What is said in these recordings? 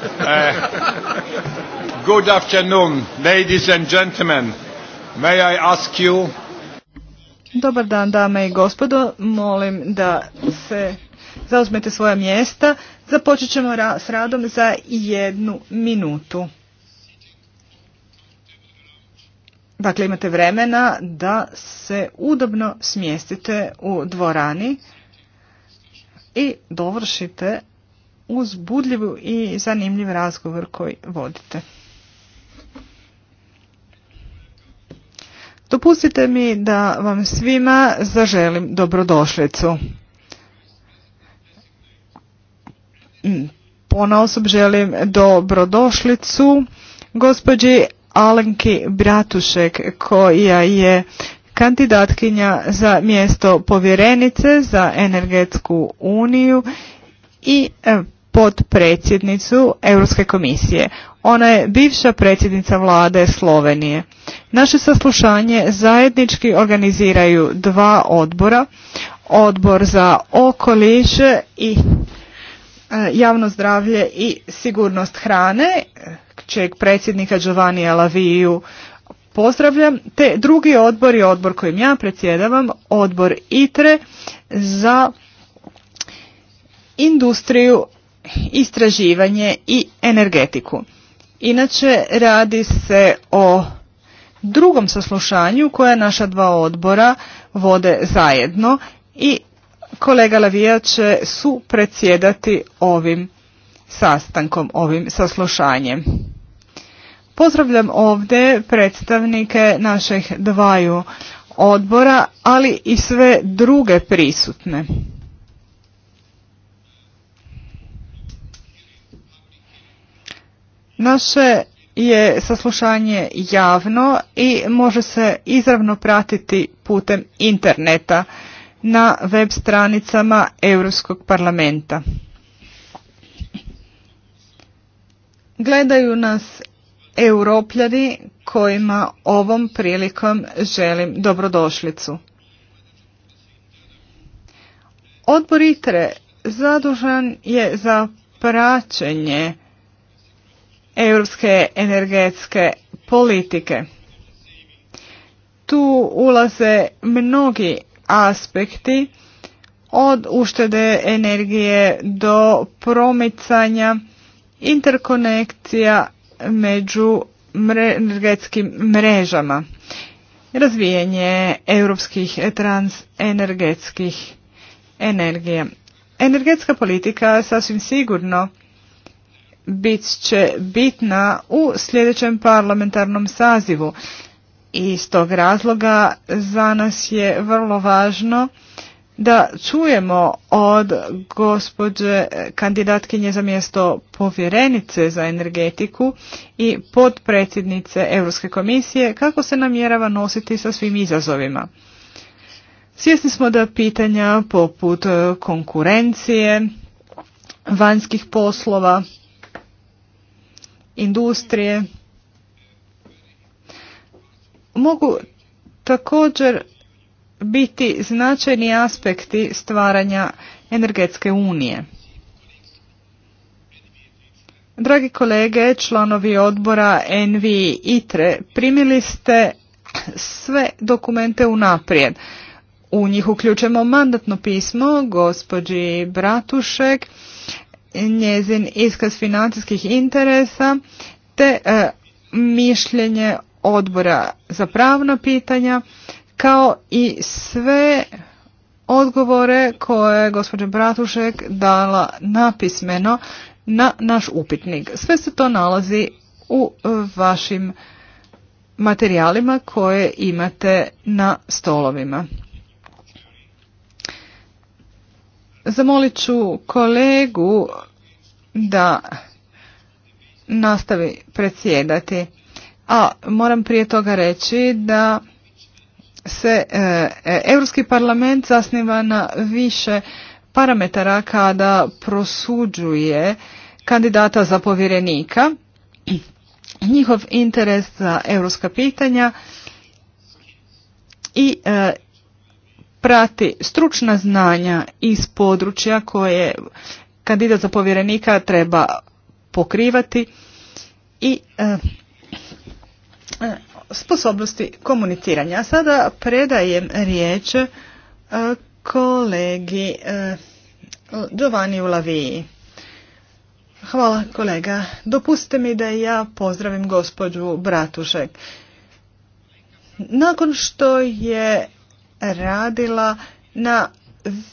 Uh, good afternoon, ladies and gentlemen. May I ask you... Dobar dan, dame i gospodo. Molim da se zauzmete svoja mjesta. Započet ćemo s radom za jednu minutu. Dakle, imate vremena da se udobno smjestite u dvorani i dovršite uzbudljiv i zanimljiv razgovor koji vodite. Dopustite mi da vam svima zaželim dobrodošlicu. Ponaosob želim dobrodošlicu gospođi Alenki Bratušek koja je kandidatkinja za mjesto povjerenice za energetsku uniju i potpredsjednicu Europske komisije. Ona je bivša predsjednica vlade Slovenije. Naše saslušanje zajednički organiziraju dva odbora, odbor za okoliš i e, javno zdravlje i sigurnost hrane, čeg predsjednika Giovanni Alaviju pozdravljam, te drugi odbor i odbor kojim ja predsjedavam, odbor ITRE za industriju istraživanje i energetiku. Inače radi se o drugom saslušanju koje naša dva odbora vode zajedno i kolega Lavija će su predsjedati ovim sastankom, ovim saslušanjem. Pozdravljam ovdje predstavnike naših dvaju odbora, ali i sve druge prisutne. Naše je saslušanje javno i može se izravno pratiti putem interneta na web stranicama Europskog parlamenta. Gledaju nas europljani kojima ovom prilikom želim dobrodošlicu. Odbor ITRE zadužan je za praćenje europske energetske politike. Tu ulaze mnogi aspekti od uštede energije do promicanja interkonekcija među energetskim mrežama, razvijenje europskih transenergetskih energije. Energetska politika sasvim sigurno bit će bitna u sljedećem parlamentarnom sazivu. I iz tog razloga za nas je vrlo važno da čujemo od gospođe kandidatkinje za mjesto povjerenice za energetiku i podpredsjednice Europske komisije kako se namjerava nositi sa svim izazovima. Svjesni smo da pitanja poput konkurencije, vanjskih poslova, industrije mogu također biti značajni aspekti stvaranja energetske unije. Dragi kolege, članovi odbora i ITRE, primili ste sve dokumente unaprijed. U njih uključujemo mandatno pismo gospođi Bratušek, njezin iskaz financijskih interesa te e, mišljenje odbora za pravna pitanja kao i sve odgovore koje je gospođa Bratušek dala napismeno na naš upitnik. Sve se to nalazi u vašim materijalima koje imate na stolovima. Zamolit ću kolegu da nastavi predsjedati. A moram prije toga reći da se e, e, Europski parlament zasniva na više parametara kada prosuđuje kandidata za povjerenika, njihov interes za europska pitanja i e, prati stručna znanja iz područja koje kandidat za povjerenika treba pokrivati i e, e, sposobnosti komuniciranja. A sada predajem riječ e, kolegi Giovanni Ulaviji. Hvala kolega. Dopustite mi da ja pozdravim gospođu Bratušek. Nakon što je radila na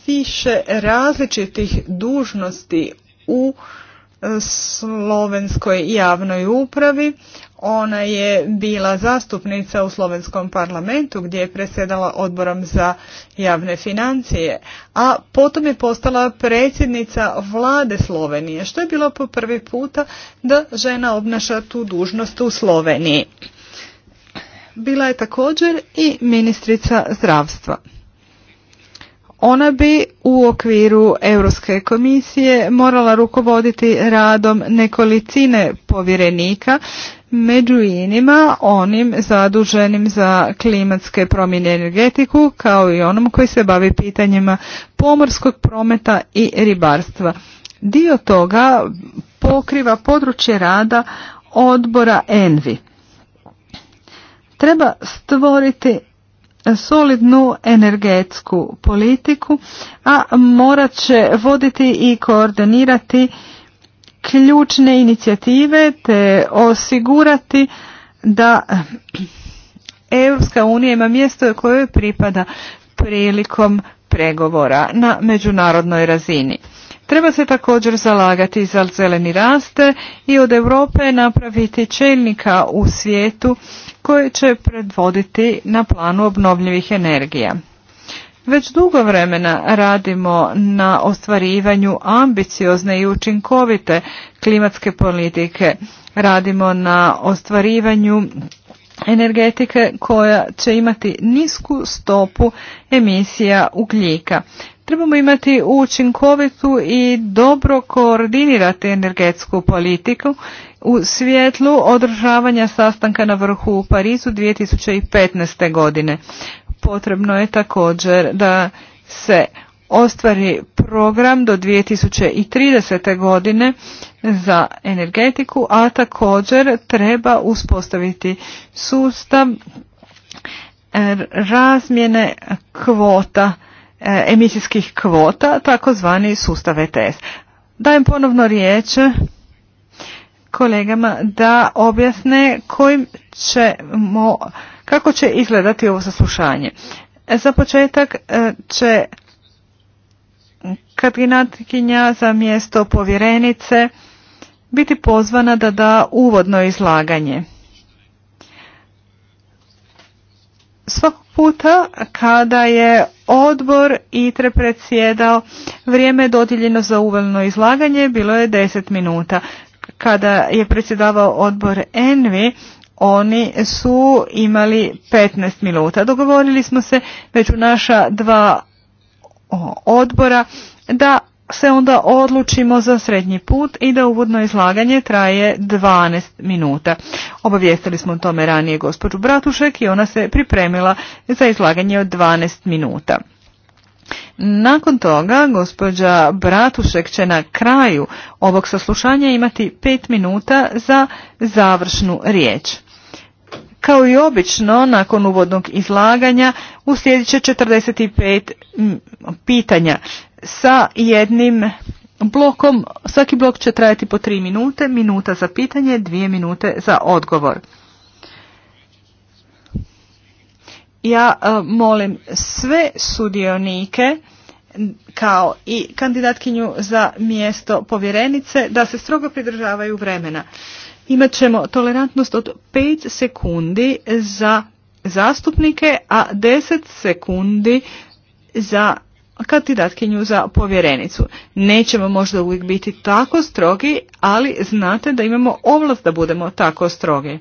više različitih dužnosti u e, slovenskoj javnoj upravi. Ona je bila zastupnica u slovenskom parlamentu gdje je presjedala odborom za javne financije, a potom je postala predsjednica vlade Slovenije, što je bilo po prvi puta da žena obnaša tu dužnost u Sloveniji bila je također i ministrica zdravstva. Ona bi u okviru Europske komisije morala rukovoditi radom nekolicine povjerenika, među inima onim zaduženim za klimatske promjene energetiku, kao i onom koji se bavi pitanjima pomorskog prometa i ribarstva. Dio toga pokriva područje rada odbora ENVI. Treba stvoriti solidnu energetsku politiku, a morat će voditi i koordinirati ključne inicijative te osigurati da Europska ima mjesto koje pripada prilikom pregovora na međunarodnoj razini. Treba se također zalagati za zeleni raste i od Europe napraviti čelnika u svijetu koji će predvoditi na planu obnovljivih energija. Već dugo vremena radimo na ostvarivanju ambiciozne i učinkovite klimatske politike. Radimo na ostvarivanju energetike koja će imati nisku stopu emisija ugljika. Trebamo imati učinkovitu i dobro koordinirati energetsku politiku u svjetlu održavanja sastanka na vrhu u Parizu 2015. godine. Potrebno je također da se ostvari program do 2030. godine za energetiku, a također treba uspostaviti sustav e, razmjene kvota E, emisijskih kvota, takozvani sustav ETS. Dajem ponovno riječ kolegama da objasne kojim kako će izgledati ovo saslušanje. E, za početak e, će kandidatkinja za mjesto povjerenice biti pozvana da da uvodno izlaganje. Svakog puta kada je odbor ITRE predsjedao, vrijeme dodijeljeno za uvelno izlaganje, bilo je 10 minuta. Kada je predsjedavao odbor ENVI, oni su imali 15 minuta. Dogovorili smo se među naša dva odbora da se onda odlučimo za srednji put i da uvodno izlaganje traje 12 minuta. Obavijestili smo o tome ranije gospođu Bratušek i ona se pripremila za izlaganje od 12 minuta. Nakon toga gospođa Bratušek će na kraju ovog saslušanja imati 5 minuta za završnu riječ. Kao i obično, nakon uvodnog izlaganja uslijedit će 45 pitanja sa jednim blokom. Svaki blok će trajati po tri minute, minuta za pitanje, dvije minute za odgovor. Ja e, molim sve sudionike kao i kandidatkinju za mjesto povjerenice da se strogo pridržavaju vremena. Imat ćemo tolerantnost od 5 sekundi za zastupnike, a 10 sekundi za kandidatkinju za povjerenicu. Nećemo možda uvijek biti tako strogi, ali znate da imamo ovlast da budemo tako strogi.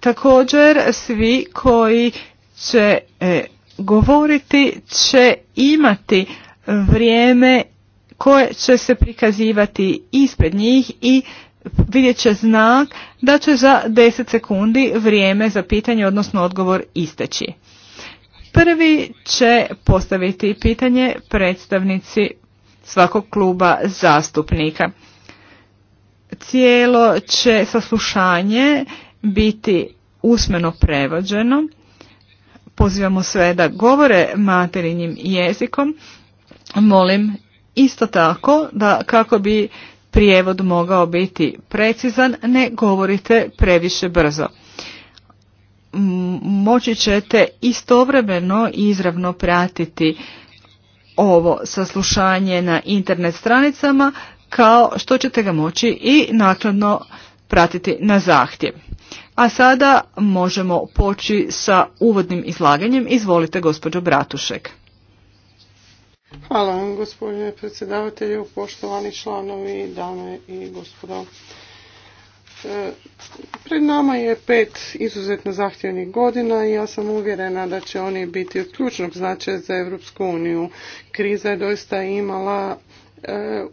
Također svi koji će e, govoriti će imati vrijeme koje će se prikazivati ispred njih i vidjet će znak da će za 10 sekundi vrijeme za pitanje, odnosno odgovor isteći. Prvi će postaviti pitanje predstavnici svakog kluba zastupnika. Cijelo će saslušanje biti usmeno prevođeno. Pozivamo sve da govore materinjim jezikom. Molim isto tako da kako bi prijevod mogao biti precizan, ne govorite previše brzo moći ćete istovremeno izravno pratiti ovo saslušanje na internet stranicama kao što ćete ga moći i nakladno pratiti na zahtjev. A sada možemo poći sa uvodnim izlaganjem. Izvolite gospođo Bratušek. Hvala vam gospodine predsjedavatelju, poštovani članovi, dame i gospodo. Pred nama je pet izuzetno zahtjevnih godina i ja sam uvjerena da će oni biti od ključnog značaja za Europsku uniju. Kriza je doista imala e,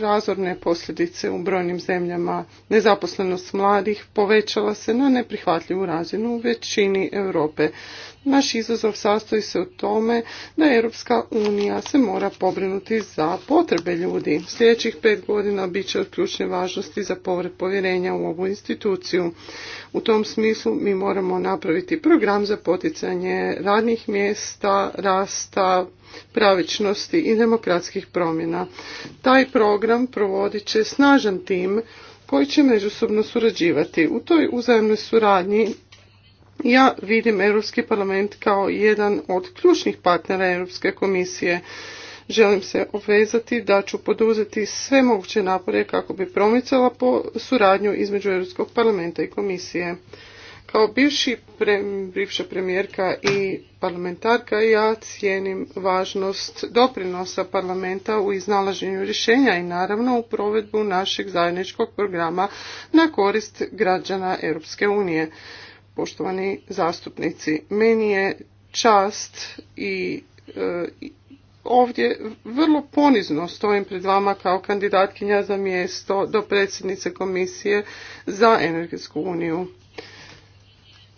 razorne posljedice u brojnim zemljama. Nezaposlenost mladih povećala se na neprihvatljivu razinu u većini Europe. Naš izazov sastoji se u tome da Europska unija se mora pobrinuti za potrebe ljudi. Sljedećih pet godina bit će od ključne važnosti za povred povjerenja u ovu instituciju. U tom smislu mi moramo napraviti program za poticanje radnih mjesta, rasta, pravičnosti i demokratskih promjena. Taj program provodit će snažan tim koji će međusobno surađivati. U toj uzajemnoj suradnji ja vidim Europski parlament kao jedan od ključnih partnera Europske komisije. Želim se obvezati da ću poduzeti sve moguće napore kako bi promicala po suradnju između Europskog parlamenta i komisije. Kao bivši bivša premijerka i parlamentarka ja cijenim važnost doprinosa parlamenta u iznalaženju rješenja i naravno u provedbu našeg zajedničkog programa na korist građana Europske unije poštovani zastupnici. Meni je čast e, i ovdje vrlo ponizno stojim pred vama kao kandidatkinja za mjesto do predsjednice Komisije za energetsku uniju.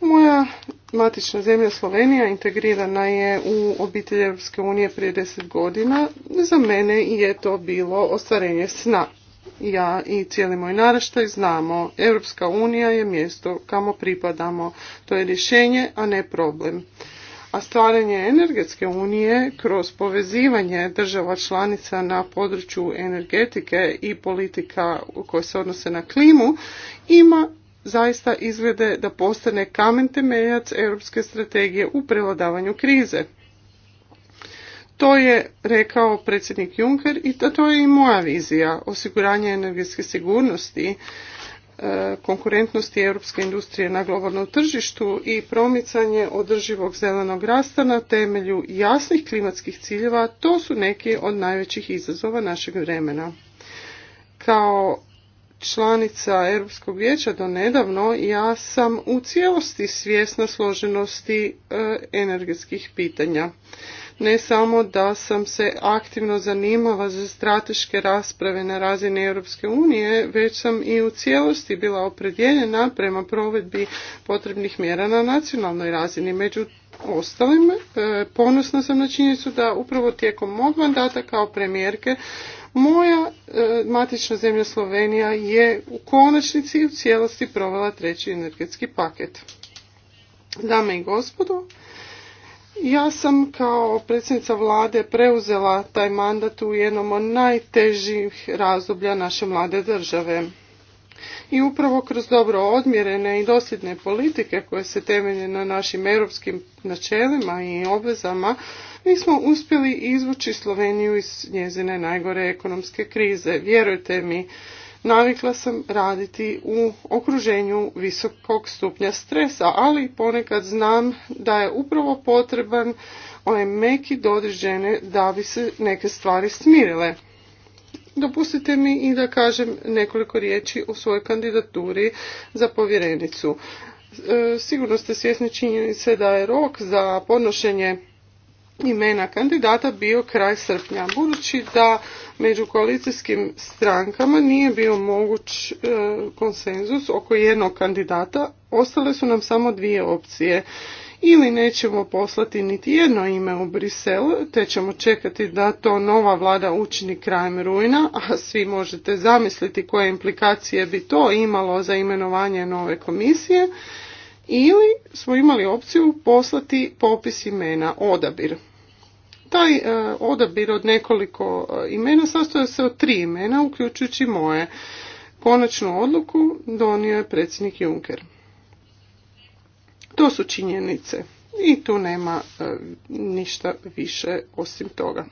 Moja matična zemlja Slovenija integrirana je u obitelj Europske unije prije deset godina. Za mene je to bilo ostvarenje sna ja i cijeli moj naraštaj znamo, Europska unija je mjesto kamo pripadamo. To je rješenje, a ne problem. A stvaranje energetske unije kroz povezivanje država članica na području energetike i politika koje se odnose na klimu ima zaista izglede da postane kamen temeljac europske strategije u prevladavanju krize. To je rekao predsjednik Juncker i to, je i moja vizija. Osiguranje energetske sigurnosti, e, konkurentnosti europske industrije na globalnom tržištu i promicanje održivog zelenog rasta na temelju jasnih klimatskih ciljeva, to su neki od najvećih izazova našeg vremena. Kao članica Europskog vijeća do nedavno ja sam u cijelosti svjesna složenosti e, energetskih pitanja ne samo da sam se aktivno zanimala za strateške rasprave na razini Europske unije, već sam i u cijelosti bila opredjeljena prema provedbi potrebnih mjera na nacionalnoj razini. Među ostalim, e, ponosna sam na činjenicu da upravo tijekom mog mandata kao premijerke moja e, matična zemlja Slovenija je u konačnici i u cijelosti provela treći energetski paket. Dame i gospodo, ja sam kao predsjednica vlade preuzela taj mandat u jednom od najtežih razdoblja naše mlade države. I upravo kroz dobro odmjerene i dosljedne politike koje se temelje na našim europskim načelima i obvezama, mi smo uspjeli izvući Sloveniju iz njezine najgore ekonomske krize. Vjerujte mi, Navikla sam raditi u okruženju visokog stupnja stresa, ali ponekad znam da je upravo potreban onaj meki dodir žene da bi se neke stvari smirile. Dopustite mi i da kažem nekoliko riječi o svojoj kandidaturi za povjerenicu. E, sigurno ste svjesni činjenice da je rok za podnošenje imena kandidata bio kraj srpnja. Budući da među koalicijskim strankama nije bio moguć e, konsenzus oko jednog kandidata, ostale su nam samo dvije opcije. Ili nećemo poslati niti jedno ime u Brisel, te ćemo čekati da to nova vlada učini krajem rujna, a svi možete zamisliti koje implikacije bi to imalo za imenovanje nove komisije ili smo imali opciju poslati popis imena odabir. Taj e, odabir od nekoliko e, imena sastoje se od tri imena, uključujući moje. Konačnu odluku donio je predsjednik Juncker. To su činjenice i tu nema e, ništa više osim toga.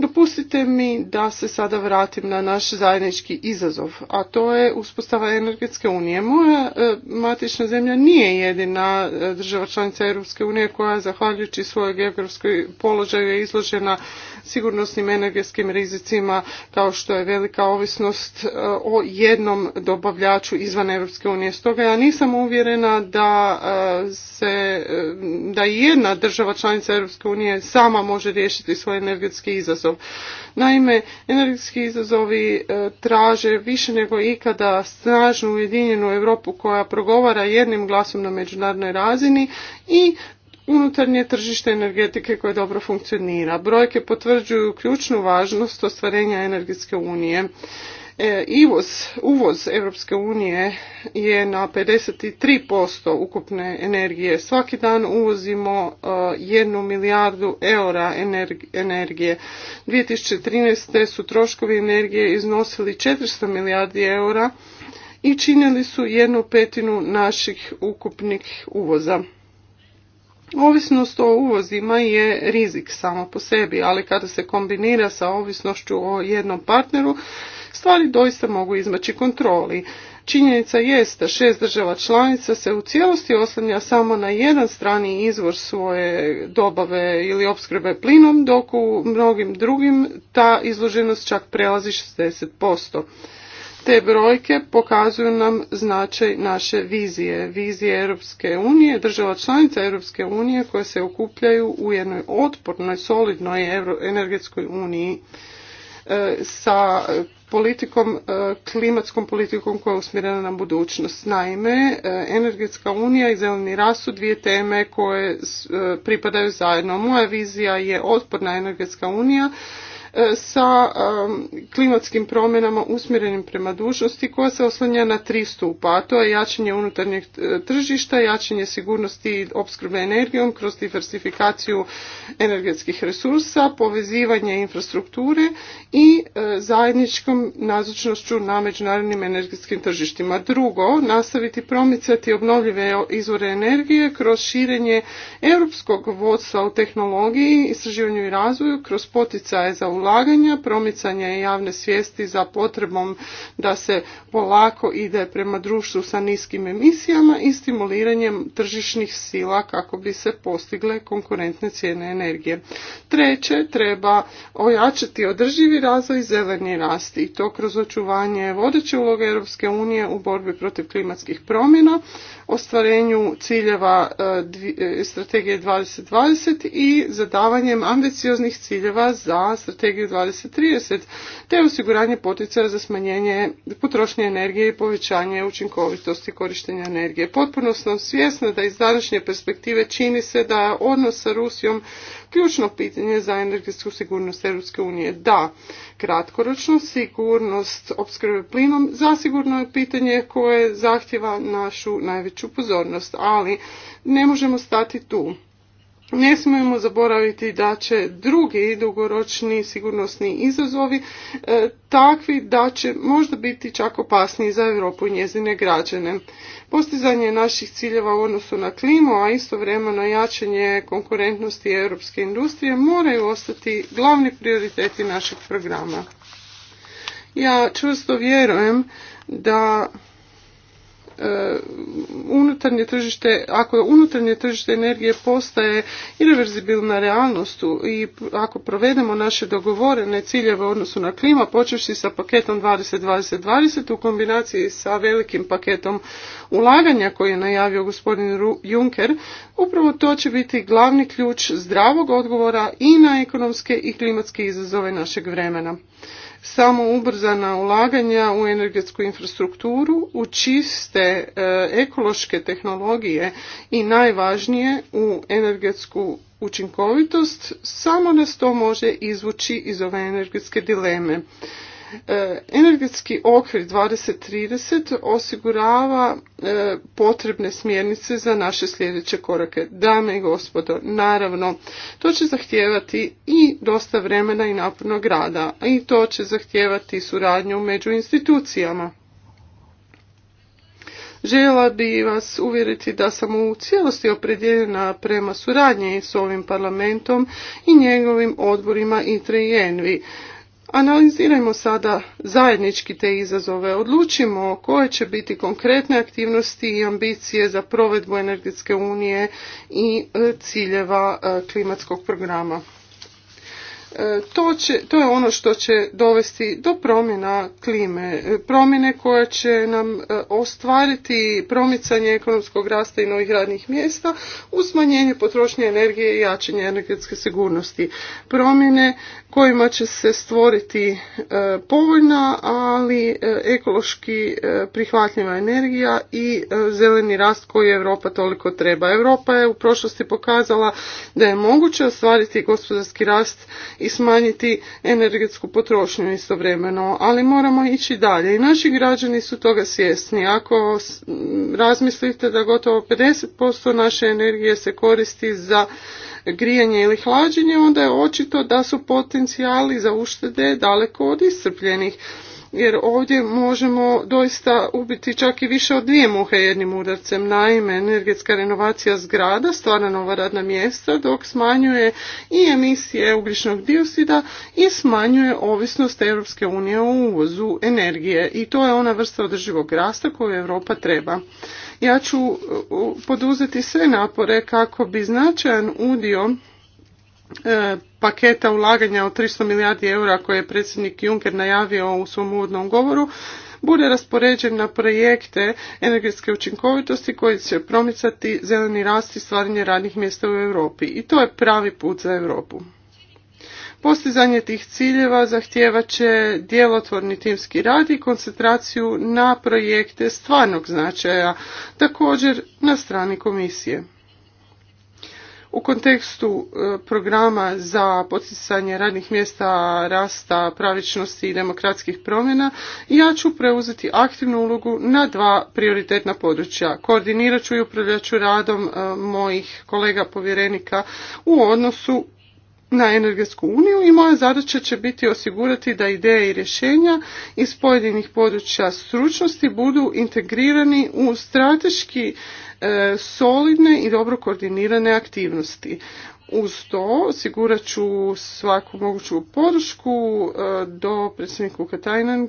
Dopustite mi da se sada vratim na naš zajednički izazov, a to je uspostava energetske unije. Moja e, matična zemlja nije jedina e, država članica Europske unije koja, zahvaljujući svojeg geografskoj položaju, je izložena sigurnosnim energetskim rizicima kao što je velika ovisnost e, o jednom dobavljaču izvan Europske unije. Stoga ja nisam uvjerena da e, se e, da jedna država članica Europske unije sama može riješiti svoj energetski izazov. Naime, energetski izazovi traže više nego ikada snažnu ujedinjenu Europu koja progovara jednim glasom na međunarodnoj razini i unutarnje tržište energetike koje dobro funkcionira. Brojke potvrđuju ključnu važnost ostvarenja energetske unije. E, uvoz Europske unije je na 53% ukupne energije. Svaki dan uvozimo e, jednu milijardu eura energije. 2013. su troškovi energije iznosili 400 milijardi eura i činili su jednu petinu naših ukupnih uvoza. Ovisnost o uvozima je rizik samo po sebi, ali kada se kombinira sa ovisnošću o jednom partneru, stvari doista mogu izmaći kontroli. Činjenica jest da šest država članica se u cijelosti oslanja samo na jedan strani izvor svoje dobave ili opskrbe plinom, dok u mnogim drugim ta izloženost čak prelazi 60%. Te brojke pokazuju nam značaj naše vizije, vizije Europske unije, država članica Europske unije koje se okupljaju u jednoj otpornoj, solidnoj energetskoj uniji e, sa politikom, e, klimatskom politikom koja je usmjerena na budućnost. Naime, e, energetska unija i zeleni rast su dvije teme koje pripadaju zajedno. Moja vizija je otporna energetska unija E, sa e, klimatskim promjenama usmjerenim prema dužnosti koja se oslanja na tri stupa, a to je jačanje unutarnjeg e, tržišta, jačanje sigurnosti i opskrbe energijom kroz diversifikaciju energetskih resursa, povezivanje infrastrukture i zajedničkom nazočnošću na međunarodnim energetskim tržištima. Drugo, nastaviti promicati obnovljive izvore energije kroz širenje europskog vodstva u tehnologiji, istraživanju i razvoju, kroz poticaje za ulaganja, promicanja javne svijesti za potrebom da se polako ide prema društvu sa niskim emisijama i stimuliranjem tržišnih sila kako bi se postigle konkurentne cijene energije. Treće, treba ojačati održivi razvoj zeleni rast i to kroz očuvanje vodeće uloge Europske unije u borbi protiv klimatskih promjena, ostvarenju ciljeva e, e, strategije 2020 i zadavanjem ambicioznih ciljeva za strategiju 2030 te osiguranje poticaja za smanjenje potrošnje energije i povećanje učinkovitosti korištenja energije. Potpuno sam svjesna da iz današnje perspektive čini se da odnos sa Rusijom ključno pitanje za energetsku sigurnost Europske unije. Da, kratkoročno sigurnost opskrbe plinom zasigurno je pitanje koje zahtjeva našu najveću pozornost, ali ne možemo stati tu. Ne smijemo zaboraviti da će drugi dugoročni sigurnosni izazovi e, takvi da će možda biti čak opasniji za Europu i njezine građane. Postizanje naših ciljeva u odnosu na klimu, a istovremeno jačanje konkurentnosti europske industrije moraju ostati glavni prioriteti našeg programa. Ja čvrsto vjerujem da E, unutarnje tržište, ako unutarnje tržište energije postaje irreverzibilna realnost i ako provedemo naše dogovorene ciljeve u odnosu na klima, počevši sa paketom 2020-2020 u kombinaciji sa velikim paketom ulaganja koje je najavio gospodin Juncker, upravo to će biti glavni ključ zdravog odgovora i na ekonomske i klimatske izazove našeg vremena. Samo ubrzana ulaganja u energetsku infrastrukturu, u čiste e, ekološke tehnologije i najvažnije u energetsku učinkovitost, samo nas to može izvući iz ove energetske dileme. E, energetski okvir 2030 osigurava e, potrebne smjernice za naše sljedeće korake. Dame i gospodo, naravno, to će zahtijevati i dosta vremena i napornog rada, a i to će zahtijevati suradnju među institucijama. Žela bi vas uvjeriti da sam u cijelosti opredjeljena prema suradnji s ovim parlamentom i njegovim odborima i i Envi Analizirajmo sada zajednički te izazove, odlučimo koje će biti konkretne aktivnosti i ambicije za provedbu energetske unije i e, ciljeva e, klimatskog programa. E, to, će, to je ono što će dovesti do promjena klime, e, promjene koja će nam e, ostvariti promicanje ekonomskog rasta i novih radnih mjesta uz smanjenje potrošnje energije i jačanje energetske sigurnosti. Promjene kojima će se stvoriti povoljna, ali ekološki prihvatljiva energija i zeleni rast koji Europa toliko treba. Europa je u prošlosti pokazala da je moguće ostvariti gospodarski rast i smanjiti energetsku potrošnju istovremeno, ali moramo ići dalje i naši građani su toga svjesni. Ako razmislite da gotovo 50% naše energije se koristi za grijanje ili hlađenje, onda je očito da su potencijali za uštede daleko od iscrpljenih jer ovdje možemo doista ubiti čak i više od dvije muhe jednim udarcem. Naime, energetska renovacija zgrada stvara nova radna mjesta dok smanjuje i emisije ugljičnog dioksida i smanjuje ovisnost Europske unije o uvozu energije i to je ona vrsta održivog rasta koju Europa treba. Ja ću uh, poduzeti sve napore kako bi značajan udio E, paketa ulaganja od 300 milijardi eura koje je predsjednik Juncker najavio u svom uvodnom govoru bude raspoređen na projekte energetske učinkovitosti koji će promicati zeleni rast i stvaranje radnih mjesta u Europi. I to je pravi put za Europu. Postizanje tih ciljeva zahtijevat će djelotvorni timski rad i koncentraciju na projekte stvarnog značaja, također na strani komisije. U kontekstu e, programa za poticanje radnih mjesta, rasta, pravičnosti i demokratskih promjena, ja ću preuzeti aktivnu ulogu na dva prioritetna područja. Koordinirat ću i upravljat ću radom e, mojih kolega povjerenika u odnosu na energetsku uniju i moja zadaća će biti osigurati da ideje i rješenja iz pojedinih područja stručnosti budu integrirani u strateški e, solidne i dobro koordinirane aktivnosti. Uz to osigurat ću svaku moguću podršku e, do predsjedniku Katajnen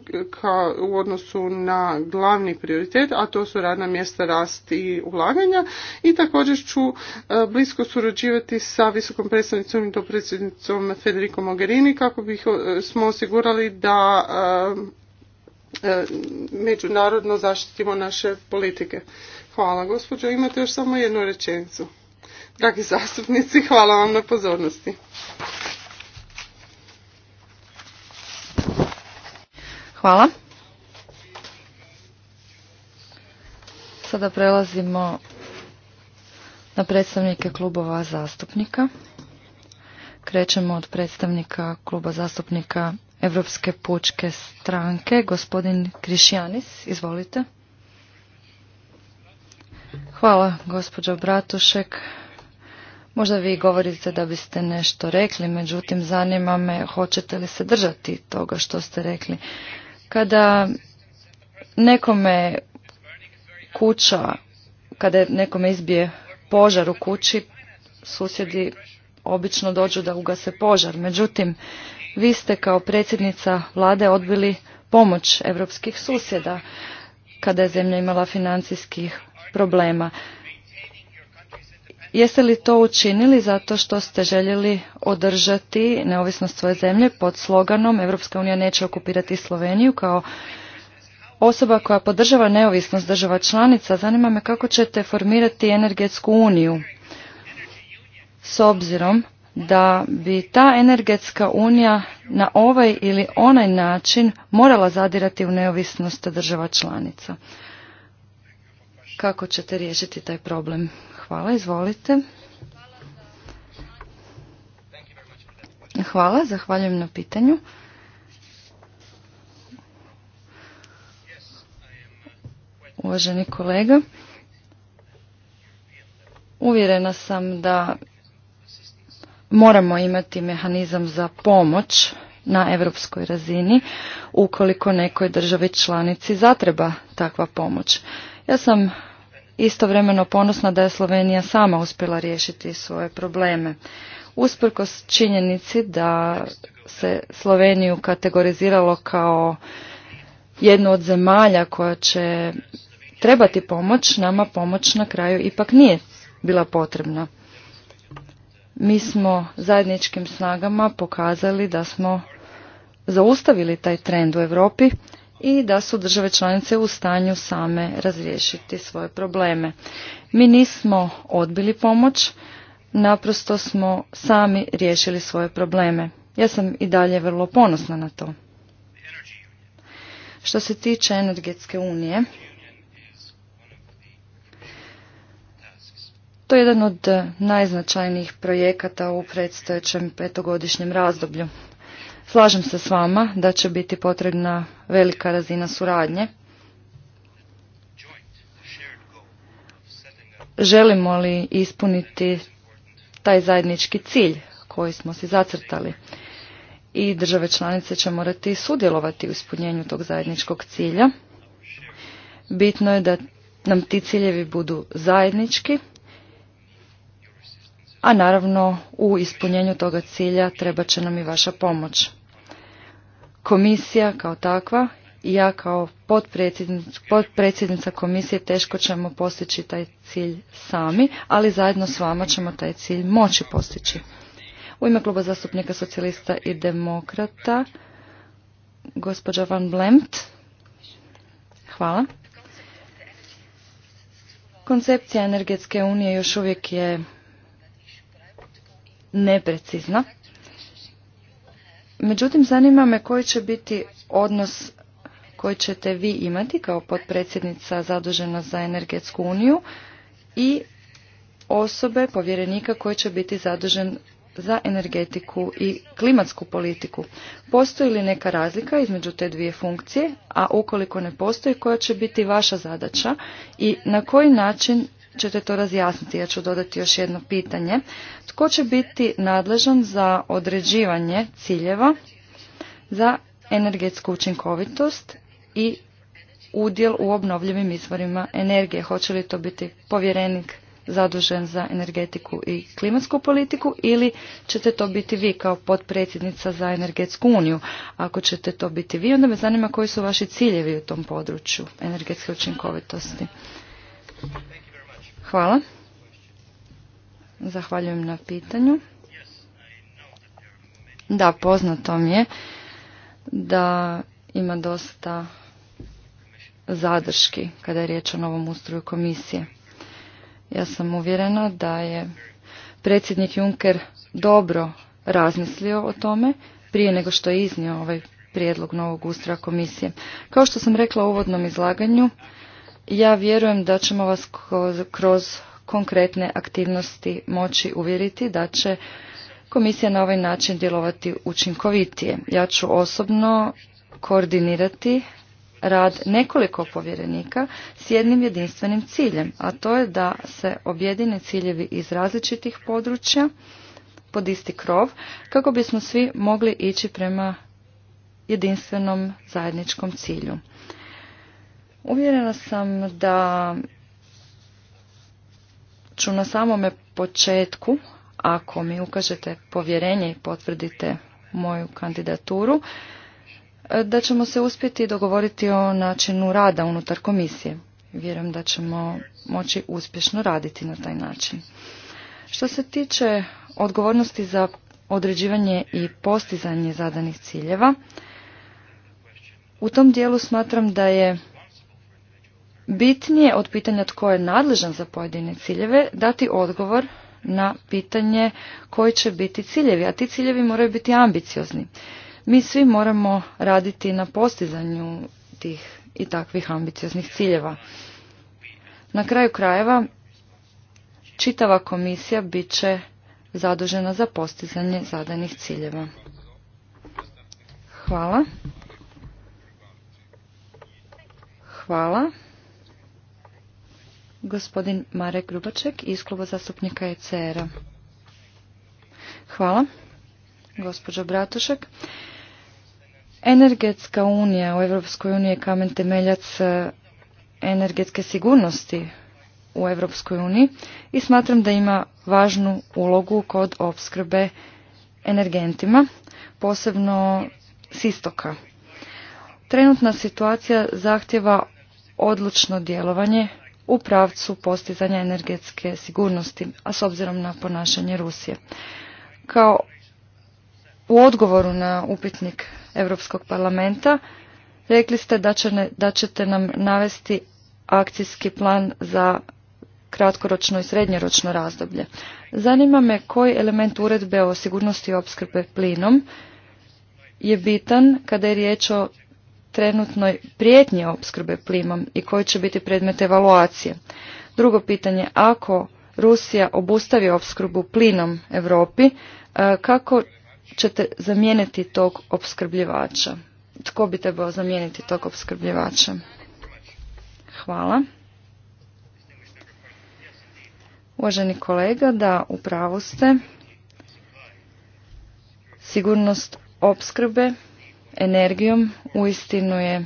u odnosu na glavni prioritet, a to su radna mjesta rast i ulaganja. I također ću e, blisko surađivati sa visokom predstavnicom i dopredsjednicom Federico Mogherini kako bih e, smo osigurali da međunarodno zaštitimo naše politike. Hvala gospođo, imate još samo jednu rečenicu. Dragi zastupnici, hvala vam na pozornosti. Hvala. Sada prelazimo na predstavnike klubova zastupnika. Krećemo od predstavnika kluba zastupnika Europske pučke stranke, gospodin Krišjanis, izvolite. Hvala, gospođo Bratušek. Možda vi govorite da biste nešto rekli, međutim zanima me hoćete li se držati toga što ste rekli. Kada nekome kuća, kada nekome izbije požar u kući, susjedi obično dođu da ugase požar. Međutim, vi ste kao predsjednica vlade odbili pomoć europskih susjeda kada je zemlja imala financijskih problema. Jeste li to učinili zato što ste željeli održati neovisnost svoje zemlje pod sloganom Evropska unija neće okupirati Sloveniju kao osoba koja podržava neovisnost država članica, zanima me kako ćete formirati energetsku uniju s obzirom da bi ta energetska unija na ovaj ili onaj način morala zadirati u neovisnost država članica kako ćete riješiti taj problem. Hvala, izvolite. Hvala, zahvaljujem na pitanju. Uvaženi kolega, uvjerena sam da moramo imati mehanizam za pomoć na europskoj razini ukoliko nekoj državi članici zatreba takva pomoć. Ja sam istovremeno ponosna da je Slovenija sama uspjela riješiti svoje probleme. Usprkos činjenici da se Sloveniju kategoriziralo kao jednu od zemalja koja će trebati pomoć, nama pomoć na kraju ipak nije bila potrebna. Mi smo zajedničkim snagama pokazali da smo zaustavili taj trend u Europi i da su države članice u stanju same razriješiti svoje probleme. Mi nismo odbili pomoć, naprosto smo sami riješili svoje probleme. Ja sam i dalje vrlo ponosna na to. Što se tiče energetske unije, to je jedan od najznačajnijih projekata u predstojećem petogodišnjem razdoblju. Slažem se s vama da će biti potrebna velika razina suradnje. Želimo li ispuniti taj zajednički cilj koji smo si zacrtali? I države članice će morati sudjelovati u ispunjenju tog zajedničkog cilja. Bitno je da nam ti ciljevi budu zajednički, a naravno u ispunjenju toga cilja treba će nam i vaša pomoć komisija kao takva i ja kao potpredsjednica komisije teško ćemo postići taj cilj sami, ali zajedno s vama ćemo taj cilj moći postići. U ime kluba zastupnika socijalista i demokrata, gospođa Van Blemt. Hvala. Koncepcija energetske unije još uvijek je neprecizna. Međutim, zanima me koji će biti odnos koji ćete vi imati kao potpredsjednica zadužena za energetsku uniju i osobe povjerenika koji će biti zadužen za energetiku i klimatsku politiku. Postoji li neka razlika između te dvije funkcije, a ukoliko ne postoji, koja će biti vaša zadaća i na koji način ćete to razjasniti. Ja ću dodati još jedno pitanje. Tko će biti nadležan za određivanje ciljeva za energetsku učinkovitost i udjel u obnovljivim izvorima energije? Hoće li to biti povjerenik zadužen za energetiku i klimatsku politiku ili ćete to biti vi kao potpredsjednica za energetsku uniju? Ako ćete to biti vi, onda me zanima koji su vaši ciljevi u tom području energetske učinkovitosti. Hvala. Zahvaljujem na pitanju. Da, poznato mi je da ima dosta zadrški kada je riječ o novom ustroju komisije. Ja sam uvjerena da je predsjednik Juncker dobro razmislio o tome prije nego što je iznio ovaj prijedlog novog ustroja komisije. Kao što sam rekla u uvodnom izlaganju, ja vjerujem da ćemo vas kroz konkretne aktivnosti moći uvjeriti da će komisija na ovaj način djelovati učinkovitije. Ja ću osobno koordinirati rad nekoliko povjerenika s jednim jedinstvenim ciljem, a to je da se objedine ciljevi iz različitih područja pod isti krov kako bismo svi mogli ići prema jedinstvenom zajedničkom cilju. Uvjerena sam da ću na samome početku, ako mi ukažete povjerenje i potvrdite moju kandidaturu, da ćemo se uspjeti dogovoriti o načinu rada unutar komisije. Vjerujem da ćemo moći uspješno raditi na taj način. Što se tiče odgovornosti za određivanje i postizanje zadanih ciljeva, u tom dijelu smatram da je bitnije od pitanja tko je nadležan za pojedine ciljeve dati odgovor na pitanje koji će biti ciljevi, a ti ciljevi moraju biti ambiciozni. Mi svi moramo raditi na postizanju tih i takvih ambicioznih ciljeva. Na kraju krajeva čitava komisija bit će zadužena za postizanje zadanih ciljeva. Hvala. Hvala. Gospodin Marek Grubaček iz kluba zastupnika ECR-a. Hvala. Gospođo Bratušek. Energetska unija u Europskoj uniji je kamen temeljac e, energetske sigurnosti u Europskoj uniji i smatram da ima važnu ulogu kod opskrbe energentima, posebno s istoka. Trenutna situacija zahtjeva odlučno djelovanje u pravcu postizanja energetske sigurnosti, a s obzirom na ponašanje Rusije. Kao u odgovoru na upitnik Europskog parlamenta rekli ste da, ćete nam navesti akcijski plan za kratkoročno i srednjoročno razdoblje. Zanima me koji element uredbe o sigurnosti opskrbe plinom je bitan kada je riječ o trenutnoj prijetnji opskrbe plimom i koji će biti predmet evaluacije? Drugo pitanje, ako Rusija obustavi opskrbu plinom Europi, e, kako ćete zamijeniti tog opskrbljivača? Tko bi trebao zamijeniti tog opskrbljivača? Hvala. Uvaženi kolega, da upravo ste. Sigurnost opskrbe energijom uistinu je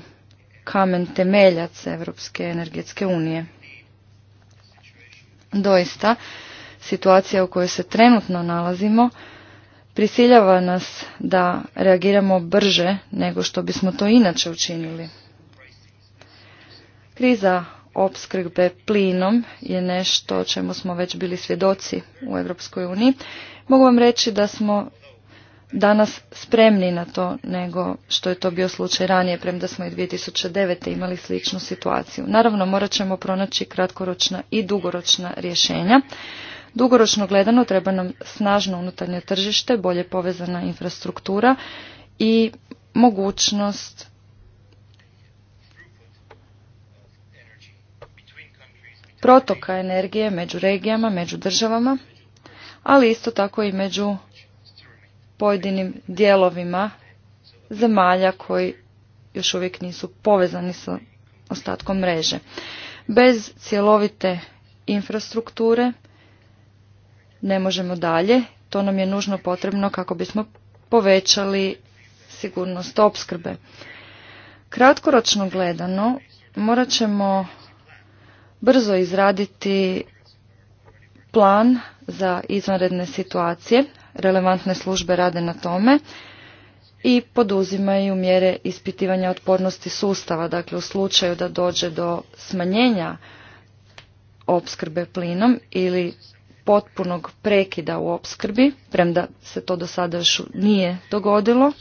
kamen temeljac Europske energetske unije. Doista, situacija u kojoj se trenutno nalazimo prisiljava nas da reagiramo brže nego što bismo to inače učinili. Kriza opskrbe plinom je nešto čemu smo već bili svjedoci u Europskoj uniji. Mogu vam reći da smo danas spremni na to nego što je to bio slučaj ranije, premda smo i 2009. imali sličnu situaciju. Naravno, morat ćemo pronaći kratkoročna i dugoročna rješenja. Dugoročno gledano treba nam snažno unutarnje tržište, bolje povezana infrastruktura i mogućnost protoka energije među regijama, među državama, ali isto tako i među pojedinim dijelovima zemalja koji još uvijek nisu povezani sa ostatkom mreže. Bez cjelovite infrastrukture ne možemo dalje. To nam je nužno potrebno kako bismo povećali sigurnost opskrbe. Kratkoročno gledano morat ćemo brzo izraditi plan za izvanredne situacije relevantne službe rade na tome i poduzimaju mjere ispitivanja otpornosti sustava. Dakle, u slučaju da dođe do smanjenja opskrbe plinom ili potpunog prekida u opskrbi, premda se to do sada još nije dogodilo,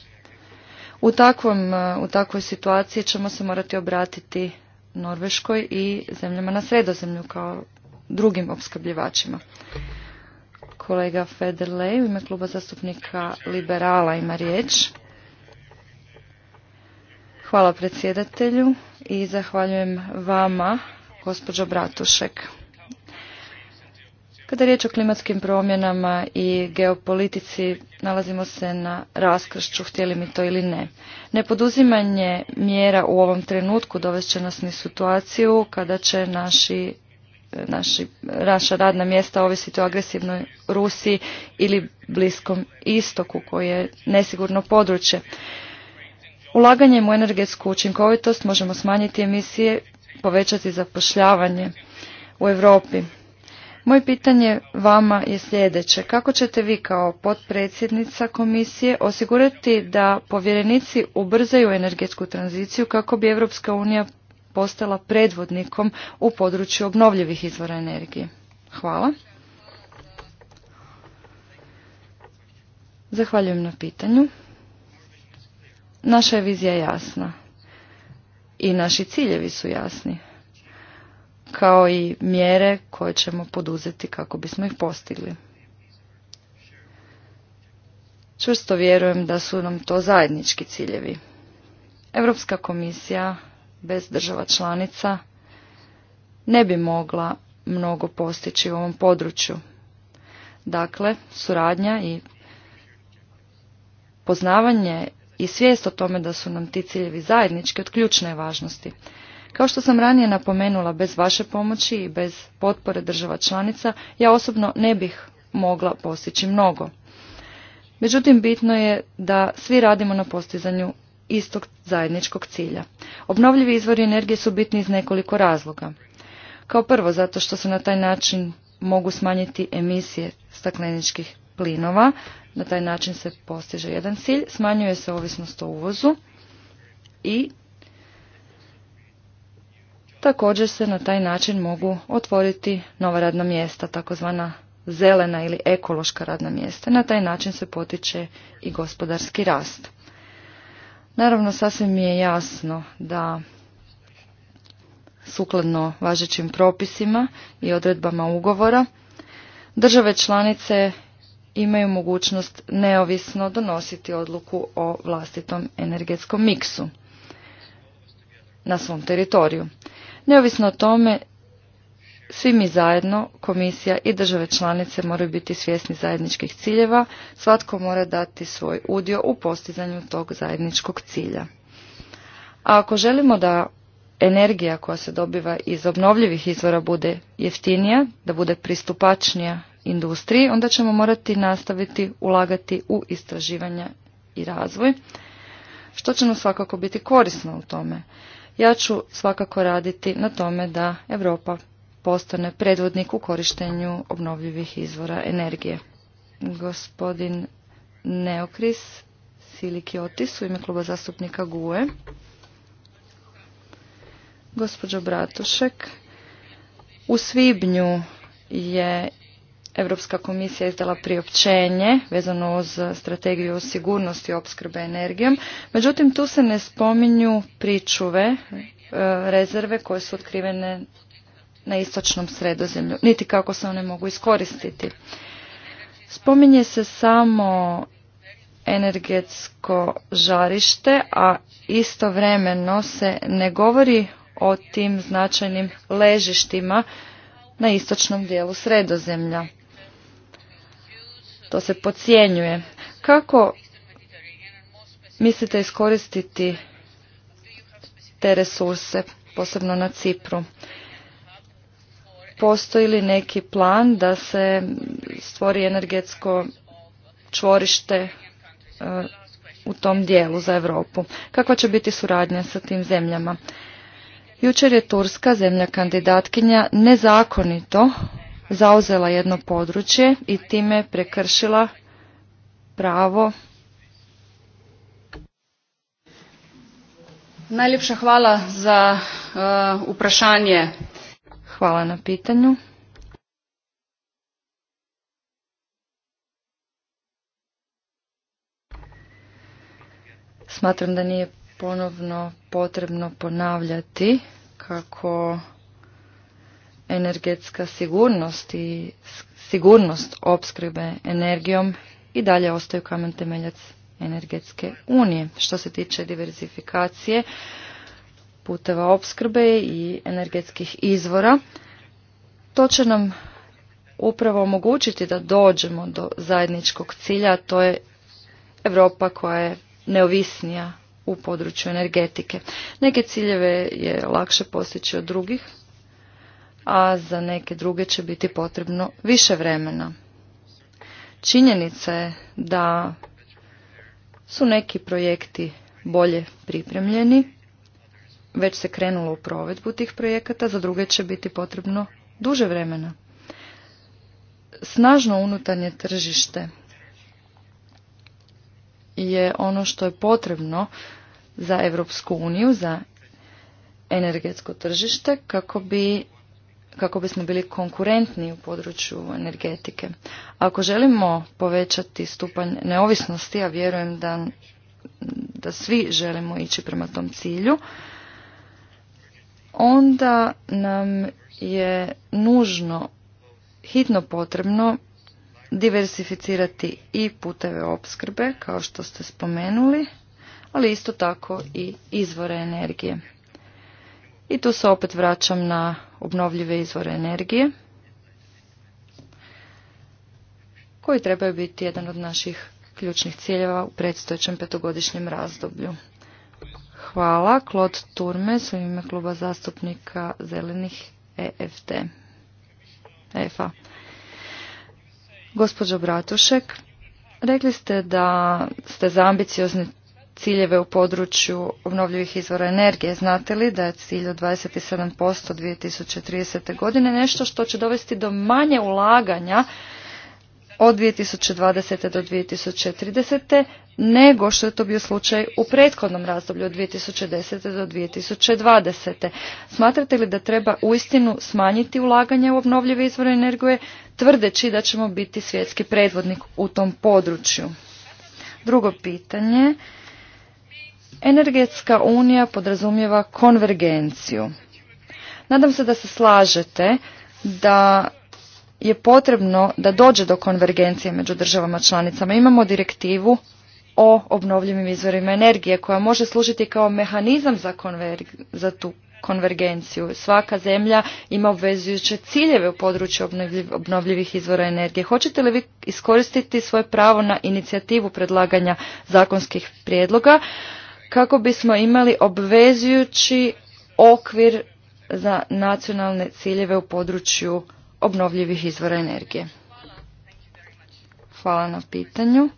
u, takvom, u takvoj situaciji ćemo se morati obratiti Norveškoj i zemljama na sredozemlju kao drugim opskrbljivačima. Kolega Federlej u ime kluba zastupnika Liberala ima riječ. Hvala predsjedatelju i zahvaljujem vama, gospođo Bratušek. Kada je riječ o klimatskim promjenama i geopolitici, nalazimo se na raskršću, htjeli mi to ili ne. Nepoduzimanje mjera u ovom trenutku dovest će nas u situaciju kada će naši naša radna mjesta ovisiti o agresivnoj Rusiji ili Bliskom istoku koji je nesigurno područje. Ulaganjem u energetsku učinkovitost možemo smanjiti emisije, povećati zapošljavanje u Europi. Moje pitanje vama je sljedeće. Kako ćete vi kao potpredsjednica komisije osigurati da povjerenici ubrzaju energetsku tranziciju kako bi Europska unija postala predvodnikom u području obnovljivih izvora energije. Hvala. Zahvaljujem na pitanju. Naša je vizija jasna i naši ciljevi su jasni, kao i mjere koje ćemo poduzeti kako bismo ih postigli. Čvrsto vjerujem da su nam to zajednički ciljevi. Europska komisija bez država članica ne bi mogla mnogo postići u ovom području. Dakle, suradnja i poznavanje i svijest o tome da su nam ti ciljevi zajednički od ključne važnosti. Kao što sam ranije napomenula, bez vaše pomoći i bez potpore država članica, ja osobno ne bih mogla postići mnogo. Međutim, bitno je da svi radimo na postizanju istog zajedničkog cilja. Obnovljivi izvori energije su bitni iz nekoliko razloga. Kao prvo, zato što se na taj način mogu smanjiti emisije stakleničkih plinova, na taj način se postiže jedan cilj, smanjuje se ovisnost o uvozu i također se na taj način mogu otvoriti nova radna mjesta, takozvana zelena ili ekološka radna mjesta. Na taj način se potiče i gospodarski rast. Naravno, sasvim mi je jasno da sukladno važećim propisima i odredbama ugovora, države članice imaju mogućnost neovisno donositi odluku o vlastitom energetskom miksu na svom teritoriju. Neovisno o tome svi mi zajedno, komisija i države članice moraju biti svjesni zajedničkih ciljeva, svatko mora dati svoj udio u postizanju tog zajedničkog cilja. A ako želimo da energija koja se dobiva iz obnovljivih izvora bude jeftinija, da bude pristupačnija industriji, onda ćemo morati nastaviti ulagati u istraživanja i razvoj, što će nam svakako biti korisno u tome. Ja ću svakako raditi na tome da Europa postane predvodnik u korištenju obnovljivih izvora energije. Gospodin Neokris Silikiotis u ime kluba zastupnika GUE. Gospođo Bratušek, u svibnju je Europska komisija izdala priopćenje vezano uz strategiju o sigurnosti opskrbe energijom. Međutim, tu se ne spominju pričuve, e, rezerve koje su otkrivene na istočnom sredozemlju, niti kako se one mogu iskoristiti. Spominje se samo energetsko žarište, a istovremeno se ne govori o tim značajnim ležištima na istočnom dijelu sredozemlja. To se pocijenjuje. Kako mislite iskoristiti te resurse, posebno na Cipru? postoji li neki plan da se stvori energetsko čvorište e, u tom dijelu za Europu. Kakva će biti suradnja sa tim zemljama? Jučer je Turska, zemlja kandidatkinja, nezakonito zauzela jedno područje i time prekršila pravo Najljepša hvala za e, uprašanje. Hvala na pitanju. Smatram da nije ponovno potrebno ponavljati kako energetska sigurnost i sigurnost opskrbe energijom i dalje ostaju kamen temeljac energetske unije. Što se tiče diverzifikacije puteva opskrbe i energetskih izvora. To će nam upravo omogućiti da dođemo do zajedničkog cilja, a to je Europa koja je neovisnija u području energetike. Neke ciljeve je lakše postići od drugih, a za neke druge će biti potrebno više vremena. Činjenica je da su neki projekti bolje pripremljeni, već se krenulo u provedbu tih projekata, za druge će biti potrebno duže vremena. Snažno unutarnje tržište je ono što je potrebno za Europsku uniju, za energetsko tržište kako bi kako bismo bili konkurentni u području energetike. Ako želimo povećati stupanj neovisnosti, a vjerujem da, da svi želimo ići prema tom cilju, onda nam je nužno, hitno potrebno diversificirati i puteve opskrbe, kao što ste spomenuli, ali isto tako i izvore energije. I tu se opet vraćam na obnovljive izvore energije, koji trebaju biti jedan od naših ključnih ciljeva u predstojećem petogodišnjem razdoblju. Hvala. Klot Turmes u ime kluba zastupnika zelenih EFT. EFA. Gospođo Bratušek, rekli ste da ste za ambiciozne ciljeve u području obnovljivih izvora energije. Znate li da je cilj od 27% 2030. godine nešto što će dovesti do manje ulaganja od 2020. do 2030. nego što je to bio slučaj u prethodnom razdoblju od 2010. do 2020. Smatrate li da treba uistinu smanjiti ulaganje u obnovljive izvore energije tvrdeći da ćemo biti svjetski predvodnik u tom području? Drugo pitanje. Energetska unija podrazumijeva konvergenciju. Nadam se da se slažete da je potrebno da dođe do konvergencije među državama članicama. Imamo direktivu o obnovljivim izvorima energije koja može služiti kao mehanizam za, za tu konvergenciju. Svaka zemlja ima obvezujuće ciljeve u području obnovljivih izvora energije. Hoćete li vi iskoristiti svoje pravo na inicijativu predlaganja zakonskih prijedloga kako bismo imali obvezujući okvir za nacionalne ciljeve u području obnovljivih izvora energije. Hvala na pitanju.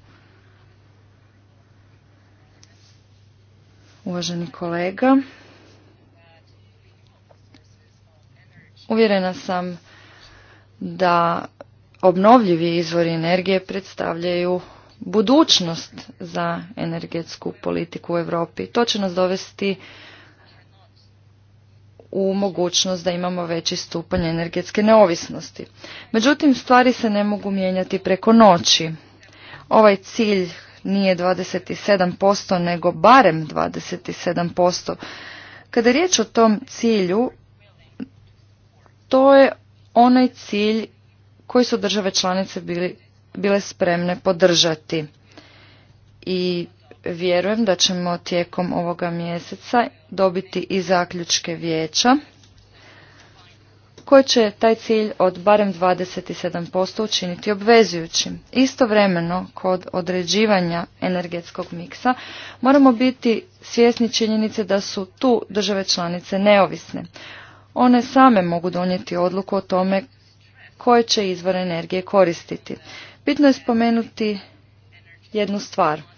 Uvaženi kolega, uvjerena sam da obnovljivi izvori energije predstavljaju budućnost za energetsku politiku u Europi. To će nas dovesti u mogućnost da imamo veći stupanj energetske neovisnosti. Međutim, stvari se ne mogu mijenjati preko noći. Ovaj cilj nije 27%, nego barem 27%. Kada je riječ o tom cilju, to je onaj cilj koji su države članice bile spremne podržati. I vjerujem da ćemo tijekom ovoga mjeseca dobiti i zaključke vijeća koje će taj cilj od barem 27% učiniti obvezujućim. Istovremeno, kod određivanja energetskog miksa, moramo biti svjesni činjenice da su tu države članice neovisne. One same mogu donijeti odluku o tome koje će izvore energije koristiti. Bitno je spomenuti jednu stvar –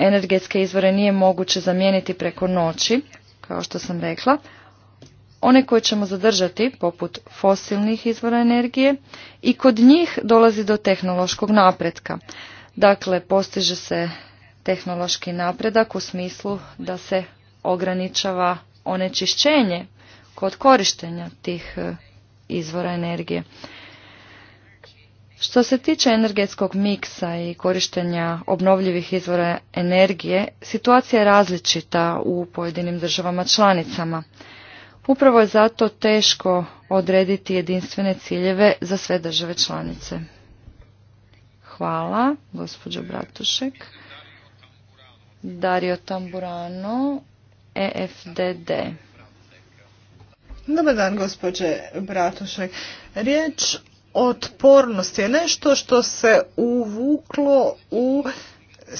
energetske izvore nije moguće zamijeniti preko noći, kao što sam rekla. One koje ćemo zadržati, poput fosilnih izvora energije, i kod njih dolazi do tehnološkog napretka. Dakle, postiže se tehnološki napredak u smislu da se ograničava onečišćenje kod korištenja tih e, izvora energije. Što se tiče energetskog miksa i korištenja obnovljivih izvora energije, situacija je različita u pojedinim državama članicama. Upravo je zato teško odrediti jedinstvene ciljeve za sve države članice. Hvala, gospođo Bratušek. Dario Tamburano, EFDD. Dobar dan, gospođe Bratušek. Riječ otpornost je nešto što se uvuklo u e,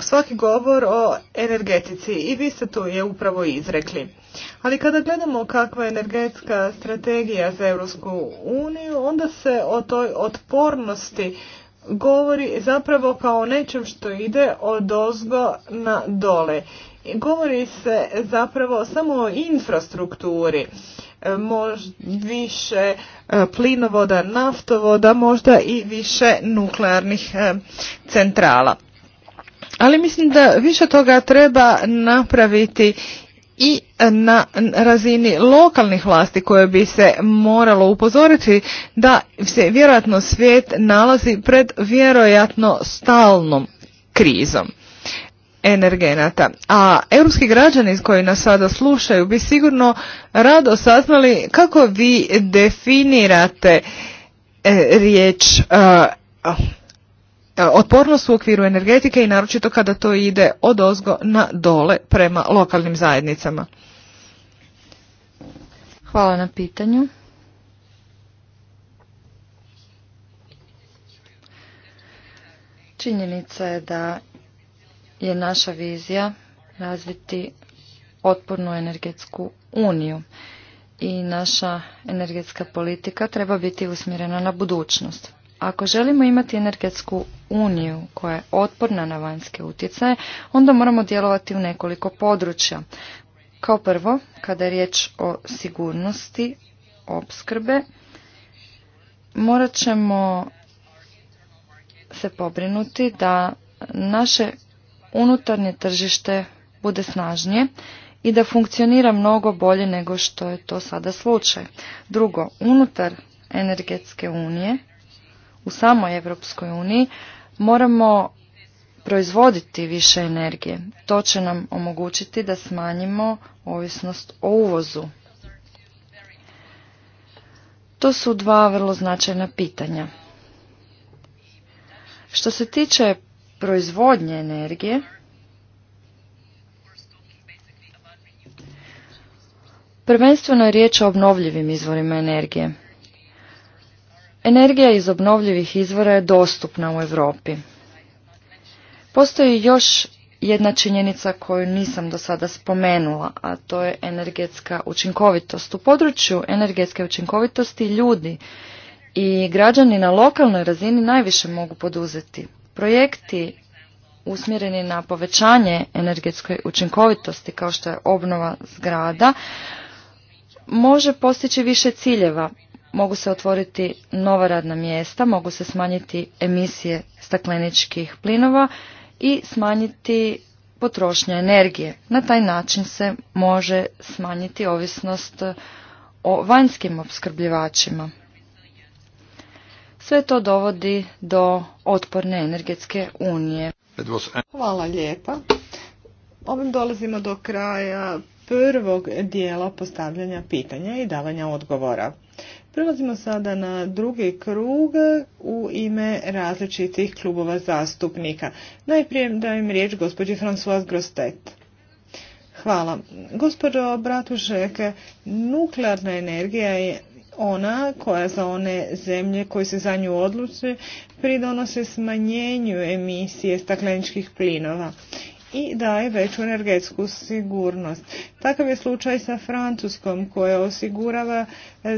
svaki govor o energetici i vi ste to je upravo izrekli. Ali kada gledamo kakva je energetska strategija za Europsku uniju, onda se o toj otpornosti govori zapravo kao o nečem što ide od ozgo na dole. Govori se zapravo samo o infrastrukturi više e, plinovoda, naftovoda, možda i više nuklearnih e, centrala. Ali mislim da više toga treba napraviti i na razini lokalnih vlasti koje bi se moralo upozoriti da se vjerojatno svijet nalazi pred vjerojatno stalnom krizom energenata. A europski građani koji nas sada slušaju bi sigurno rado saznali kako vi definirate e, riječ e, otpornost u okviru energetike i naročito kada to ide od ozgo na dole prema lokalnim zajednicama. Hvala na pitanju. Činjenica je da je naša vizija razviti otpornu energetsku uniju i naša energetska politika treba biti usmjerena na budućnost. Ako želimo imati energetsku uniju koja je otporna na vanjske utjecaje, onda moramo djelovati u nekoliko područja. Kao prvo, kada je riječ o sigurnosti opskrbe, morat ćemo se pobrinuti da naše unutarnje tržište bude snažnije i da funkcionira mnogo bolje nego što je to sada slučaj. Drugo, unutar energetske unije, u samoj Evropskoj uniji, moramo proizvoditi više energije. To će nam omogućiti da smanjimo ovisnost o uvozu. To su dva vrlo značajna pitanja. Što se tiče proizvodnje energije. Prvenstveno je riječ o obnovljivim izvorima energije. Energija iz obnovljivih izvora je dostupna u Europi. Postoji još jedna činjenica koju nisam do sada spomenula, a to je energetska učinkovitost. U području energetske učinkovitosti ljudi i građani na lokalnoj razini najviše mogu poduzeti. Projekti usmjereni na povećanje energetske učinkovitosti kao što je obnova zgrada može postići više ciljeva. Mogu se otvoriti nova radna mjesta, mogu se smanjiti emisije stakleničkih plinova i smanjiti potrošnja energije. Na taj način se može smanjiti ovisnost o vanjskim opskrbljivačima. Sve to dovodi do otporne energetske unije. Hvala lijepa. Ovim dolazimo do kraja prvog dijela postavljanja pitanja i davanja odgovora. Prelazimo sada na drugi krug u ime različitih klubova zastupnika. Najprije dajem riječ gospođi François Grostet. Hvala. Gospođo Bratušek, nuklearna energija je ona koja za one zemlje koje se za nju odluče pridonose smanjenju emisije stakleničkih plinova i daje veću energetsku sigurnost. Takav je slučaj sa Francuskom koja osigurava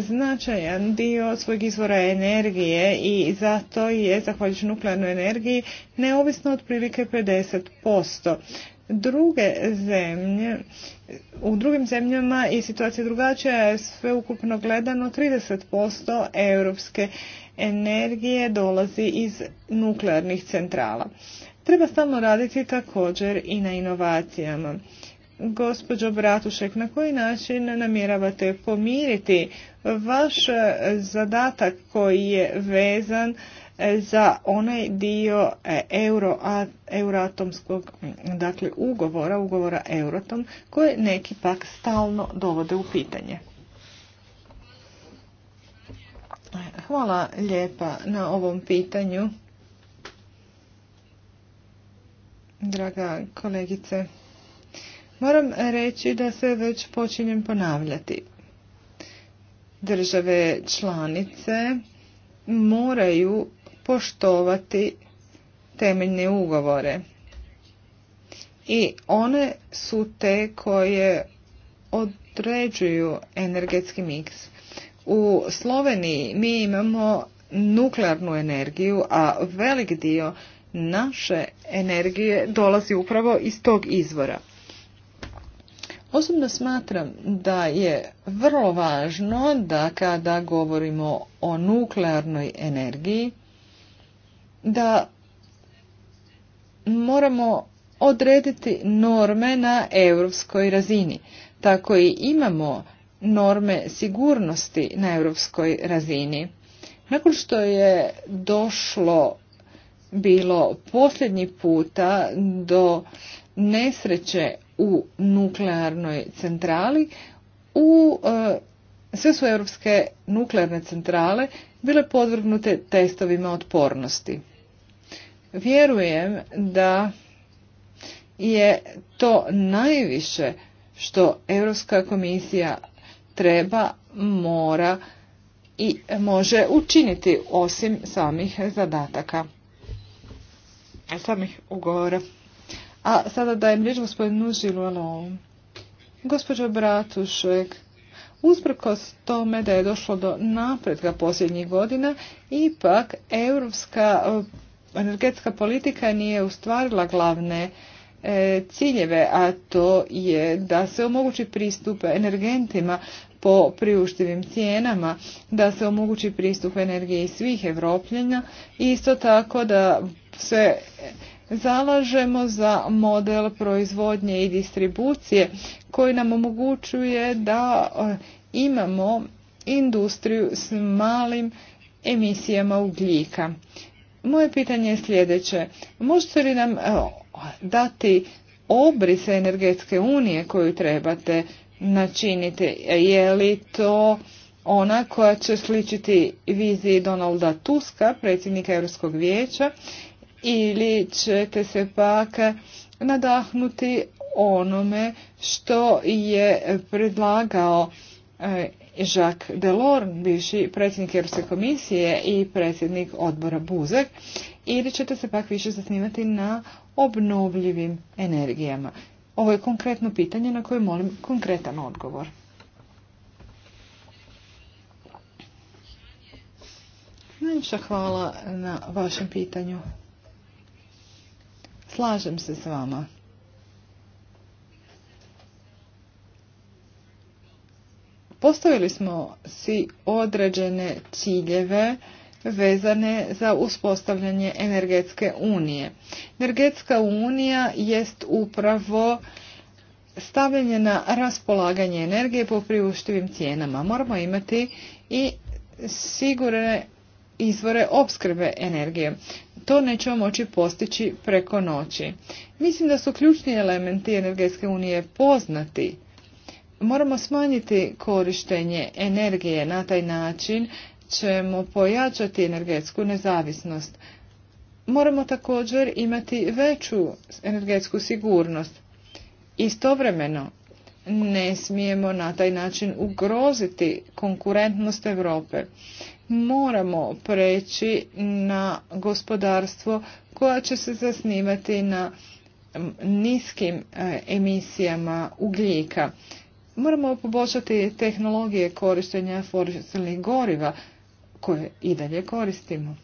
značajan dio svojeg izvora energije i zato je, zahvaljujući nuklearnoj energiji, neovisno otprilike 50% druge zemlje, u drugim zemljama i situacija drugačija, sve ukupno gledano 30% europske energije dolazi iz nuklearnih centrala. Treba stalno raditi također i na inovacijama. Gospođo Bratušek, na koji način namjeravate pomiriti vaš zadatak koji je vezan E, za onaj dio e, euro, euroatomskog mm, dakle, ugovora, ugovora eurotom koje neki pak stalno dovode u pitanje. Hvala lijepa na ovom pitanju, draga kolegice. Moram reći da se već počinjem ponavljati. Države članice moraju poštovati temeljne ugovore. I one su te koje određuju energetski miks. U Sloveniji mi imamo nuklearnu energiju, a velik dio naše energije dolazi upravo iz tog izvora. Osobno smatram da je vrlo važno da kada govorimo o nuklearnoj energiji, da moramo odrediti norme na europskoj razini. Tako i imamo norme sigurnosti na europskoj razini. Nakon što je došlo bilo posljednji puta do nesreće u nuklearnoj centrali, u e, sve su europske nuklearne centrale bile podvrgnute testovima otpornosti. Vjerujem da je to najviše što Europska komisija treba, mora i može učiniti osim samih zadataka, samih ugovora. A sada dajem riječ gospodinu Žilu ono Gospođo Bratušek, usprkos tome da je došlo do napretka posljednjih godina, ipak europska energetska politika nije ustvarila glavne e, ciljeve, a to je da se omogući pristup energentima po priuštivim cijenama, da se omogući pristup energiji svih Evropljenja i isto tako da se zalažemo za model proizvodnje i distribucije koji nam omogućuje da e, imamo industriju s malim emisijama ugljika. Moje pitanje je sljedeće. Možete li nam dati obrise energetske unije koju trebate načiniti? Je li to ona koja će sličiti viziji Donalda Tuska, predsjednika Europskog vijeća, ili ćete se pak nadahnuti onome što je predlagao e, Jacques Delors, bivši predsjednik Europske komisije i predsjednik odbora Buzek, ili ćete se pak više zasnivati na obnovljivim energijama? Ovo je konkretno pitanje na koje molim konkretan odgovor. Najljepša hvala na vašem pitanju. Slažem se s vama. Postavili smo si određene ciljeve vezane za uspostavljanje energetske unije. Energetska unija jest upravo stavljanje na raspolaganje energije po priuštivim cijenama. Moramo imati i sigurne izvore opskrbe energije. To nećemo moći postići preko noći. Mislim da su ključni elementi energetske unije poznati. Moramo smanjiti korištenje energije. Na taj način ćemo pojačati energetsku nezavisnost. Moramo također imati veću energetsku sigurnost. Istovremeno, ne smijemo na taj način ugroziti konkurentnost Europe. Moramo preći na gospodarstvo koja će se zasnivati na niskim e, emisijama ugljika. Moramo poboljšati tehnologije korištenja fosilnih goriva koje i dalje koristimo.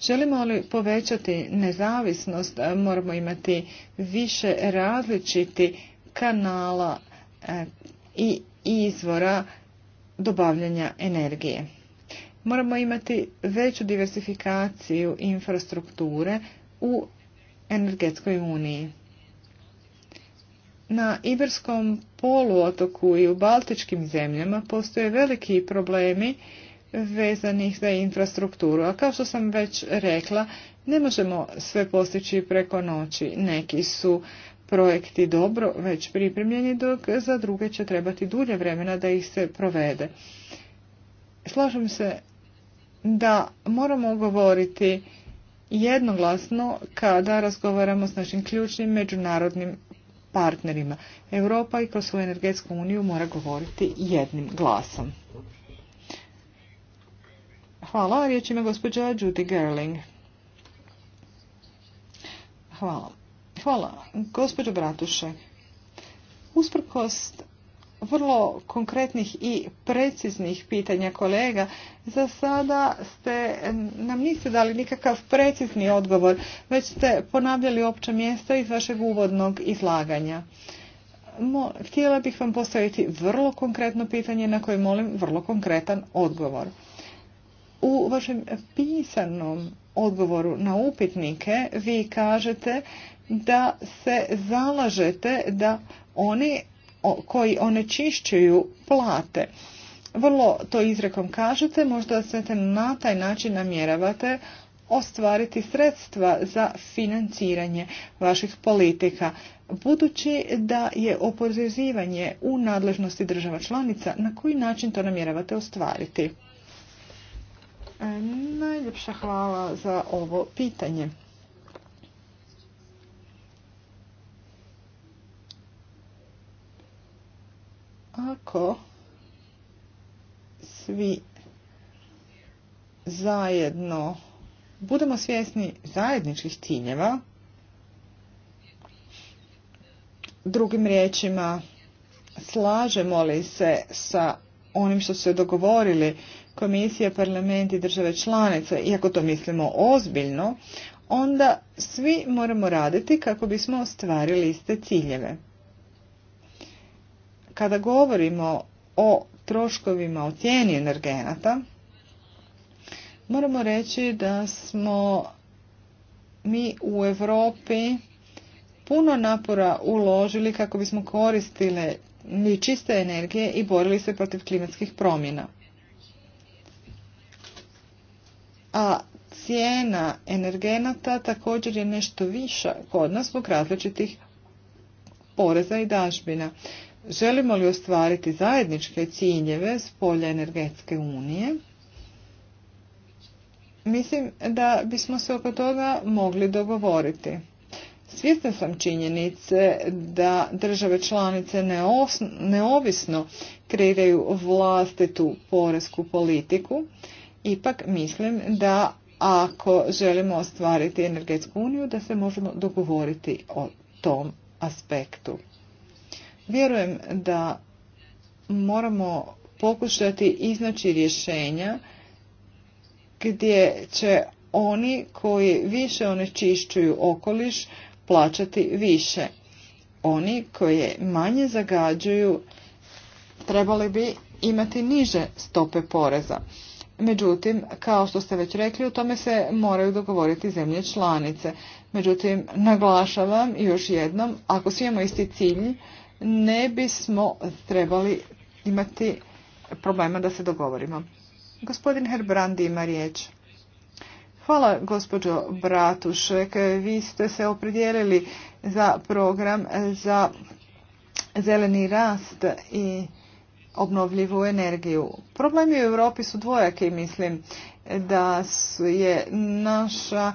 Želimo li povećati nezavisnost, moramo imati više različiti kanala e, i izvora dobavljanja energije. Moramo imati veću diversifikaciju infrastrukture u energetskoj uniji. Na Iberskom poluotoku i u Baltičkim zemljama postoje veliki problemi vezanih za infrastrukturu, a kao što sam već rekla, ne možemo sve postići preko noći. Neki su projekti dobro već pripremljeni, dok za druge će trebati dulje vremena da ih se provede. Slažem se da moramo govoriti jednoglasno kada razgovaramo s našim ključnim međunarodnim partnerima. Europa i kroz svoju energetsku uniju mora govoriti jednim glasom. Hvala, riječ ima gospođa Judy Gerling. Hvala. Hvala, gospođo Bratuše. Usprkos vrlo konkretnih i preciznih pitanja kolega. Za sada ste, nam niste dali nikakav precizni odgovor, već ste ponavljali opće mjesta iz vašeg uvodnog izlaganja. Mo, htjela bih vam postaviti vrlo konkretno pitanje na koje molim vrlo konkretan odgovor. U vašem pisanom odgovoru na upitnike vi kažete da se zalažete da oni koji onečišćuju plate. Vrlo to izrekom kažete, možda se na taj način namjeravate ostvariti sredstva za financiranje vaših politika, budući da je oporezivanje u nadležnosti država članica, na koji način to namjeravate ostvariti? E, najljepša hvala za ovo pitanje. ako svi zajedno budemo svjesni zajedničkih ciljeva, drugim riječima slažemo li se sa onim što su dogovorili komisije, parlament i države članice, iako to mislimo ozbiljno, onda svi moramo raditi kako bismo ostvarili iste ciljeve. Kada govorimo o troškovima, o cijeni energenata, moramo reći da smo mi u Europi puno napora uložili kako bismo koristile ni čiste energije i borili se protiv klimatskih promjena. A cijena energenata također je nešto viša kod nas zbog različitih poreza i dažbina. Želimo li ostvariti zajedničke ciljeve s polja energetske unije? Mislim da bismo se oko toga mogli dogovoriti. Svjesna sam činjenice da države članice neovisno kreiraju vlastitu poresku politiku, ipak mislim da ako želimo ostvariti energetsku uniju, da se možemo dogovoriti o tom aspektu. Vjerujem da moramo pokušati iznaći rješenja gdje će oni koji više onečišćuju okoliš plaćati više. Oni koji manje zagađuju trebali bi imati niže stope poreza. Međutim, kao što ste već rekli, u tome se moraju dogovoriti zemlje članice. Međutim, naglašavam još jednom, ako svi imamo isti cilj, ne bismo trebali imati problema da se dogovorimo. Gospodin Herbrandi ima riječ. Hvala gospođo Bratušek. Vi ste se opredijelili za program za zeleni rast i obnovljivu energiju. Problemi u Europi su dvojaki, mislim, da je naša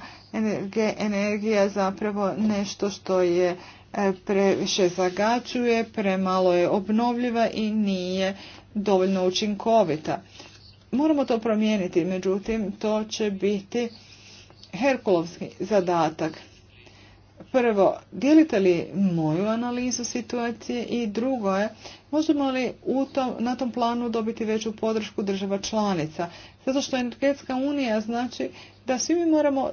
energija zapravo nešto što je E, previše zagađuje, premalo je obnovljiva i nije dovoljno učinkovita. Moramo to promijeniti, međutim to će biti Herkulovski zadatak. Prvo, dijelite li moju analizu situacije i drugo je, možemo li na tom planu dobiti veću podršku država članica? Zato što energetska unija znači da svi mi moramo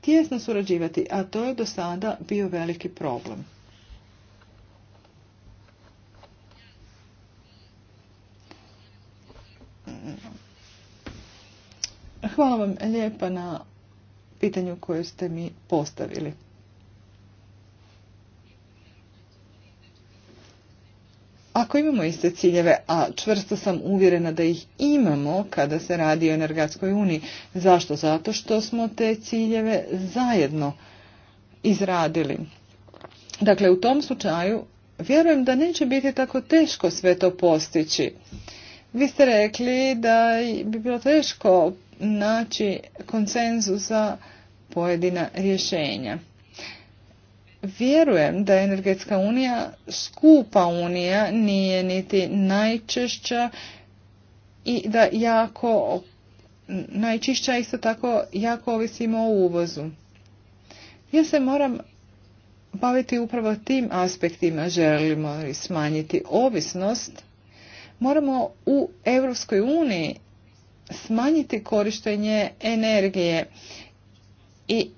tijesno surađivati, a to je do sada bio veliki problem. Hvala vam lijepa na pitanju koje ste mi postavili. Ako imamo iste ciljeve, a čvrsto sam uvjerena da ih imamo kada se radi o energetskoj uniji, zašto? Zato što smo te ciljeve zajedno izradili. Dakle, u tom slučaju vjerujem da neće biti tako teško sve to postići. Vi ste rekli da bi bilo teško naći konsenzusa za pojedina rješenja. Vjerujem da je energetska unija skupa unija, nije niti najčešća i da jako najčišća isto tako jako ovisimo o uvozu. Ja se moram baviti upravo tim aspektima, želimo li smanjiti ovisnost, moramo u Europskoj uniji smanjiti korištenje energije i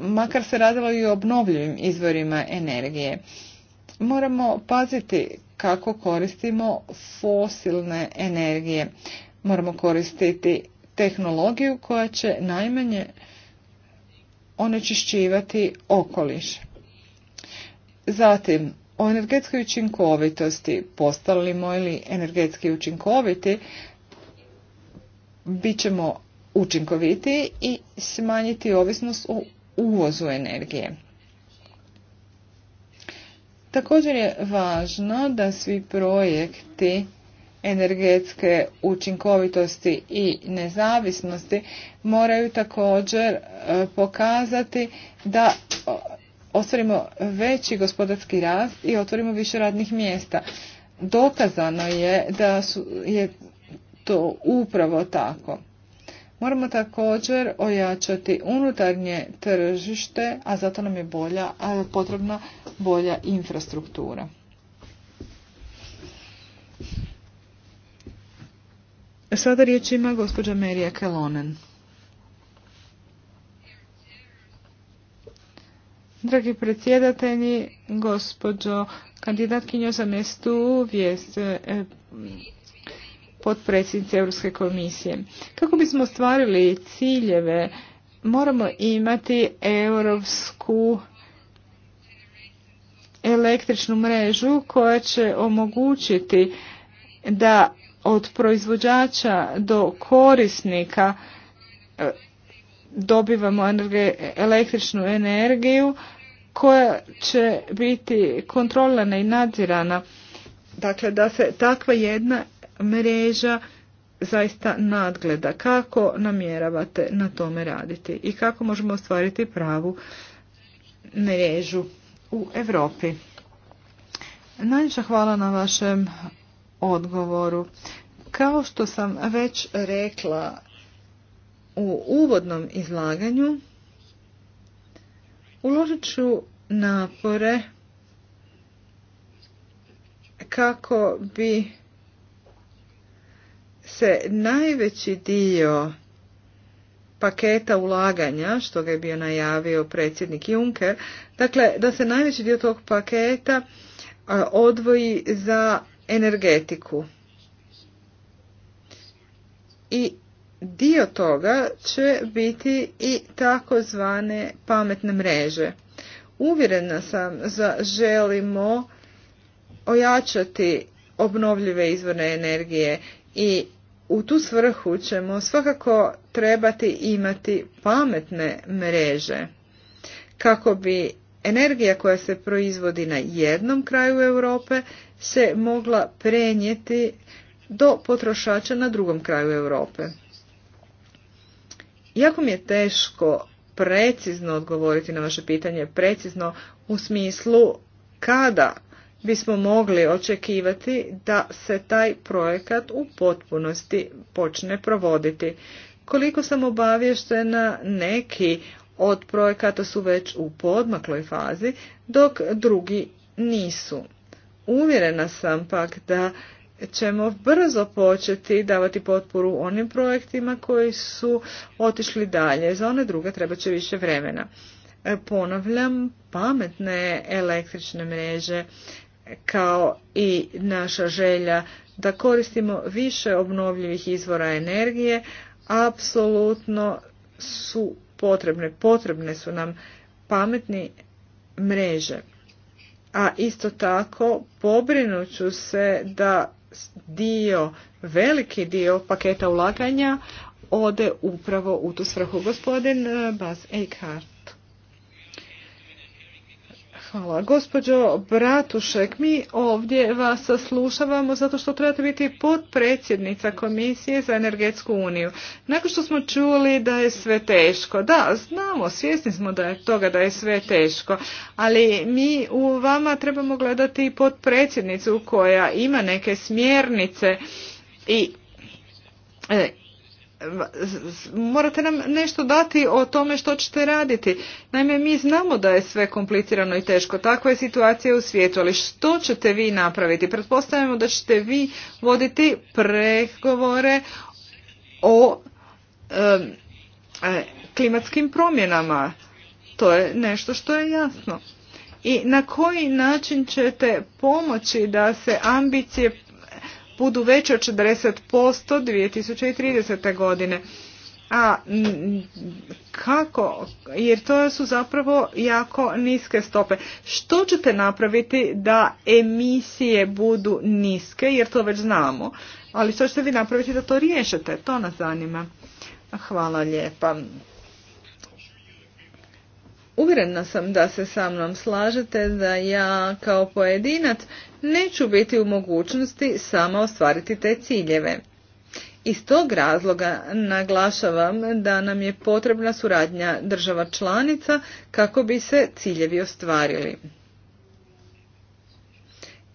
makar se radilo i o obnovljivim izvorima energije. Moramo paziti kako koristimo fosilne energije. Moramo koristiti tehnologiju koja će najmanje onečišćivati okoliš. Zatim, o energetskoj učinkovitosti, postalimo li energetski učinkoviti, bit ćemo učinkovitiji i smanjiti ovisnost u uvozu energije. Također je važno da svi projekti energetske učinkovitosti i nezavisnosti moraju također e, pokazati da ostvarimo veći gospodarski rast i otvorimo više radnih mjesta. Dokazano je da je to upravo tako. Moramo također ojačati unutarnje tržište, a zato nam je bolja, potrebna bolja infrastruktura. Sada riječ ima gospođa Merija Kelonen. Dragi predsjedatelji, gospođo kandidatkinjo za mjestu vijest potpredsjednice Europske komisije. Kako bismo ostvarili ciljeve, moramo imati europsku električnu mrežu koja će omogućiti da od proizvođača do korisnika e, dobivamo električnu energiju koja će biti kontrolana i nadzirana. Dakle, da se takva jedna mreža zaista nadgleda. Kako namjeravate na tome raditi i kako možemo ostvariti pravu mrežu u Europi? Najljepša hvala na vašem odgovoru. Kao što sam već rekla u uvodnom izlaganju, uložit ću napore kako bi se najveći dio paketa ulaganja, što ga je bio najavio predsjednik Juncker, dakle da se najveći dio tog paketa odvoji za energetiku. I dio toga će biti i takozvane pametne mreže. Uvjerena sam da želimo ojačati obnovljive izvorne energije i u tu svrhu ćemo svakako trebati imati pametne mreže kako bi energija koja se proizvodi na jednom kraju Europe se mogla prenijeti do potrošača na drugom kraju Europe. Jako mi je teško precizno odgovoriti na vaše pitanje, precizno u smislu kada bismo mogli očekivati da se taj projekat u potpunosti počne provoditi. Koliko sam obavještena, neki od projekata su već u podmakloj fazi, dok drugi nisu. Uvjerena sam pak da ćemo brzo početi davati potporu onim projektima koji su otišli dalje. Za one druge treba će više vremena. E, ponavljam, pametne električne mreže, kao i naša želja da koristimo više obnovljivih izvora energije, apsolutno su potrebne. Potrebne su nam pametni mreže. A isto tako pobrinuću ću se da dio, veliki dio paketa ulaganja ode upravo u tu svrhu. Gospodin eh, Bas Eichhardt. Hvala. Gospođo Bratušek, mi ovdje vas saslušavamo zato što trebate biti potpredsjednica Komisije za energetsku uniju. Nakon što smo čuli da je sve teško, da, znamo, svjesni smo da je toga da je sve teško, ali mi u vama trebamo gledati potpredsjednicu koja ima neke smjernice i e, morate nam nešto dati o tome što ćete raditi. Naime, mi znamo da je sve komplicirano i teško. Takva je situacija u svijetu, ali što ćete vi napraviti? Pretpostavljamo da ćete vi voditi pregovore o e, klimatskim promjenama. To je nešto što je jasno. I na koji način ćete pomoći da se ambicije budu veće od 40% 2030. godine. A kako? Jer to su zapravo jako niske stope. Što ćete napraviti da emisije budu niske? Jer to već znamo. Ali što ćete vi napraviti da to riješite? To nas zanima. Hvala lijepa. Uvjerena sam da se sa mnom slažete da ja kao pojedinac neću biti u mogućnosti sama ostvariti te ciljeve. Iz tog razloga naglašavam da nam je potrebna suradnja država članica kako bi se ciljevi ostvarili.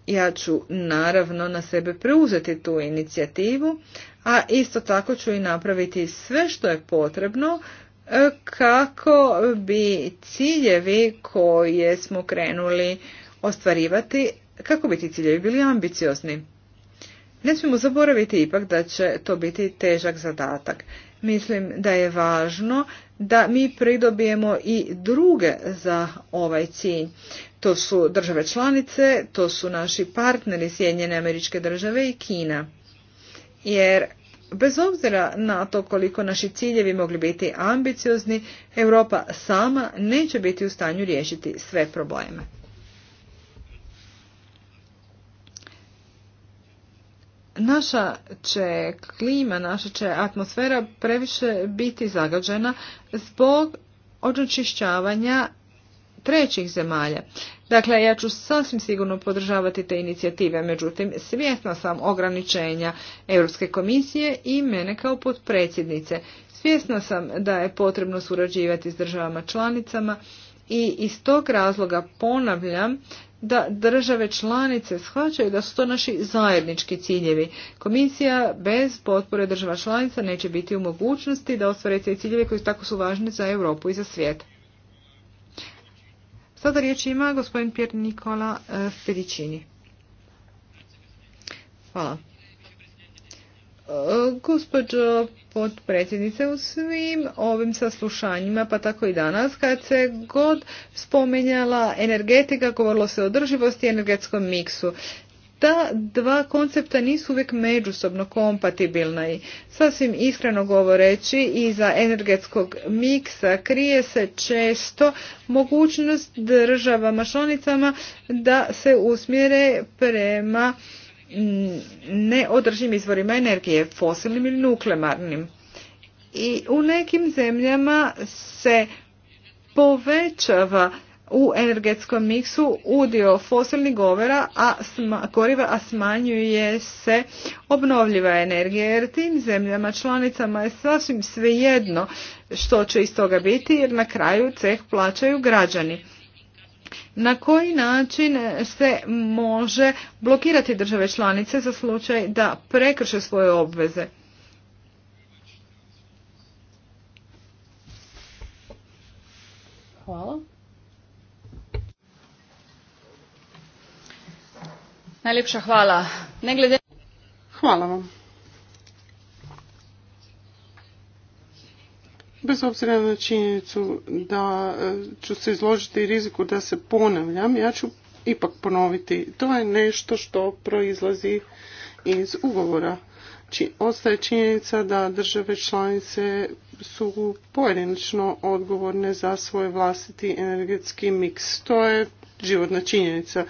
Ja ću naravno na sebe preuzeti tu inicijativu, a isto tako ću i napraviti sve što je potrebno e, kako bi ciljevi koje smo krenuli ostvarivati kako bi ti ciljevi bili ambiciozni. Ne smijemo zaboraviti ipak da će to biti težak zadatak. Mislim da je važno da mi pridobijemo i druge za ovaj cilj. To su države članice, to su naši partneri Sjedinjene američke države i Kina. Jer bez obzira na to koliko naši ciljevi mogli biti ambiciozni, Europa sama neće biti u stanju riješiti sve probleme. naša će klima, naša će atmosfera previše biti zagađena zbog očišćavanja trećih zemalja. Dakle, ja ću sasvim sigurno podržavati te inicijative, međutim, svjesna sam ograničenja Europske komisije i mene kao potpredsjednice. Svjesna sam da je potrebno surađivati s državama članicama i iz tog razloga ponavljam da države članice shvaćaju da su to naši zajednički ciljevi. Komisija bez potpore država članica neće biti u mogućnosti da ostvare te ciljeve koji tako su važni za Europu i za svijet. Sada riječ ima gospodin Pier Nikola eh, Fedicini. Hvala. Gospođo potpredsjednice, u svim ovim saslušanjima, pa tako i danas, kad se god spomenjala energetika, govorilo se o održivosti i energetskom miksu. Ta dva koncepta nisu uvijek međusobno kompatibilna i sasvim iskreno govoreći za energetskog miksa krije se često mogućnost državama članicama da se usmjere prema neodrživim izvorima energije, fosilnim ili nuklearnim. I u nekim zemljama se povećava u energetskom miksu udio fosilnih govera, a goriva, a smanjuje se obnovljiva energija. Jer tim zemljama članicama je sasvim svejedno što će iz toga biti, jer na kraju ceh plaćaju građani na koji način se može blokirati države članice za slučaj da prekrše svoje obveze. Hvala. Najljepša hvala. Ne Hvala vam. bez obzira na činjenicu da e, ću se izložiti riziku da se ponavljam, ja ću ipak ponoviti. To je nešto što proizlazi iz ugovora. Či, ostaje činjenica da države članice su pojedinačno odgovorne za svoj vlastiti energetski miks. To je životna činjenica.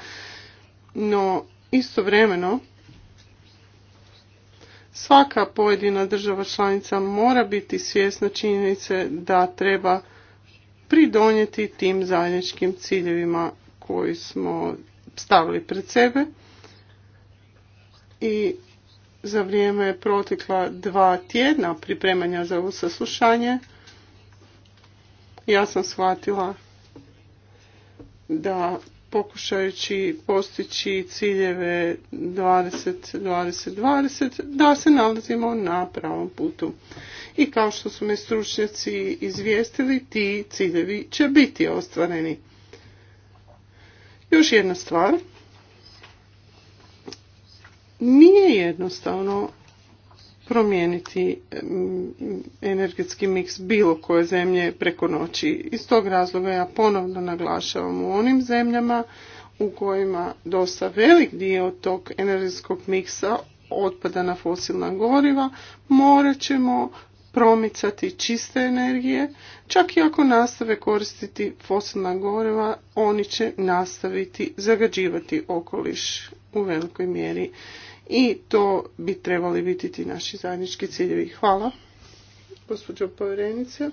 No istovremeno Svaka pojedina država članica mora biti svjesna činjenice da treba pridonijeti tim zajedničkim ciljevima koji smo stavili pred sebe i za vrijeme je protekla dva tjedna pripremanja za ovo saslušanje ja sam shvatila da pokušajući postići ciljeve 20-20-20 da se nalazimo na pravom putu. I kao što su me stručnjaci izvijestili, ti ciljevi će biti ostvareni. Još jedna stvar. Nije jednostavno promijeniti energetski miks bilo koje zemlje preko noći. Iz tog razloga ja ponovno naglašavam u onim zemljama u kojima dosta velik dio tog energetskog miksa otpada na fosilna goriva, morat ćemo promicati čiste energije, čak i ako nastave koristiti fosilna goriva, oni će nastaviti zagađivati okoliš u velikoj mjeri i to bi trebali biti ti naši zajednički ciljevi. Hvala, gospođo povjerenice.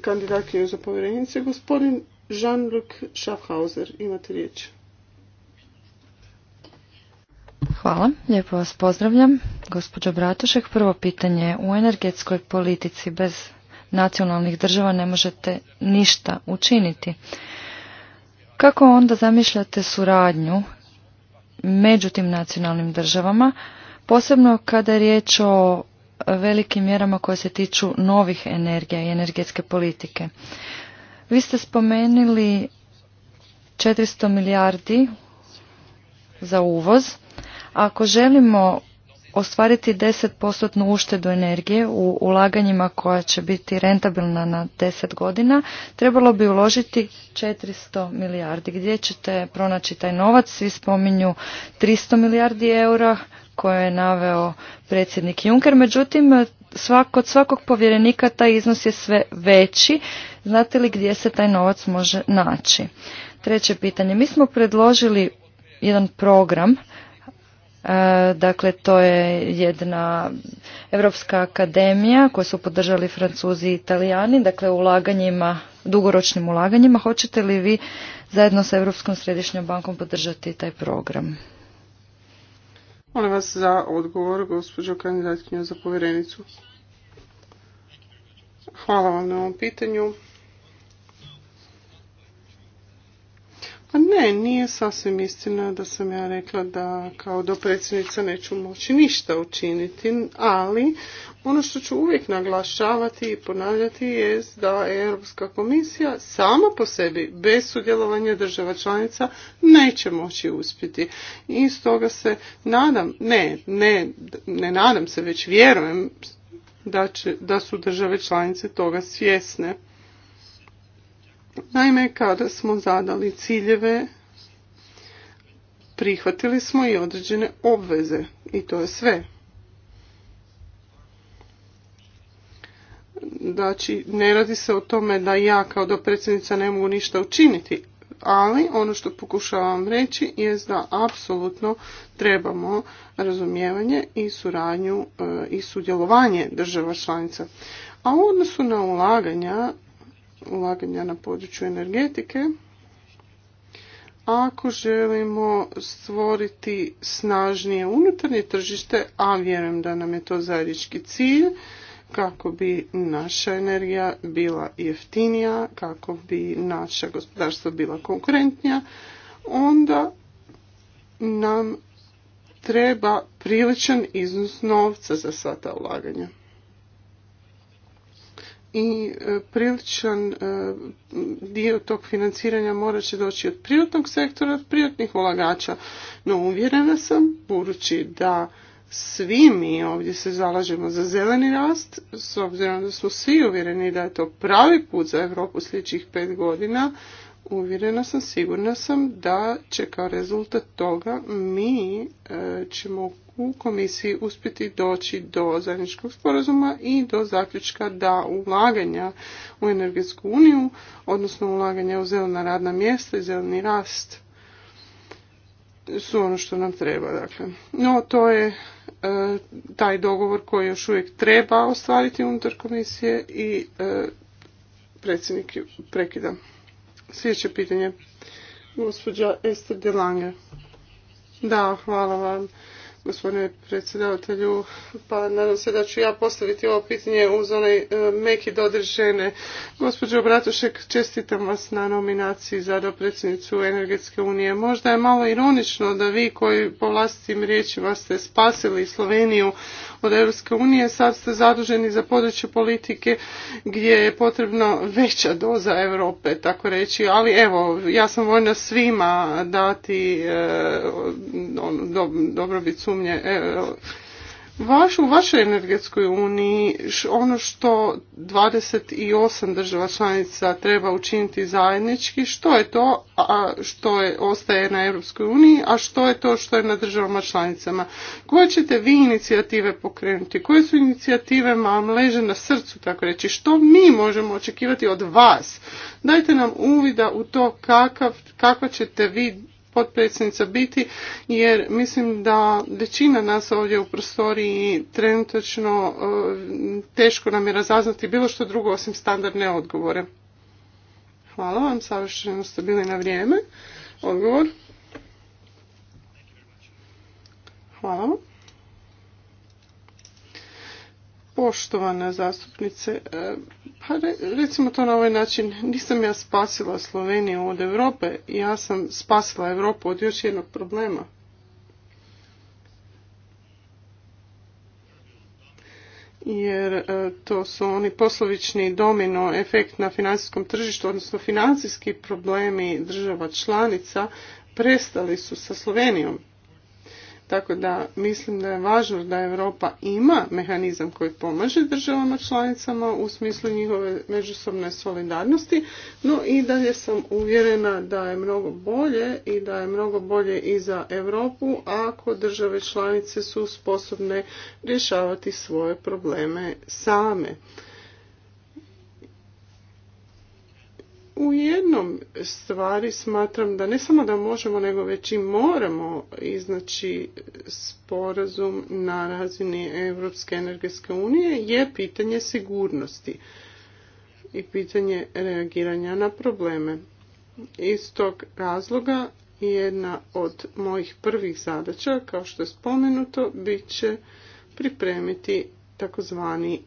Kandidatkinju za povjerenice, gospodin Jean-Luc Schaffhauser. Imate riječ. Hvala, lijepo vas pozdravljam. Gospođo Bratušek, prvo pitanje. U energetskoj politici bez nacionalnih država ne možete ništa učiniti. Kako onda zamišljate suradnju među tim nacionalnim državama, posebno kada je riječ o velikim mjerama koje se tiču novih energija i energetske politike. Vi ste spomenuli 400 milijardi za uvoz. Ako želimo ostvariti 10% uštedu energije u ulaganjima koja će biti rentabilna na 10 godina, trebalo bi uložiti 400 milijardi. Gdje ćete pronaći taj novac? Svi spominju 300 milijardi eura koje je naveo predsjednik Juncker. Međutim, kod svakog povjerenika taj iznos je sve veći. Znate li gdje se taj novac može naći? Treće pitanje. Mi smo predložili jedan program E, dakle, to je jedna Europska akademija koju su podržali Francuzi i Italijani, dakle ulaganjima, dugoročnim ulaganjima. Hoćete li vi zajedno sa Europskom središnjom bankom podržati taj program? Molim vas za odgovor, gospođo kandidatkinja za povjerenicu. Hvala vam na ovom pitanju. Ne, nije sasvim istina da sam ja rekla da kao dopredsjednica neću moći ništa učiniti, ali ono što ću uvijek naglašavati i ponavljati je da Europska komisija sama po sebi, bez sudjelovanja država članica, neće moći uspjeti. I stoga se nadam, ne, ne, ne nadam se, već vjerujem da, će, da su države članice toga svjesne. Naime, kada smo zadali ciljeve, prihvatili smo i određene obveze i to je sve. Znači, ne radi se o tome da ja kao dopredsjednica ne mogu ništa učiniti, ali ono što pokušavam reći je da apsolutno trebamo razumijevanje i suradnju e, i sudjelovanje država članica. A u odnosu na ulaganja, ulaganja na području energetike, ako želimo stvoriti snažnije unutarnje tržište, a vjerujem da nam je to zajednički cilj, kako bi naša energija bila jeftinija, kako bi naša gospodarstva bila konkurentnija, onda nam treba priličan iznos novca za sva ta ulaganja i e, priličan e, dio tog financiranja morat će doći od privatnog sektora, od privatnih ulagača. No uvjerena sam, budući da svi mi ovdje se zalažemo za zeleni rast, s obzirom da smo svi uvjereni da je to pravi put za Europu sljedećih pet godina, uvjerena sam, sigurna sam da će kao rezultat toga mi e, ćemo u komisiji uspjeti doći do zajedničkog sporazuma i do zaključka da ulaganja u energetsku uniju, odnosno ulaganja u zelena radna mjesta i zeleni rast su ono što nam treba. Dakle. No, to je e, taj dogovor koji još uvijek treba ostvariti unutar komisije i e, predsjednik prekida. Sljedeće pitanje. Gospođa Ester Lange. Da, hvala vam gospodine predsjedavatelju. Pa nadam se da ću ja postaviti ovo pitanje uz onaj e, meki dodir Gospođo Bratušek, čestitam vas na nominaciji za dopredsjednicu Energetske unije. Možda je malo ironično da vi koji po vlastitim riječima ste spasili Sloveniju od Europske unije, sad ste zaduženi za područje politike gdje je potrebno veća doza Europe, tako reći, ali evo, ja sam voljna svima dati eh, ono, dobrobit sumnje eh, u vašoj energetskoj uniji ono što 28 država članica treba učiniti zajednički, što je to a, što je, ostaje na Europskoj uniji, a što je to što je na državama članicama. Koje ćete vi inicijative pokrenuti? Koje su inicijative vam leže na srcu, tako reći? Što mi možemo očekivati od vas? Dajte nam uvida u to kakav, kakva ćete vi potpredsjednica biti jer mislim da većina nas ovdje u prostoriji trenutačno e, teško nam je razaznati bilo što drugo osim standardne odgovore. Hvala vam, savršeno ste bili na vrijeme. Odgovor. Hvala vam. Poštovana zastupnice, e, pa recimo to na ovaj način, nisam ja spasila Sloveniju od Europe, ja sam spasila Europu od još jednog problema. Jer e, to su oni poslovični domino efekt na financijskom tržištu, odnosno financijski problemi država članica prestali su sa Slovenijom. Tako da mislim da je važno da Europa ima mehanizam koji pomaže državama članicama u smislu njihove međusobne solidarnosti, no i je sam uvjerena da je mnogo bolje i da je mnogo bolje i za Europu ako države članice su sposobne rješavati svoje probleme same. u jednom stvari smatram da ne samo da možemo, nego već i moramo iznaći sporazum na razini Europske energetske unije je pitanje sigurnosti i pitanje reagiranja na probleme. Iz tog razloga jedna od mojih prvih zadaća, kao što je spomenuto, bit će pripremiti takozvani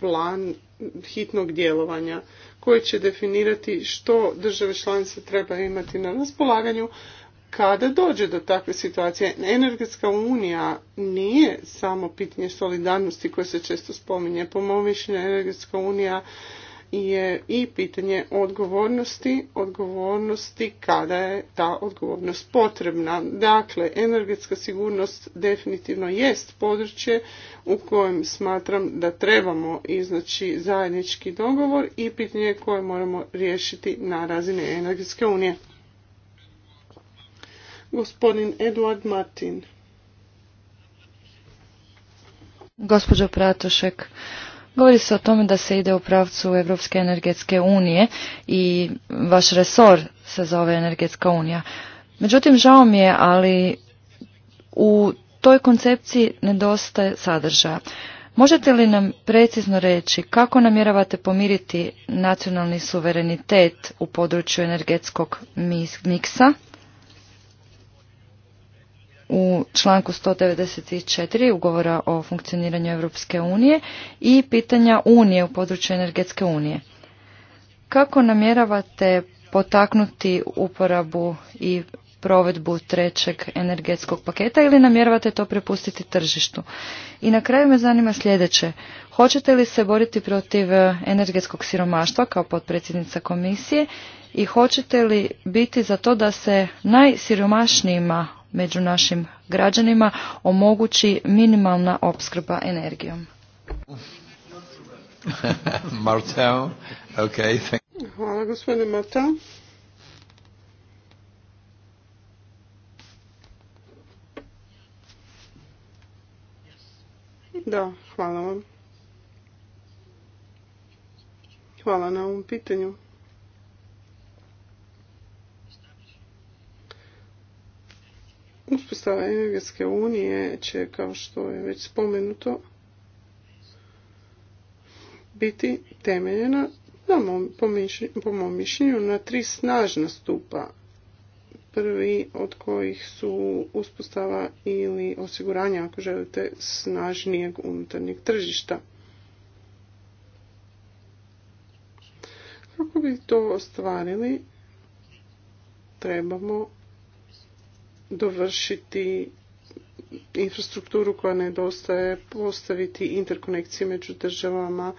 plan hitnog djelovanja koje će definirati što države članice treba imati na raspolaganju kada dođe do takve situacije. Energetska unija nije samo pitanje solidarnosti koje se često spominje. Po mom mišljenju energetska unija je i pitanje odgovornosti, odgovornosti kada je ta odgovornost potrebna. Dakle, energetska sigurnost definitivno jest područje u kojem smatram da trebamo iznaći zajednički dogovor i pitanje koje moramo riješiti na razini energetske unije. Gospodin Eduard Martin. Gospođo Pratošek, Govori se o tome da se ide u pravcu Europske energetske unije i vaš resor se zove Energetska unija. Međutim, žao mi je, ali u toj koncepciji nedostaje sadržaja. Možete li nam precizno reći kako namjeravate pomiriti nacionalni suverenitet u području energetskog miksa u članku 194 ugovora o funkcioniranju Europske unije i pitanja unije u području energetske unije. Kako namjeravate potaknuti uporabu i provedbu trećeg energetskog paketa ili namjeravate to prepustiti tržištu? I na kraju me zanima sljedeće. Hoćete li se boriti protiv energetskog siromaštva kao potpredsjednica komisije i hoćete li biti za to da se najsiromašnijima među našim građanima omogući minimalna opskrba energijom. Hvala gospodine Martel. Da, hvala vam. Hvala na ovom pitanju. Uspostava energetske unije će, kao što je već spomenuto, biti temeljena, po mom mišljenju, na tri snažna stupa. Prvi od kojih su uspostava ili osiguranje, ako želite, snažnijeg unutarnjeg tržišta. Kako bi to ostvarili, trebamo dovršiti infrastrukturu koja nedostaje, postaviti interkonekcije među državama,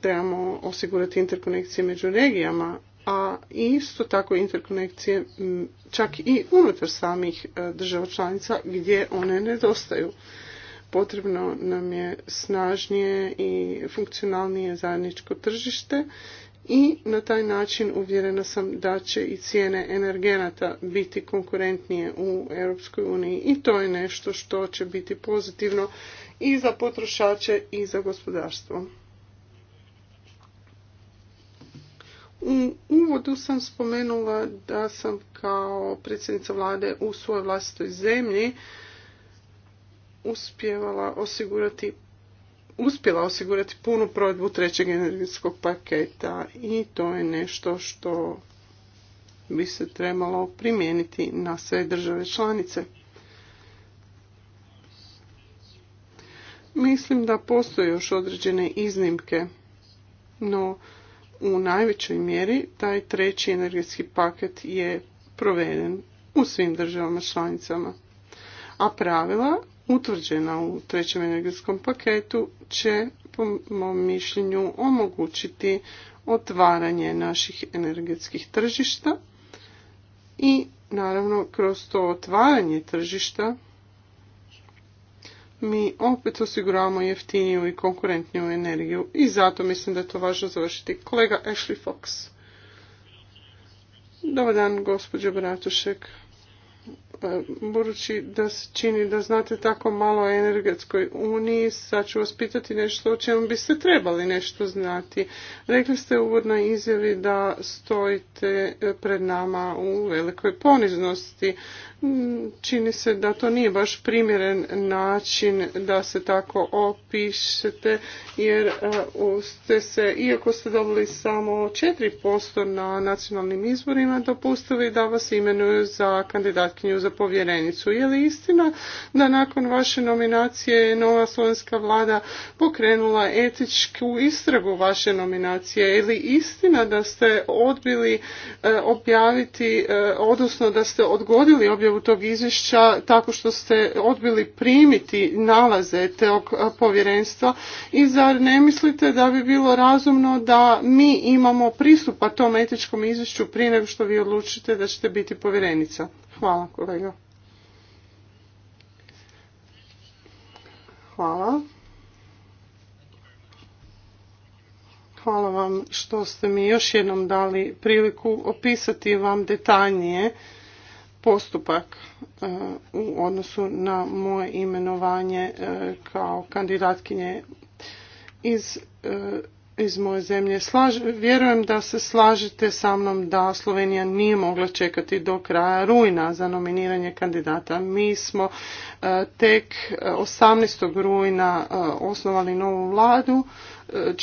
trebamo osigurati interkonekcije među regijama, a isto tako interkonekcije čak i unutar samih e, država članica gdje one nedostaju. Potrebno nam je snažnije i funkcionalnije zajedničko tržište i na taj način uvjerena sam da će i cijene energenata biti konkurentnije u Europskoj uniji i to je nešto što će biti pozitivno i za potrošače i za gospodarstvo. U uvodu sam spomenula da sam kao predsjednica vlade u svojoj vlastitoj zemlji uspjevala osigurati uspjela osigurati punu provedbu trećeg energetskog paketa i to je nešto što bi se trebalo primijeniti na sve države članice. Mislim da postoje još određene iznimke, no u najvećoj mjeri taj treći energetski paket je proveden u svim državama članicama. A pravila utvrđena u trećem energetskom paketu će po mom mišljenju omogućiti otvaranje naših energetskih tržišta i naravno kroz to otvaranje tržišta mi opet osiguravamo jeftiniju i konkurentniju energiju i zato mislim da je to važno završiti. Kolega Ashley Fox. Dobar dan, gospođo Bratušek. Pa, budući da se čini da znate tako malo o energetskoj uniji, sad ću vas pitati nešto o čemu biste trebali nešto znati. Rekli ste u uvodnoj izjavi da stojite pred nama u velikoj poniznosti. Čini se da to nije baš primjeren način da se tako opišete, jer e, ste se, iako ste dobili samo 4% na nacionalnim izborima, dopustili da vas imenuju za kandidatkinju za povjerenicu. Je li istina da nakon vaše nominacije nova slovenska vlada pokrenula etičku istragu vaše nominacije? Je li istina da ste odbili e, objaviti, e, odnosno da ste odgodili objavu tog izvješća tako što ste odbili primiti nalaze tog e, povjerenstva i zar ne mislite da bi bilo razumno da mi imamo pristupa pa tom etičkom izvješću prije nego što vi odlučite da ćete biti povjerenica? Hvala kolega. Hvala. Hvala vam što ste mi još jednom dali priliku opisati vam detaljnije postupak e, u odnosu na moje imenovanje e, kao kandidatkinje iz e, iz moje zemlje. vjerujem da se slažete sa mnom da Slovenija nije mogla čekati do kraja rujna za nominiranje kandidata. Mi smo eh, tek 18. Eh, rujna eh, osnovali novu vladu E,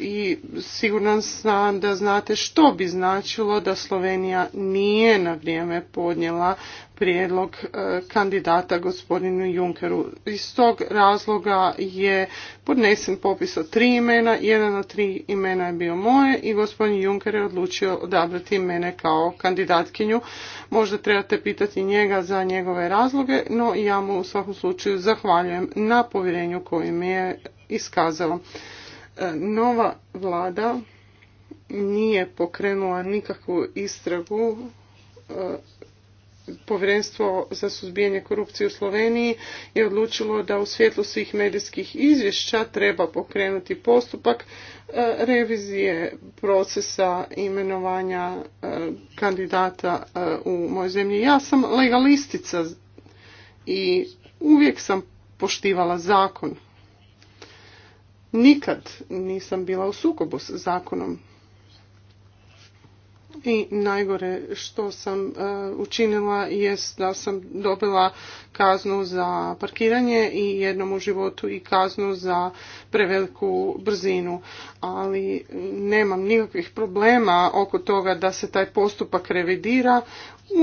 i siguran sam da znate što bi značilo da Slovenija nije na vrijeme podnijela prijedlog e, kandidata gospodinu Junkeru. Iz tog razloga je podnesen popis od tri imena, jedan od tri imena je bio moje i gospodin Juncker je odlučio odabrati mene kao kandidatkinju. Možda trebate pitati njega za njegove razloge, no ja mu u svakom slučaju zahvaljujem na povjerenju koje mi je iskazao. E, nova vlada nije pokrenula nikakvu istragu e, Povjerenstvo za suzbijanje korupcije u Sloveniji je odlučilo da u svjetlu svih medijskih izvješća treba pokrenuti postupak e, revizije procesa imenovanja kandidata u mojoj zemlji. Ja sam legalistica i uvijek sam poštivala zakon nikad nisam bila u sukobu s zakonom. I najgore što sam e, učinila jest da sam dobila kaznu za parkiranje i jednom u životu i kaznu za preveliku brzinu. Ali nemam nikakvih problema oko toga da se taj postupak revidira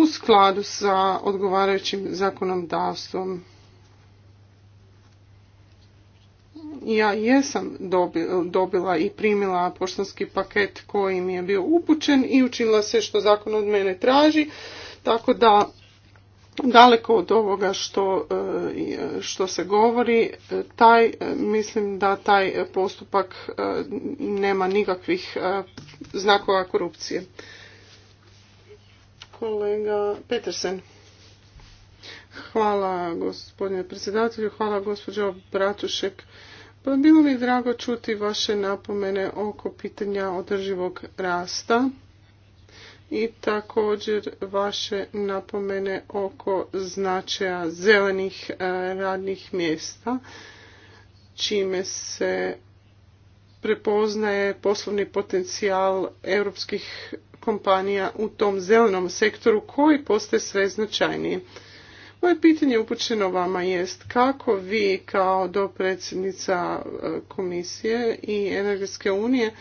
u skladu sa odgovarajućim zakonodavstvom. ja jesam dobila i primila poštanski paket koji mi je bio upućen i učinila se što zakon od mene traži, tako da daleko od ovoga što, e, što se govori, e, taj, e, mislim da taj postupak nema nikakvih znakova korupcije. Kolega Petersen. Hvala gospodine predsjedatelju, hvala gospođo Bratušek pa bilo mi drago čuti vaše napomene oko pitanja održivog rasta i također vaše napomene oko značaja zelenih e, radnih mjesta, čime se prepoznaje poslovni potencijal europskih kompanija u tom zelenom sektoru koji postaje sve značajniji. Moje pitanje upućeno vama jest kako vi kao dopredsjednica e, komisije i energetske unije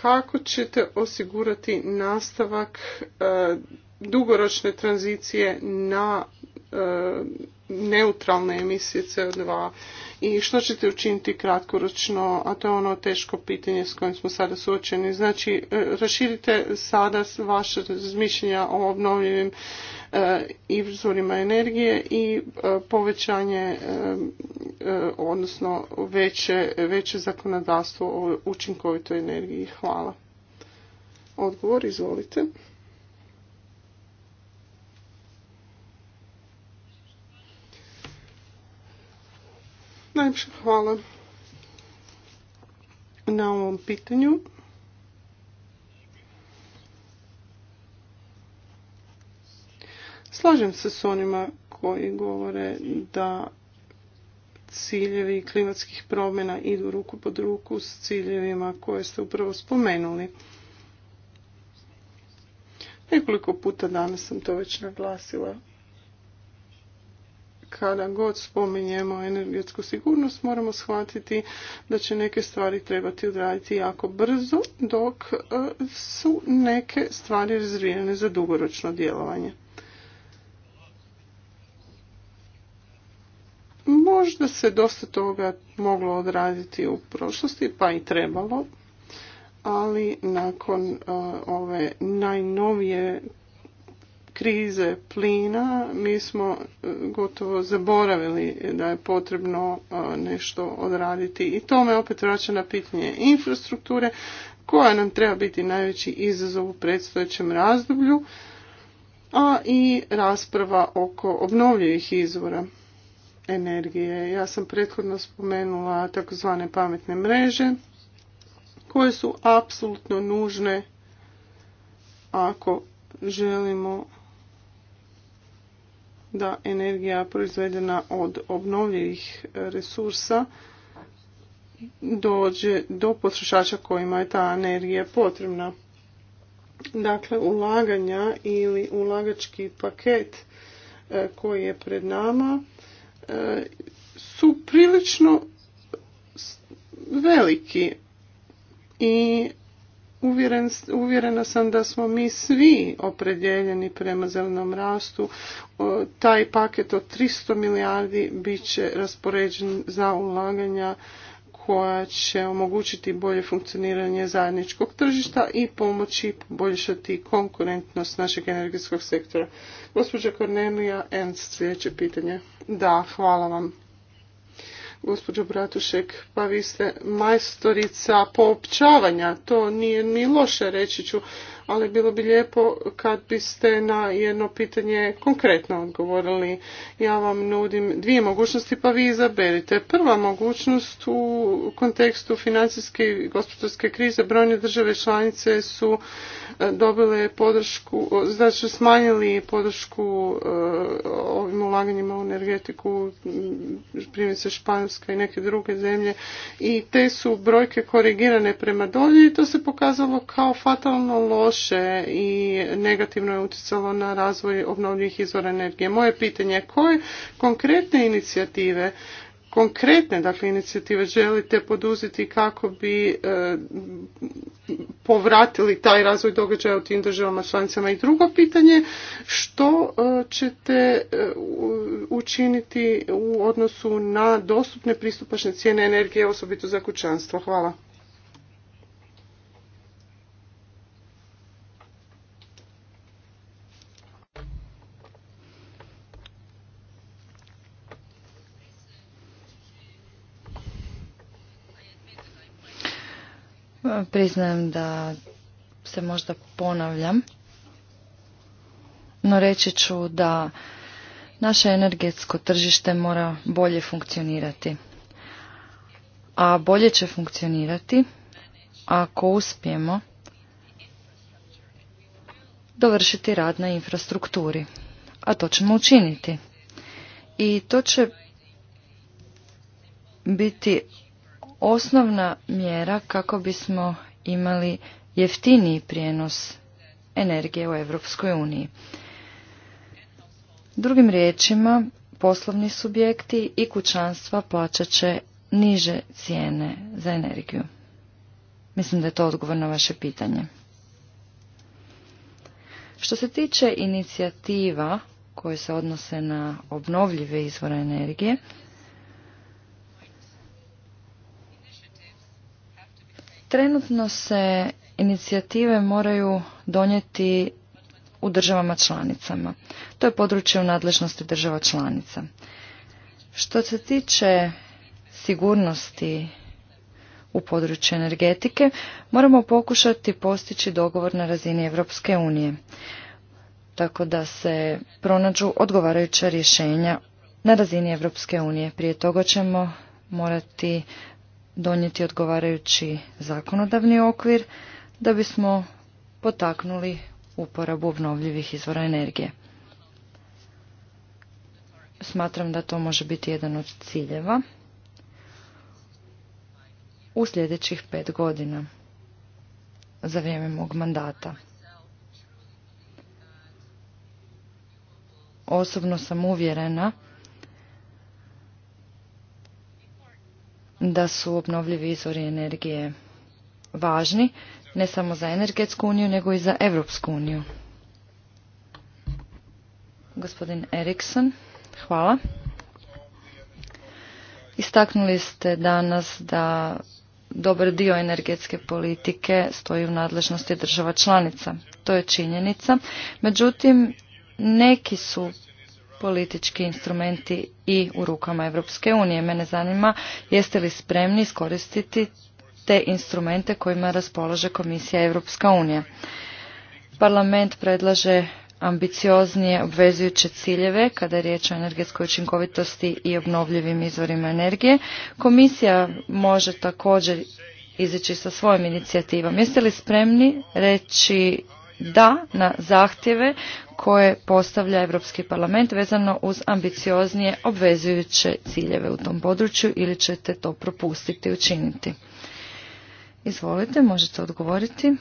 kako ćete osigurati nastavak e, dugoročne tranzicije na e, neutralne emisije CO2 i što ćete učiniti kratkoročno, a to je ono teško pitanje s kojim smo sada suočeni. Znači, e, raširite sada vaše razmišljenja o obnovljivim e, izvorima energije i e, povećanje, odnosno veće, veće zakonodavstvo o učinkovitoj energiji. Hvala. Odgovor, izvolite. Najljepša hvala na ovom pitanju. Slažem se s onima koji govore da ciljevi klimatskih promjena idu ruku pod ruku s ciljevima koje ste upravo spomenuli. Nekoliko puta danas sam to već naglasila kada god spominjemo energetsku sigurnost moramo shvatiti da će neke stvari trebati odraditi jako brzo dok e, su neke stvari razvijene za dugoročno djelovanje. Možda se dosta toga moglo odraditi u prošlosti, pa i trebalo, ali nakon e, ove najnovije krize plina mi smo e, gotovo zaboravili da je potrebno e, nešto odraditi i to me opet vraća na pitanje infrastrukture koja nam treba biti najveći izazov u predstojećem razdoblju a i rasprava oko obnovljivih izvora energije. Ja sam prethodno spomenula takozvane pametne mreže koje su apsolutno nužne ako želimo da energija proizvedena od obnovljivih resursa dođe do potrošača kojima je ta energija potrebna. Dakle, ulaganja ili ulagački paket e, koji je pred nama e, su prilično veliki i uvjerena sam da smo mi svi opredjeljeni prema zelenom rastu. taj paket od 300 milijardi bit će raspoređen za ulaganja koja će omogućiti bolje funkcioniranje zajedničkog tržišta i pomoći poboljšati konkurentnost našeg energetskog sektora. Gospođa Kornelija end sljedeće pitanje. Da, hvala vam. Gospođo Bratušek, pa vi ste majstorica poopćavanja, to nije ni loše, reći ću ali bilo bi lijepo kad biste na jedno pitanje konkretno odgovorili. Ja vam nudim dvije mogućnosti pa vi izaberite. Prva mogućnost u kontekstu financijske i gospodarske krize brojne države članice su e, dobile podršku, znači smanjili podršku e, ovim ulaganjima u energetiku, primjerice Španjolska i neke druge zemlje i te su brojke korigirane prema dolje i to se pokazalo kao fatalno loš loše i negativno je utjecalo na razvoj obnovljivih izvora energije. Moje pitanje je koje konkretne inicijative konkretne dakle inicijative želite poduzeti kako bi e, povratili taj razvoj događaja u tim državama članicama i drugo pitanje što e, ćete e, učiniti u odnosu na dostupne pristupačne cijene energije osobito za kućanstvo. hvala Priznajem da se možda ponavljam, no reći ću da naše energetsko tržište mora bolje funkcionirati. A bolje će funkcionirati ako uspijemo dovršiti rad na infrastrukturi. A to ćemo učiniti. I to će biti osnovna mjera kako bismo imali jeftiniji prijenos energije u Europskoj uniji. Drugim riječima, poslovni subjekti i kućanstva plaćat će niže cijene za energiju. Mislim da je to odgovor na vaše pitanje. Što se tiče inicijativa koje se odnose na obnovljive izvore energije, Trenutno se inicijative moraju donijeti u državama članicama. To je područje u nadležnosti država članica. Što se tiče sigurnosti u području energetike, moramo pokušati postići dogovor na razini Europske unije, tako da se pronađu odgovarajuća rješenja na razini Europske unije. Prije toga ćemo morati donijeti odgovarajući zakonodavni okvir da bismo potaknuli uporabu obnovljivih izvora energije. Smatram da to može biti jedan od ciljeva u sljedećih pet godina za vrijeme mog mandata. Osobno sam uvjerena da su obnovljivi izvori energije važni, ne samo za energetsku uniju, nego i za Evropsku uniju. Gospodin Eriksson, hvala. Istaknuli ste danas da dobar dio energetske politike stoji u nadležnosti država članica. To je činjenica. Međutim, neki su politički instrumenti i u rukama Europske unije. Mene zanima jeste li spremni iskoristiti te instrumente kojima raspolaže Komisija Europska unija. Parlament predlaže ambicioznije obvezujuće ciljeve kada je riječ o energetskoj učinkovitosti i obnovljivim izvorima energije. Komisija može također izići sa svojim inicijativom. Jeste li spremni reći da na zahtjeve koje postavlja Europski parlament vezano uz ambicioznije obvezujuće ciljeve u tom području ili ćete to propustiti i učiniti? Izvolite, možete odgovoriti.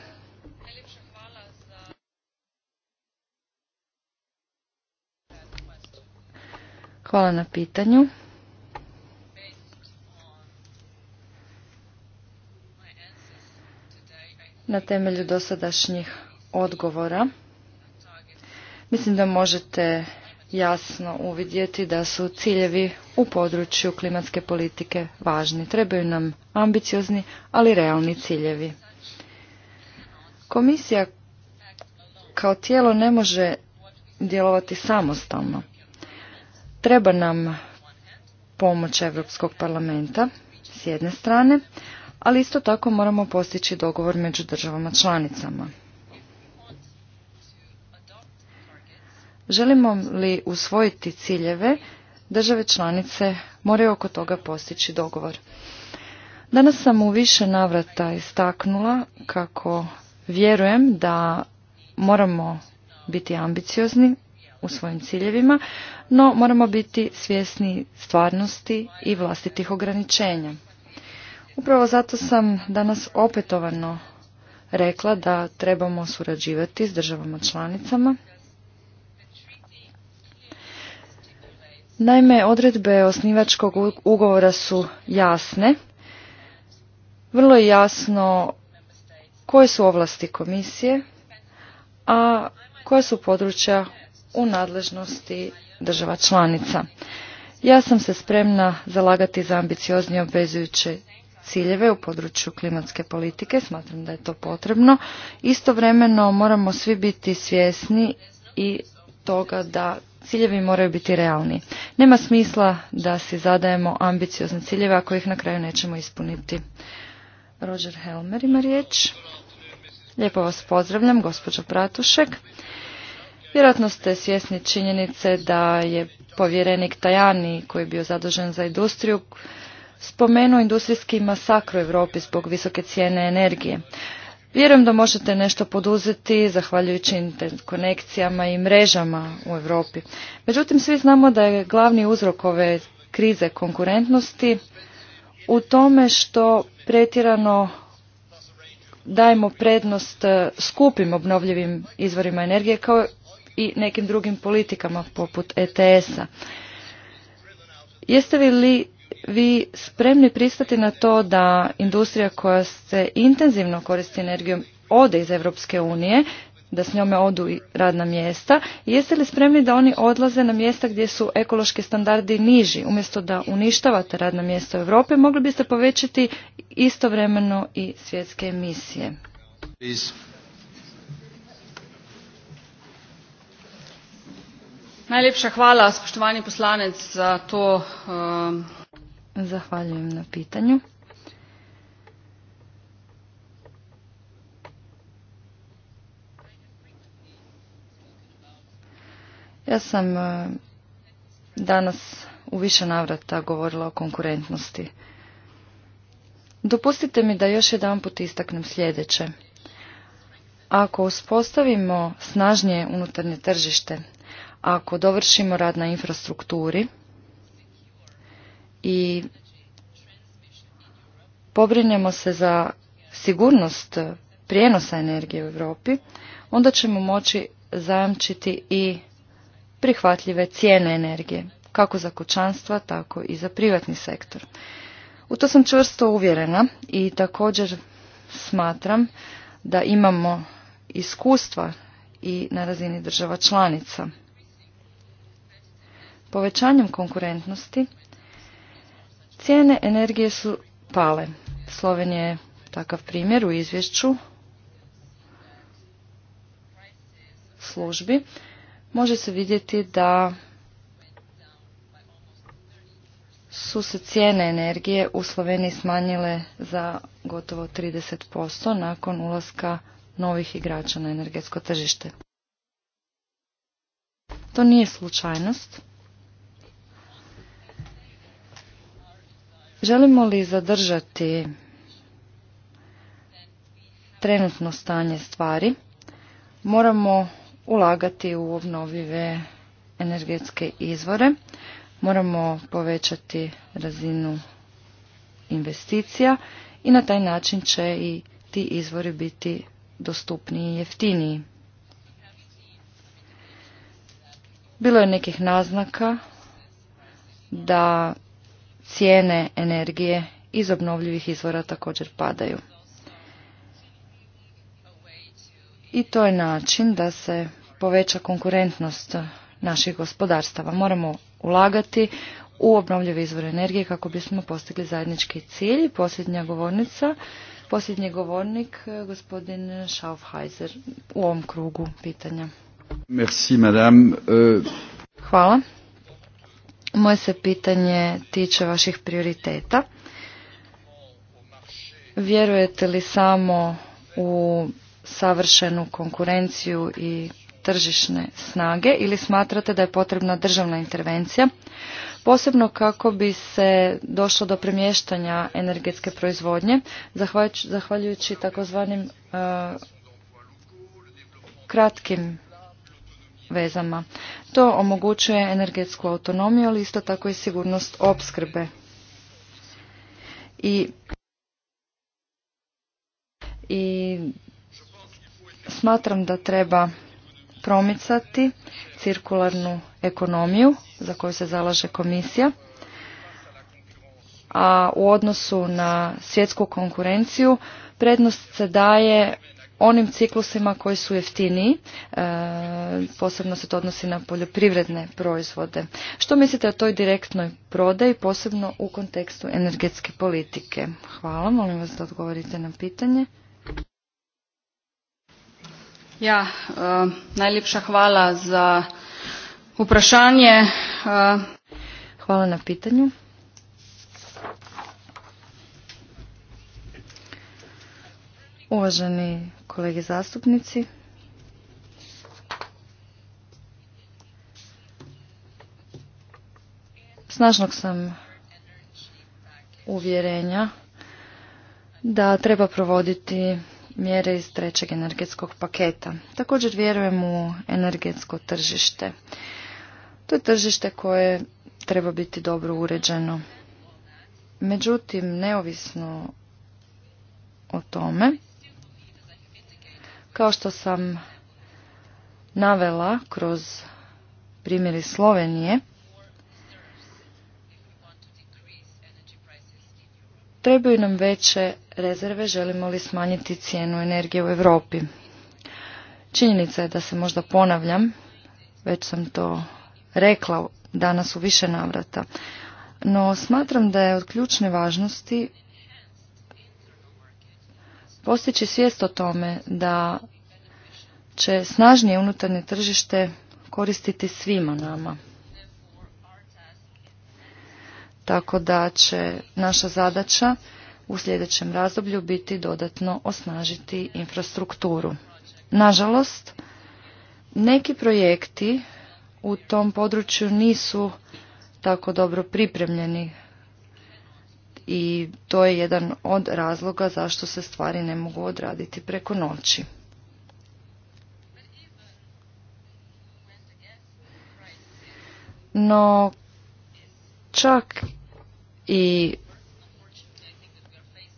Hvala na pitanju. Na temelju dosadašnjih odgovora. Mislim da možete jasno uvidjeti da su ciljevi u području klimatske politike važni. Trebaju nam ambiciozni, ali realni ciljevi. Komisija kao tijelo ne može djelovati samostalno. Treba nam pomoć Europskog parlamenta s jedne strane, ali isto tako moramo postići dogovor među državama članicama. Želimo li usvojiti ciljeve, države članice moraju oko toga postići dogovor. Danas sam u više navrata istaknula kako vjerujem da moramo biti ambiciozni u svojim ciljevima, no moramo biti svjesni stvarnosti i vlastitih ograničenja. Upravo zato sam danas opetovano rekla da trebamo surađivati s državama članicama Naime, odredbe osnivačkog ugovora su jasne. Vrlo je jasno koje su ovlasti komisije, a koja su područja u nadležnosti država članica. Ja sam se spremna zalagati za ambicioznije obvezujuće ciljeve u području klimatske politike, smatram da je to potrebno. Istovremeno moramo svi biti svjesni i toga da ciljevi moraju biti realni. Nema smisla da si zadajemo ambiciozne ciljeve ako ih na kraju nećemo ispuniti. Roger Helmer ima riječ. Lijepo vas pozdravljam, gospođo Pratušek. Vjerojatno ste svjesni činjenice da je povjerenik Tajani, koji je bio zadužen za industriju, spomenuo industrijski masakr u Europi zbog visoke cijene energije. Vjerujem da možete nešto poduzeti zahvaljujući interkonekcijama i mrežama u Europi. Međutim, svi znamo da je glavni uzrok ove krize konkurentnosti u tome što pretjerano dajemo prednost skupim obnovljivim izvorima energije kao i nekim drugim politikama poput ETS-a. Jeste li vi spremni pristati na to da industrija koja se intenzivno koristi energijom ode iz Europske unije, da s njome odu i radna mjesta, jeste li spremni da oni odlaze na mjesta gdje su ekološki standardi niži, umjesto da uništavate radna mjesta u Europi, mogli biste povećati istovremeno i svjetske emisije? Najljepša hvala, spoštovani poslanec, za to um, Zahvaljujem na pitanju. Ja sam e, danas u više navrata govorila o konkurentnosti. Dopustite mi da još jedan put istaknem sljedeće. Ako uspostavimo snažnije unutarnje tržište, ako dovršimo rad na infrastrukturi, i pobrinjemo se za sigurnost prijenosa energije u Europi, onda ćemo moći zajamčiti i prihvatljive cijene energije, kako za kućanstva, tako i za privatni sektor. U to sam čvrsto uvjerena i također smatram da imamo iskustva i na razini država članica. Povećanjem konkurentnosti Cijene energije su pale. Slovenija je takav primjer u izvješću službi. Može se vidjeti da su se cijene energije u Sloveniji smanjile za gotovo 30% nakon ulaska novih igrača na energetsko tržište. To nije slučajnost. Želimo li zadržati trenutno stanje stvari, moramo ulagati u obnovive energetske izvore, moramo povećati razinu investicija i na taj način će i ti izvori biti dostupniji i jeftiniji. Bilo je nekih naznaka da cijene energije iz obnovljivih izvora također padaju. I to je način da se poveća konkurentnost naših gospodarstava. Moramo ulagati u obnovljive izvore energije kako bismo postigli zajednički cilj. Posljednja govornica, posljednji govornik, gospodin Schaufheiser, u ovom krugu pitanja. Merci, madame. Euh, Hvala. Moje se pitanje tiče vaših prioriteta. Vjerujete li samo u savršenu konkurenciju i tržišne snage ili smatrate da je potrebna državna intervencija, posebno kako bi se došlo do premještanja energetske proizvodnje, zahvaljujući takozvanim eh, kratkim vezama. To omogućuje energetsku autonomiju, ali isto tako i sigurnost opskrbe. I, I smatram da treba promicati cirkularnu ekonomiju za koju se zalaže komisija. A u odnosu na svjetsku konkurenciju prednost se daje onim ciklusima koji su jeftiniji, e, posebno se to odnosi na poljoprivredne proizvode. Što mislite o toj direktnoj prodaji, posebno u kontekstu energetske politike? Hvala, molim vas da odgovorite na pitanje. Ja, e, najljepša hvala za uprašanje. E. Hvala na pitanju. Uvaženi kolege zastupnici, snažnog sam uvjerenja da treba provoditi mjere iz trećeg energetskog paketa. Također vjerujem u energetsko tržište. To je tržište koje treba biti dobro uređeno. Međutim, neovisno o tome, kao što sam navela kroz primjeri Slovenije, trebaju nam veće rezerve želimo li smanjiti cijenu energije u Europi. Činjenica je da se možda ponavljam, već sam to rekla danas u više navrata, no smatram da je od ključne važnosti postići svijest o tome da će snažnije unutarnje tržište koristiti svima nama. Tako da će naša zadaća u sljedećem razdoblju biti dodatno osnažiti infrastrukturu. Nažalost, neki projekti u tom području nisu tako dobro pripremljeni i to je jedan od razloga zašto se stvari ne mogu odraditi preko noći. No, čak i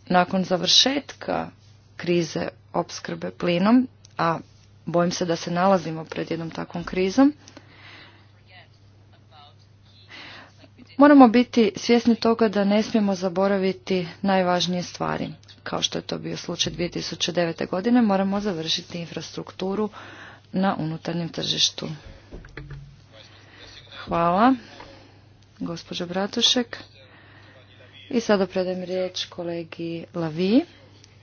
nakon završetka krize opskrbe plinom, a bojim se da se nalazimo pred jednom takvom krizom, Moramo biti svjesni toga da ne smijemo zaboraviti najvažnije stvari. Kao što je to bio slučaj 2009. godine, moramo završiti infrastrukturu na unutarnjem tržištu. Hvala, gospođo Bratušek. I sada predajem riječ kolegi Lavi.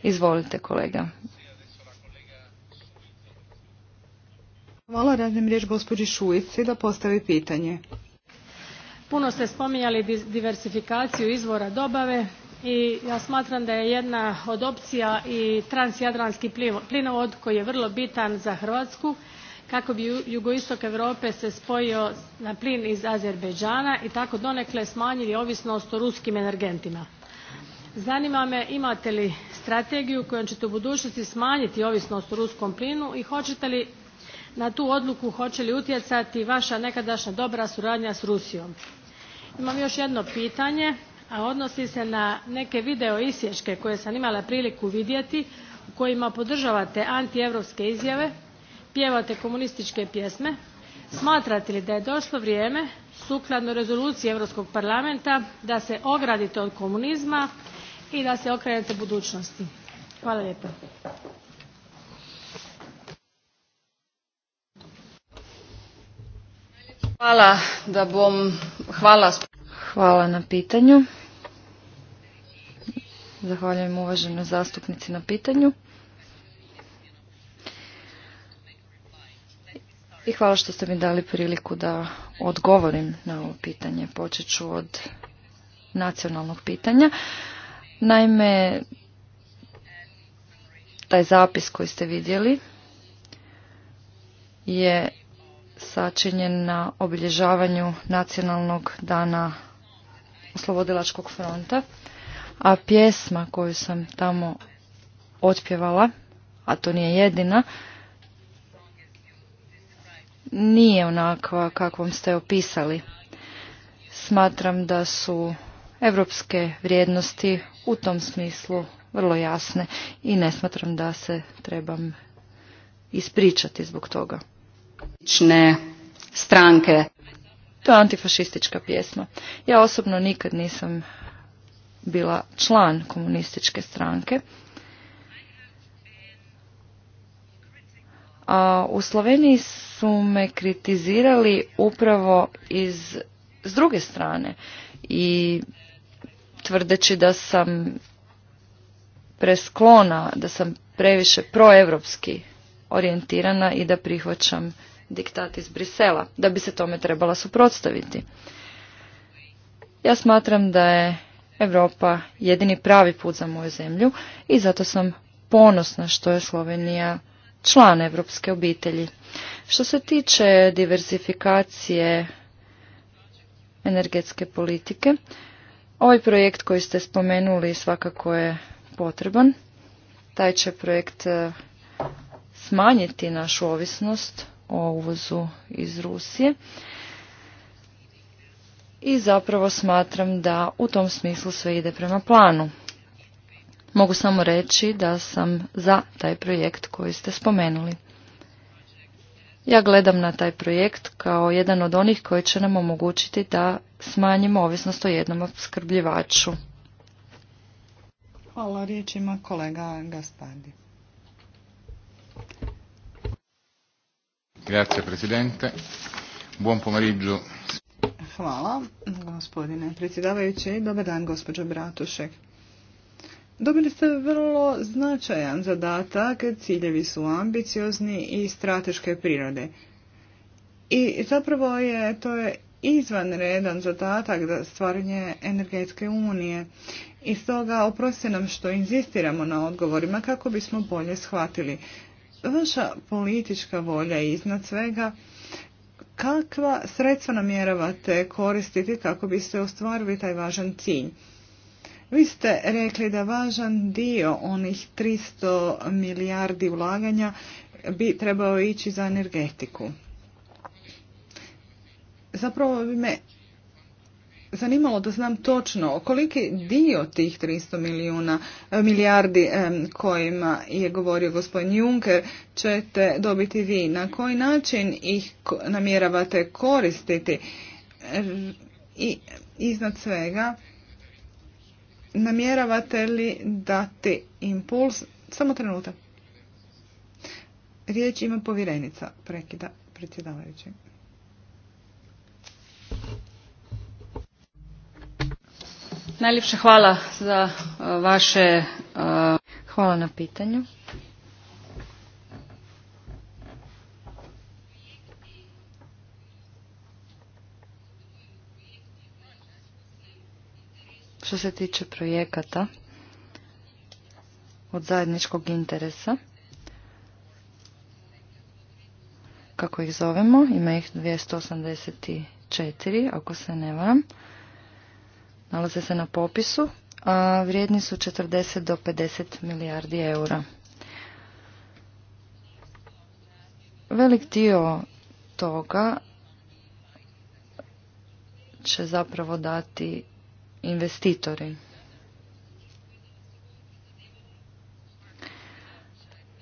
Izvolite, kolega. Hvala, radim riječ gospođi Šuici da postavi pitanje puno ste spominjali diversifikaciju izvora dobave i ja smatram da je jedna od opcija i transjadranski plinovod koji je vrlo bitan za hrvatsku kako bi jugoistok europe se spojio na plin iz azerbajdana i tako donekle smanjili ovisnost o ruskim energentima. zanima me imate li strategiju kojom ćete u budućnosti smanjiti ovisnost o ruskom plinu i hoćete li na tu odluku hoće li utjecati vaša nekadašnja dobra suradnja s rusijom? imam još jedno pitanje a odnosi se na neke video isječke koje sam imala priliku vidjeti u kojima podržavate antieuropske izjave pjevate komunističke pjesme smatrate li da je došlo vrijeme sukladno rezoluciji europskog parlamenta da se ogradite od komunizma i da se okrenete budućnosti? hvala lijepa. Hvala da bom... Hvala. Hvala na pitanju. Zahvaljujem uvaženoj zastupnici na pitanju. I hvala što ste mi dali priliku da odgovorim na ovo pitanje. Počet ću od nacionalnog pitanja. Naime, taj zapis koji ste vidjeli je sačinjen na obilježavanju Nacionalnog dana oslobodilačkog fronta, a pjesma koju sam tamo otpjevala, a to nije jedina, nije onakva kakvom ste opisali. Smatram da su evropske vrijednosti u tom smislu vrlo jasne i ne smatram da se trebam ispričati zbog toga stranke. To je antifašistička pjesma. Ja osobno nikad nisam bila član komunističke stranke. A u Sloveniji su me kritizirali upravo iz s druge strane i tvrdeći da sam presklona, da sam previše proevropski orijentirana i da prihvaćam diktat iz Brisela, da bi se tome trebala suprotstaviti. Ja smatram da je Europa jedini pravi put za moju zemlju i zato sam ponosna što je Slovenija član Europske obitelji. Što se tiče diversifikacije energetske politike, ovaj projekt koji ste spomenuli svakako je potreban. Taj će projekt eh, smanjiti našu ovisnost o uvozu iz Rusije. I zapravo smatram da u tom smislu sve ide prema planu. Mogu samo reći da sam za taj projekt koji ste spomenuli. Ja gledam na taj projekt kao jedan od onih koji će nam omogućiti da smanjimo ovisnost o jednom opskrbljivaču. Hvala riječima kolega Gaspardi. Grazie, presidente. Hvala, gospodine predsjedavajući. Dobar dan, gospođo Bratušek. Dobili ste vrlo značajan zadatak, ciljevi su ambiciozni i strateške prirode. I zapravo je to je izvanredan zadatak za stvaranje energetske unije. I stoga oprosti nam što inzistiramo na odgovorima kako bismo bolje shvatili vaša politička volja iznad svega kakva sredstva namjeravate koristiti kako biste ostvarili taj važan cilj? Vi ste rekli da važan dio onih 300 milijardi ulaganja bi trebao ići za energetiku. Zapravo bi me zanimalo da znam točno koliki dio tih 300 milijuna e, milijardi e, kojima je govorio gospodin Juncker ćete dobiti vi. Na koji način ih namjeravate koristiti? I iznad svega namjeravate li dati impuls? Samo trenutak. Riječ ima povjerenica prekida predsjedavajućeg. Najljepše hvala za e, vaše... E, hvala na pitanju. Što se tiče projekata od zajedničkog interesa, kako ih zovemo, ima ih 284, ako se ne varam nalaze se na popisu, a vrijedni su 40 do 50 milijardi eura. Velik dio toga će zapravo dati investitori.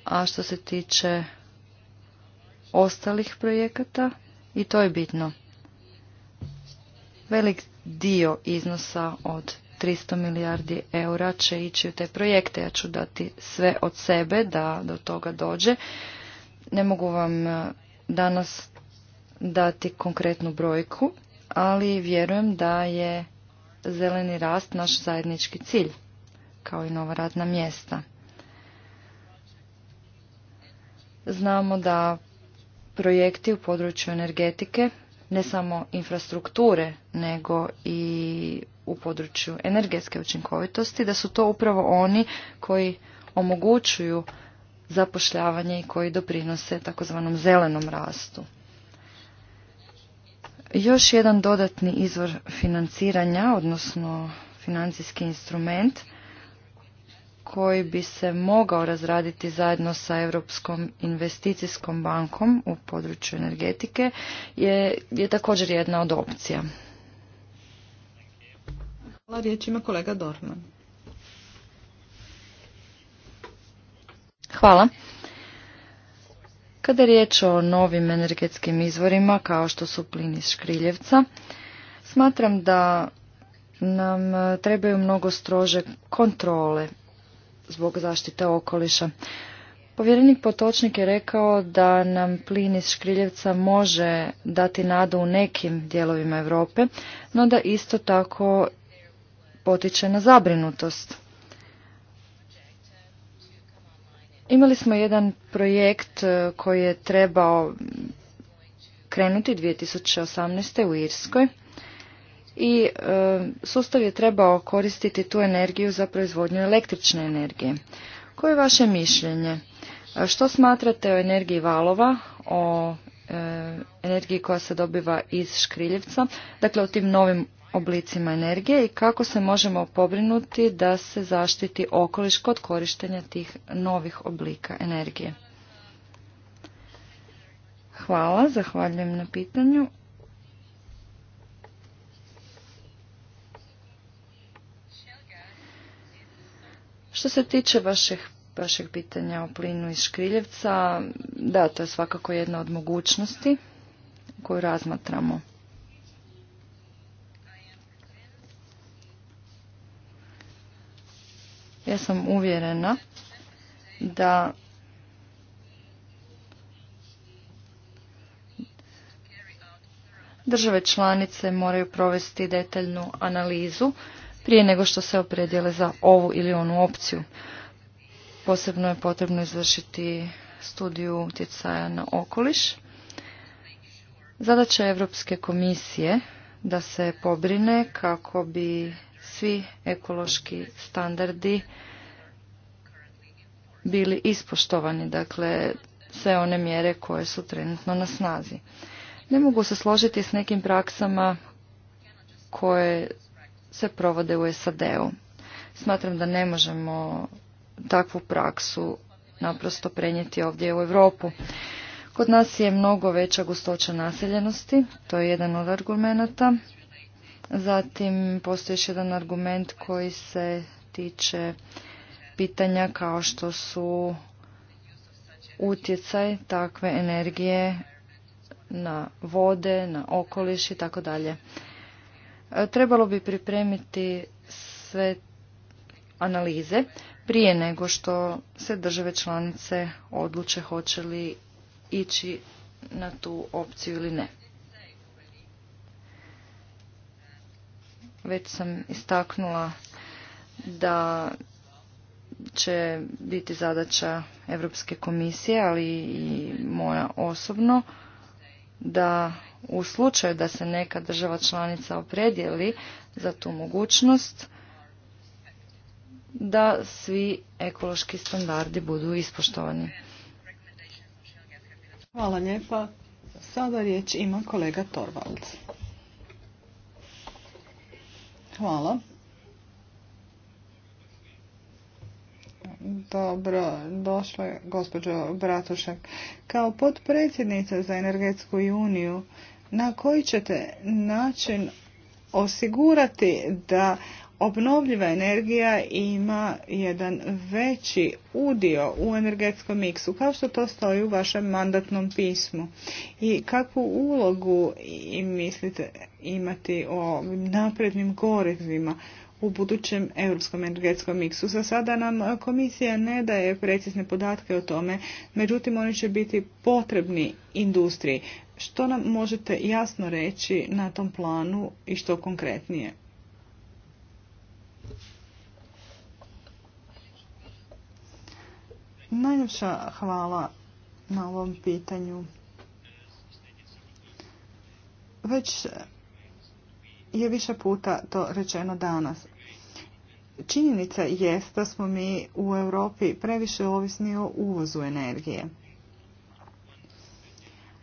A što se tiče ostalih projekata, i to je bitno. Velik dio iznosa od 300 milijardi eura će ići u te projekte. Ja ću dati sve od sebe da do toga dođe. Ne mogu vam e, danas dati konkretnu brojku, ali vjerujem da je zeleni rast naš zajednički cilj, kao i nova radna mjesta. Znamo da projekti u području energetike ne samo infrastrukture, nego i u području energetske učinkovitosti, da su to upravo oni koji omogućuju zapošljavanje i koji doprinose takozvanom zelenom rastu. Još jedan dodatni izvor financiranja, odnosno financijski instrument, koji bi se mogao razraditi zajedno sa Europskom investicijskom bankom u području energetike je, je također jedna od opcija. Hvala, riječ ima kolega Dorman. Hvala. Kada je riječ o novim energetskim izvorima, kao što su plin iz Škriljevca, smatram da nam trebaju mnogo strože kontrole zbog zaštite okoliša. Povjerenik Potočnik je rekao da nam plin iz škriljevca može dati nadu u nekim dijelovima Europe, no da isto tako potiče na zabrinutost. Imali smo jedan projekt e, koji je trebao krenuti 2018. u Irskoj i e, sustav je trebao koristiti tu energiju za proizvodnju električne energije. Koje je vaše mišljenje? E, što smatrate o energiji valova, o e, energiji koja se dobiva iz škriljevca, dakle o tim novim oblicima energije i kako se možemo pobrinuti da se zaštiti okoliš kod korištenja tih novih oblika energije. Hvala, zahvaljujem na pitanju. Što se tiče vaših vašeg pitanja o plinu iz Škriljevca, da, to je svakako jedna od mogućnosti koju razmatramo. Ja sam uvjerena da države članice moraju provesti detaljnu analizu prije nego što se opredijele za ovu ili onu opciju. Posebno je potrebno izvršiti studiju utjecaja na okoliš. Zadaća Europske komisije da se pobrine kako bi svi ekološki standardi bili ispoštovani, dakle sve one mjere koje su trenutno na snazi. Ne mogu se složiti s nekim praksama koje se provode u SAD-u. Smatram da ne možemo takvu praksu naprosto prenijeti ovdje u Europu. Kod nas je mnogo veća gustoća naseljenosti, to je jedan od argumenata. Zatim postoji još jedan argument koji se tiče pitanja kao što su utjecaj takve energije na vode, na okoliš i tako dalje. E, trebalo bi pripremiti sve analize prije nego što se države članice odluče hoće li ići na tu opciju ili ne. Već sam istaknula da će biti zadaća Europske komisije, ali i moja osobno da u slučaju da se neka država članica opredijeli za tu mogućnost, da svi ekološki standardi budu ispoštovani. Hvala lijepa. Sada riječ ima kolega Torvalds. Hvala. dobro je gospođo Bratušek. Kao potpredsjednica za energetsku uniju, na koji ćete način osigurati da obnovljiva energija ima jedan veći udio u energetskom miksu, kao što to stoji u vašem mandatnom pismu. I kakvu ulogu mislite imati o naprednim gorivima u budućem europskom energetskom miksu. Za sada nam komisija ne daje precizne podatke o tome, međutim oni će biti potrebni industriji. Što nam možete jasno reći na tom planu i što konkretnije? Najljepša hvala na ovom pitanju. Već je više puta to rečeno danas činjenica jest da smo mi u Europi previše ovisni o uvozu energije.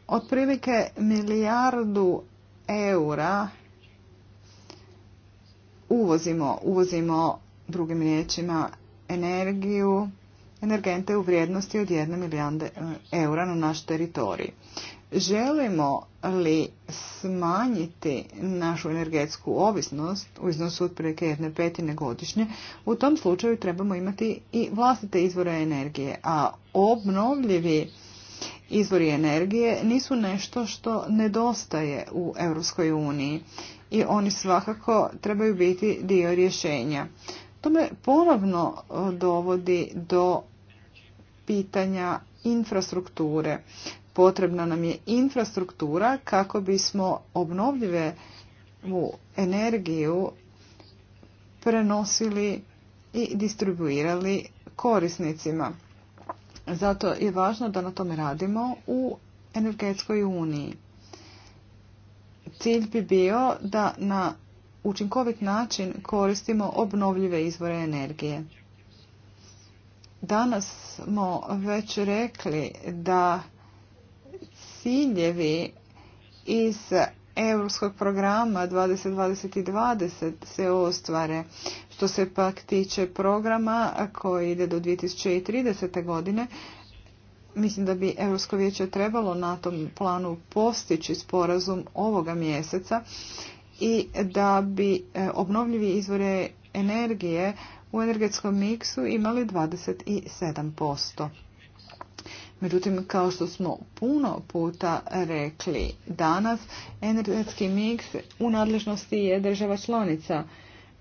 Otprilike milijardu eura uvozimo, uvozimo drugim riječima energiju, energente u vrijednosti od jedne milijarde e, eura na naš teritorij. Želimo li smanjiti našu energetsku ovisnost u iznosu od jedne petine godišnje, u tom slučaju trebamo imati i vlastite izvore energije, a obnovljivi izvori energije nisu nešto što nedostaje u Europskoj uniji i oni svakako trebaju biti dio rješenja. To me ponovno e, dovodi do pitanja infrastrukture. Potrebna nam je infrastruktura kako bismo obnovljive u energiju prenosili i distribuirali korisnicima. Zato je važno da na tome radimo u energetskoj uniji. Cilj bi bio da na učinkovit način koristimo obnovljive izvore energije. Danas smo već rekli da ciljevi iz europskog programa 2020 2020 se ostvare. Što se pak tiče programa koji ide do 2030. godine, mislim da bi Europsko vijeće trebalo na tom planu postići sporazum ovoga mjeseca i da bi e, obnovljivi izvore energije u energetskom miksu imali 27%. Međutim, kao što smo puno puta rekli danas, energetski miks u nadležnosti je država članica,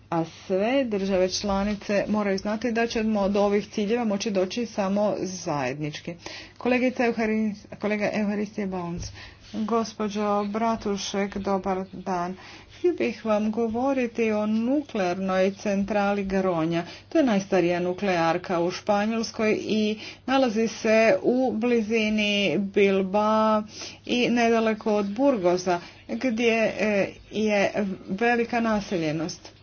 a sve države članice moraju znati da ćemo do ovih ciljeva moći doći samo zajednički. kolega Euharistije Bounce, Gospođo Bratušek, dobar dan. Htio bih vam govoriti o nuklearnoj centrali Garonja. To je najstarija nuklearka u Španjolskoj i nalazi se u blizini Bilba i nedaleko od Burgoza gdje e, je velika naseljenost.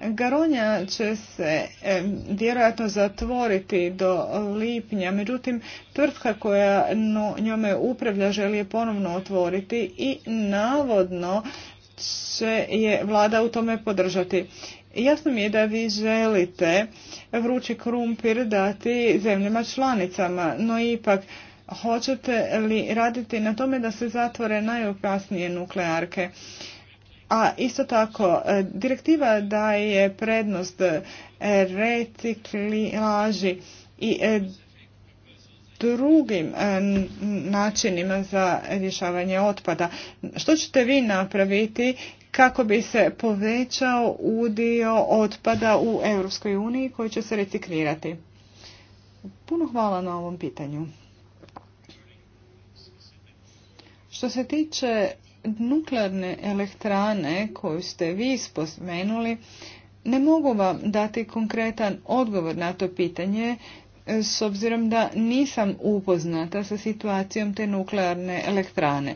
Garonja će se e, vjerojatno zatvoriti do lipnja, međutim tvrtka koja njome upravlja želi je ponovno otvoriti i navodno će je vlada u tome podržati. Jasno mi je da vi želite vrući krumpir dati zemljama članicama, no ipak hoćete li raditi na tome da se zatvore najopasnije nuklearke? A isto tako, e, direktiva daje prednost e, reciklaži i e, drugim načinima za rješavanje otpada. Što ćete vi napraviti kako bi se povećao udio otpada u Europskoj uniji koji će se reciklirati? Puno hvala na ovom pitanju. Što se tiče nuklearne elektrane koju ste vi spomenuli ne mogu vam dati konkretan odgovor na to pitanje e, s obzirom da nisam upoznata sa situacijom te nuklearne elektrane.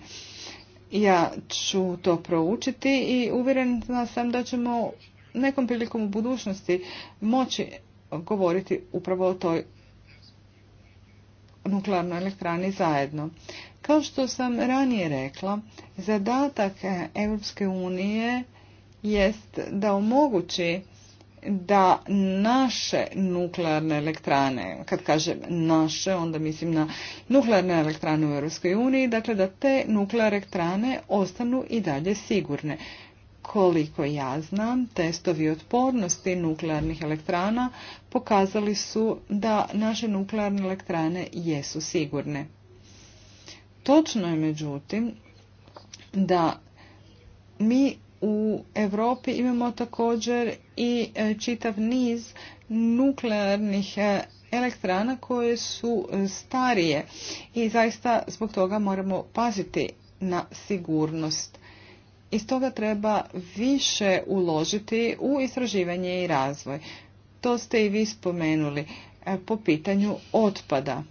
Ja ću to proučiti i uvjerena sam da ćemo nekom prilikom u budućnosti moći govoriti upravo o toj nuklearnoj elektrani zajedno. Kao što sam ranije rekla, zadatak e, Europske unije jest da omogući da naše nuklearne elektrane, kad kažem naše, onda mislim na nuklearne elektrane u Europskoj uniji, dakle da te nuklearne elektrane ostanu i dalje sigurne. Koliko ja znam, testovi otpornosti nuklearnih elektrana pokazali su da naše nuklearne elektrane jesu sigurne. Točno je međutim da mi u Europi imamo također i e, čitav niz nuklearnih e, elektrana koje su e, starije i zaista zbog toga moramo paziti na sigurnost i stoga treba više uložiti u istraživanje i razvoj. To ste i vi spomenuli e, po pitanju otpada.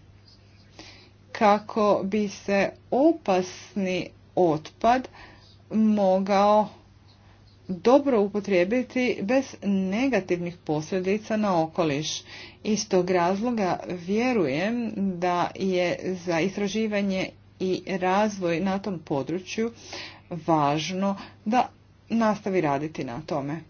Kako bi se opasni otpad mogao dobro upotrijebiti bez negativnih posljedica na okoliš. Iz tog razloga vjerujem da je za istraživanje i razvoj na tom području važno da nastavi raditi na tome.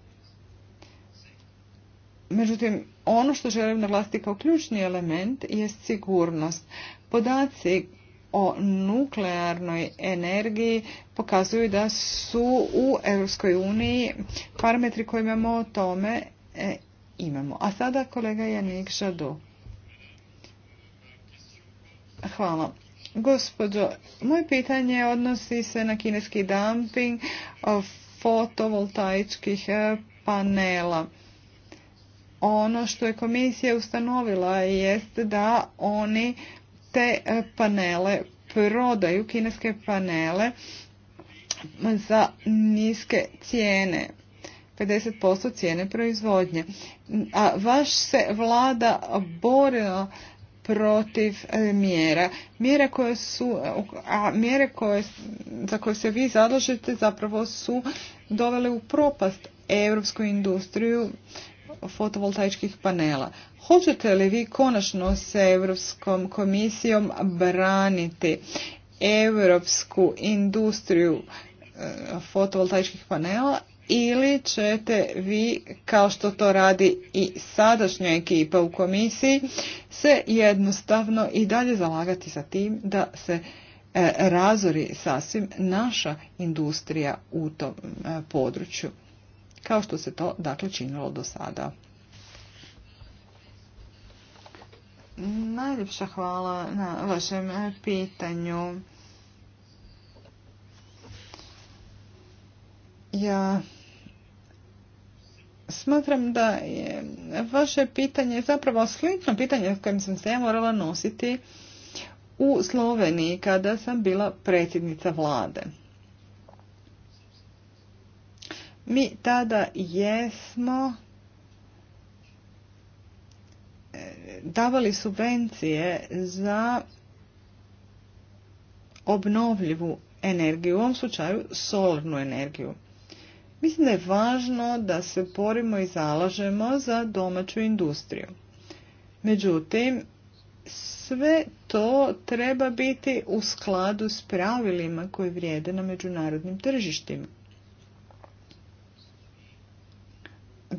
Međutim, ono što želim naglasiti kao ključni element je sigurnost. Podaci o nuklearnoj energiji pokazuju da su u Europskoj uniji parametri koje imamo o tome e, imamo. A sada kolega Janik Žadu. Hvala. Gospodo, moje pitanje odnosi se na kineski dumping fotovoltaičkih e, panela. Ono što je komisija ustanovila jest da oni te e, panele prodaju, kineske panele, za niske cijene. 50% cijene proizvodnje. A vaš se vlada borila protiv e, mjera. Mjere koje su, e, a mjere koje, za koje se vi zadlažete zapravo su dovele u propast europsku industriju fotovoltaičkih panela. Hoćete li vi konačno sa Europskom komisijom braniti europsku industriju e, fotovoltaičkih panela ili ćete vi, kao što to radi i sadašnja ekipa u komisiji, se jednostavno i dalje zalagati sa tim da se e, razori sasvim naša industrija u tom e, području, kao što se to dakle činilo do sada. Najljepša hvala na vašem pitanju. Ja smatram da je vaše pitanje zapravo slično pitanje s kojim sam se ja morala nositi u Sloveniji kada sam bila predsjednica vlade. Mi tada jesmo e, davali subvencije za obnovljivu energiju, u ovom slučaju solarnu energiju. Mislim da je važno da se porimo i zalažemo za domaću industriju. Međutim, sve to treba biti u skladu s pravilima koje vrijede na međunarodnim tržištima.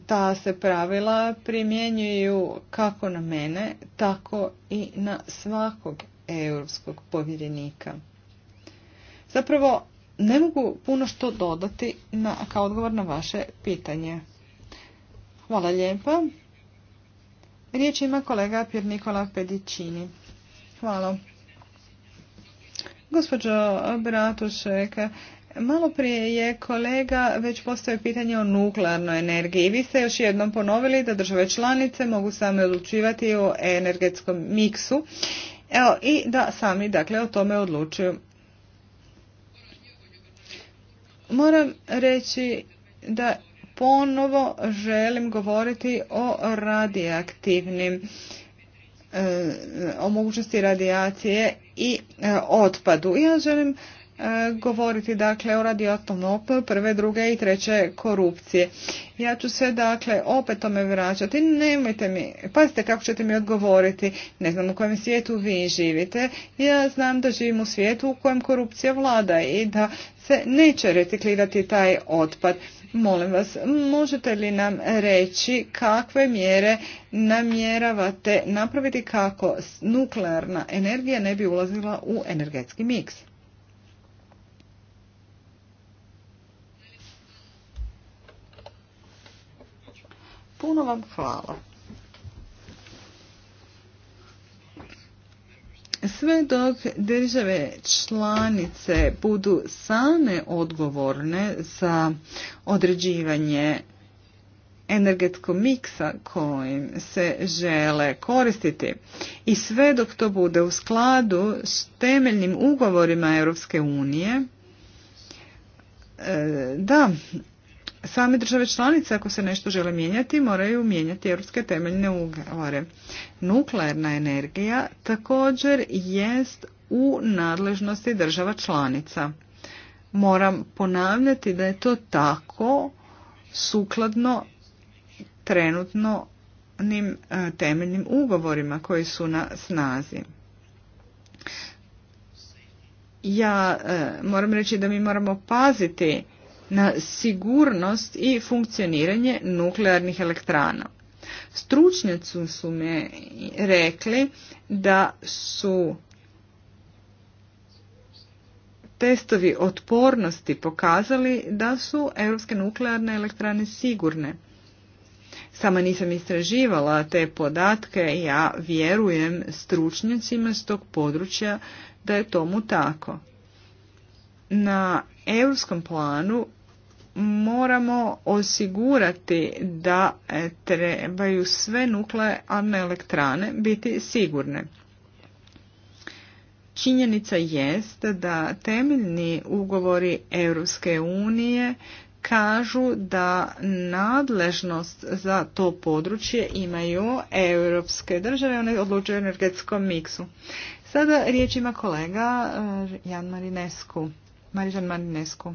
Ta se pravila primjenjuju kako na mene, tako i na svakog europskog povjerenika. Zapravo, ne mogu puno što dodati na, kao odgovor na vaše pitanje. Hvala lijepa. Riječ ima kolega Pier Nikola Pedicini. Hvala. Gospođo Bratušek, malo prije je kolega već postoje pitanje o nuklearnoj energiji. Vi ste još jednom ponovili da države članice mogu same odlučivati o energetskom miksu Evo, i da sami dakle o tome odlučuju. Moram reći da ponovo želim govoriti o radioaktivnim e, o mogućnosti radijacije i e, otpadu. Ja želim e, govoriti dakle o radioaktivnom prve, druge i treće korupcije. Ja ću se dakle opet tome vraćati. Nemojte mi, pazite kako ćete mi odgovoriti. Ne znam u kojem svijetu vi živite. Ja znam da živim u svijetu u kojem korupcija vlada i da se neće reciklirati taj otpad. Molim vas, možete li nam reći kakve mjere namjeravate napraviti kako nuklearna energija ne bi ulazila u energetski miks? Puno vam hvala. Sve dok države članice budu same odgovorne za određivanje energetskog miksa kojim se žele koristiti i sve dok to bude u skladu s temeljnim ugovorima Europske unije, e, da, same države članice, ako se nešto žele mijenjati, moraju mijenjati europske temeljne ugovore. Nuklearna energija također jest u nadležnosti država članica. Moram ponavljati da je to tako sukladno trenutno e, temeljnim ugovorima koji su na snazi. Ja e, moram reći da mi moramo paziti na sigurnost i funkcioniranje nuklearnih elektrana. Stručnjaci su me rekli da su testovi otpornosti pokazali da su europske nuklearne elektrane sigurne. Sama nisam istraživala te podatke, ja vjerujem stručnjacima s tog područja da je tomu tako. Na europskom planu moramo osigurati da e, trebaju sve nuklearne elektrane biti sigurne. Činjenica jest da temeljni ugovori Europske unije kažu da nadležnost za to područje imaju europske države, one odlučuju energetskom miksu. Sada riječ ima kolega e, Jan Marinescu. Marijan Marinescu.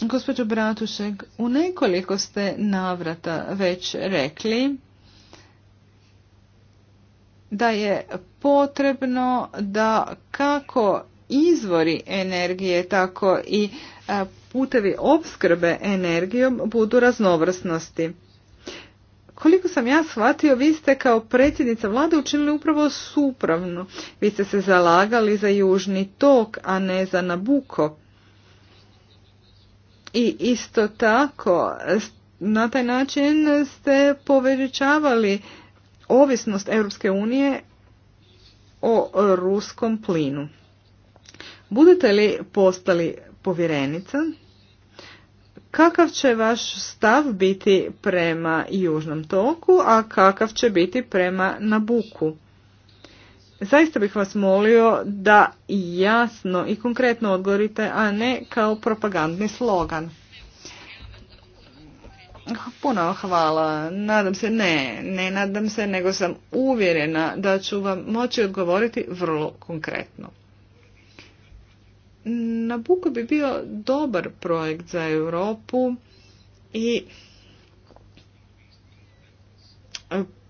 Gospođo Bratušek, u nekoliko ste navrata već rekli da je potrebno da kako izvori energije, tako i e, putevi opskrbe energijom budu raznovrsnosti. Koliko sam ja shvatio, vi ste kao predsjednica vlade učinili upravo supravno. Vi ste se zalagali za južni tok, a ne za Nabuko. I isto tako, na taj način ste povećavali ovisnost Europske unije o ruskom plinu. Budete li postali povjerenica, Kakav će vaš stav biti prema Južnom toku, a kakav će biti prema Nabuku? Zaista bih vas molio da jasno i konkretno odgovorite, a ne kao propagandni slogan. Puno hvala. Nadam se ne, ne nadam se, nego sam uvjerena da ću vam moći odgovoriti vrlo konkretno. Nabuko bi bio dobar projekt za Europu i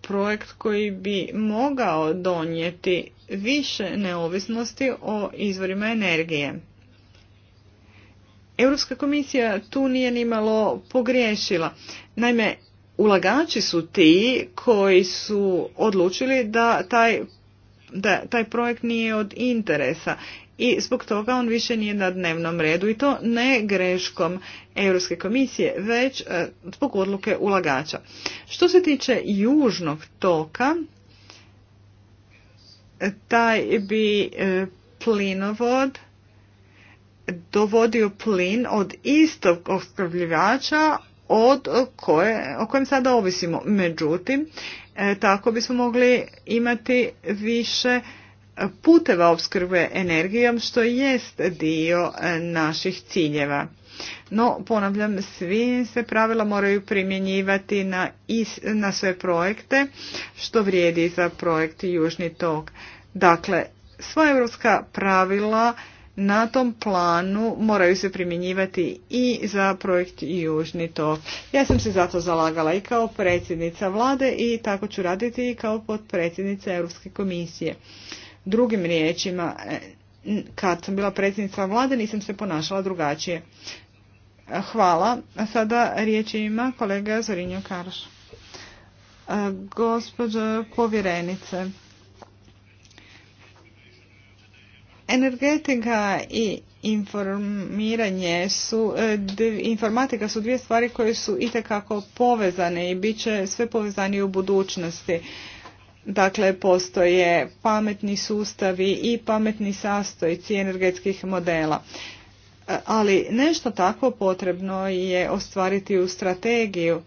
projekt koji bi mogao donijeti više neovisnosti o izvorima energije. Europska komisija tu nije nimalo pogriješila. Naime, ulagači su ti koji su odlučili da taj, da taj projekt nije od interesa i zbog toga on više nije na dnevnom redu i to ne greškom Europske komisije, već e, zbog odluke ulagača. Što se tiče južnog toka, taj bi e, plinovod dovodio plin od istog opskrbljivača od koje, o kojem sada ovisimo. Međutim, e, tako bismo mogli imati više puteva opskrbe energijom što jest dio e, naših ciljeva. No, ponavljam, svi se pravila moraju primjenjivati na, na sve projekte, što vrijedi za projekt Južni tok. Dakle, sva europska pravila na tom planu moraju se primjenjivati i za projekt Južni tok. Ja sam se zato zalagala i kao predsjednica vlade i tako ću raditi i kao potpredsjednica Europske komisije. Drugim riječima, e, kad sam bila predsjednica vlade nisam se ponašala drugačije. E, hvala. A sada riječ ima kolega Zorinjo Karš e, Gospođo povjerenice, energetika i informiranje su, informatika su dvije stvari koje su itekako povezane i bit će sve povezane u budućnosti. Dakle, postoje pametni sustavi i pametni sastojci energetskih modela. Ali nešto tako potrebno je ostvariti u strategiju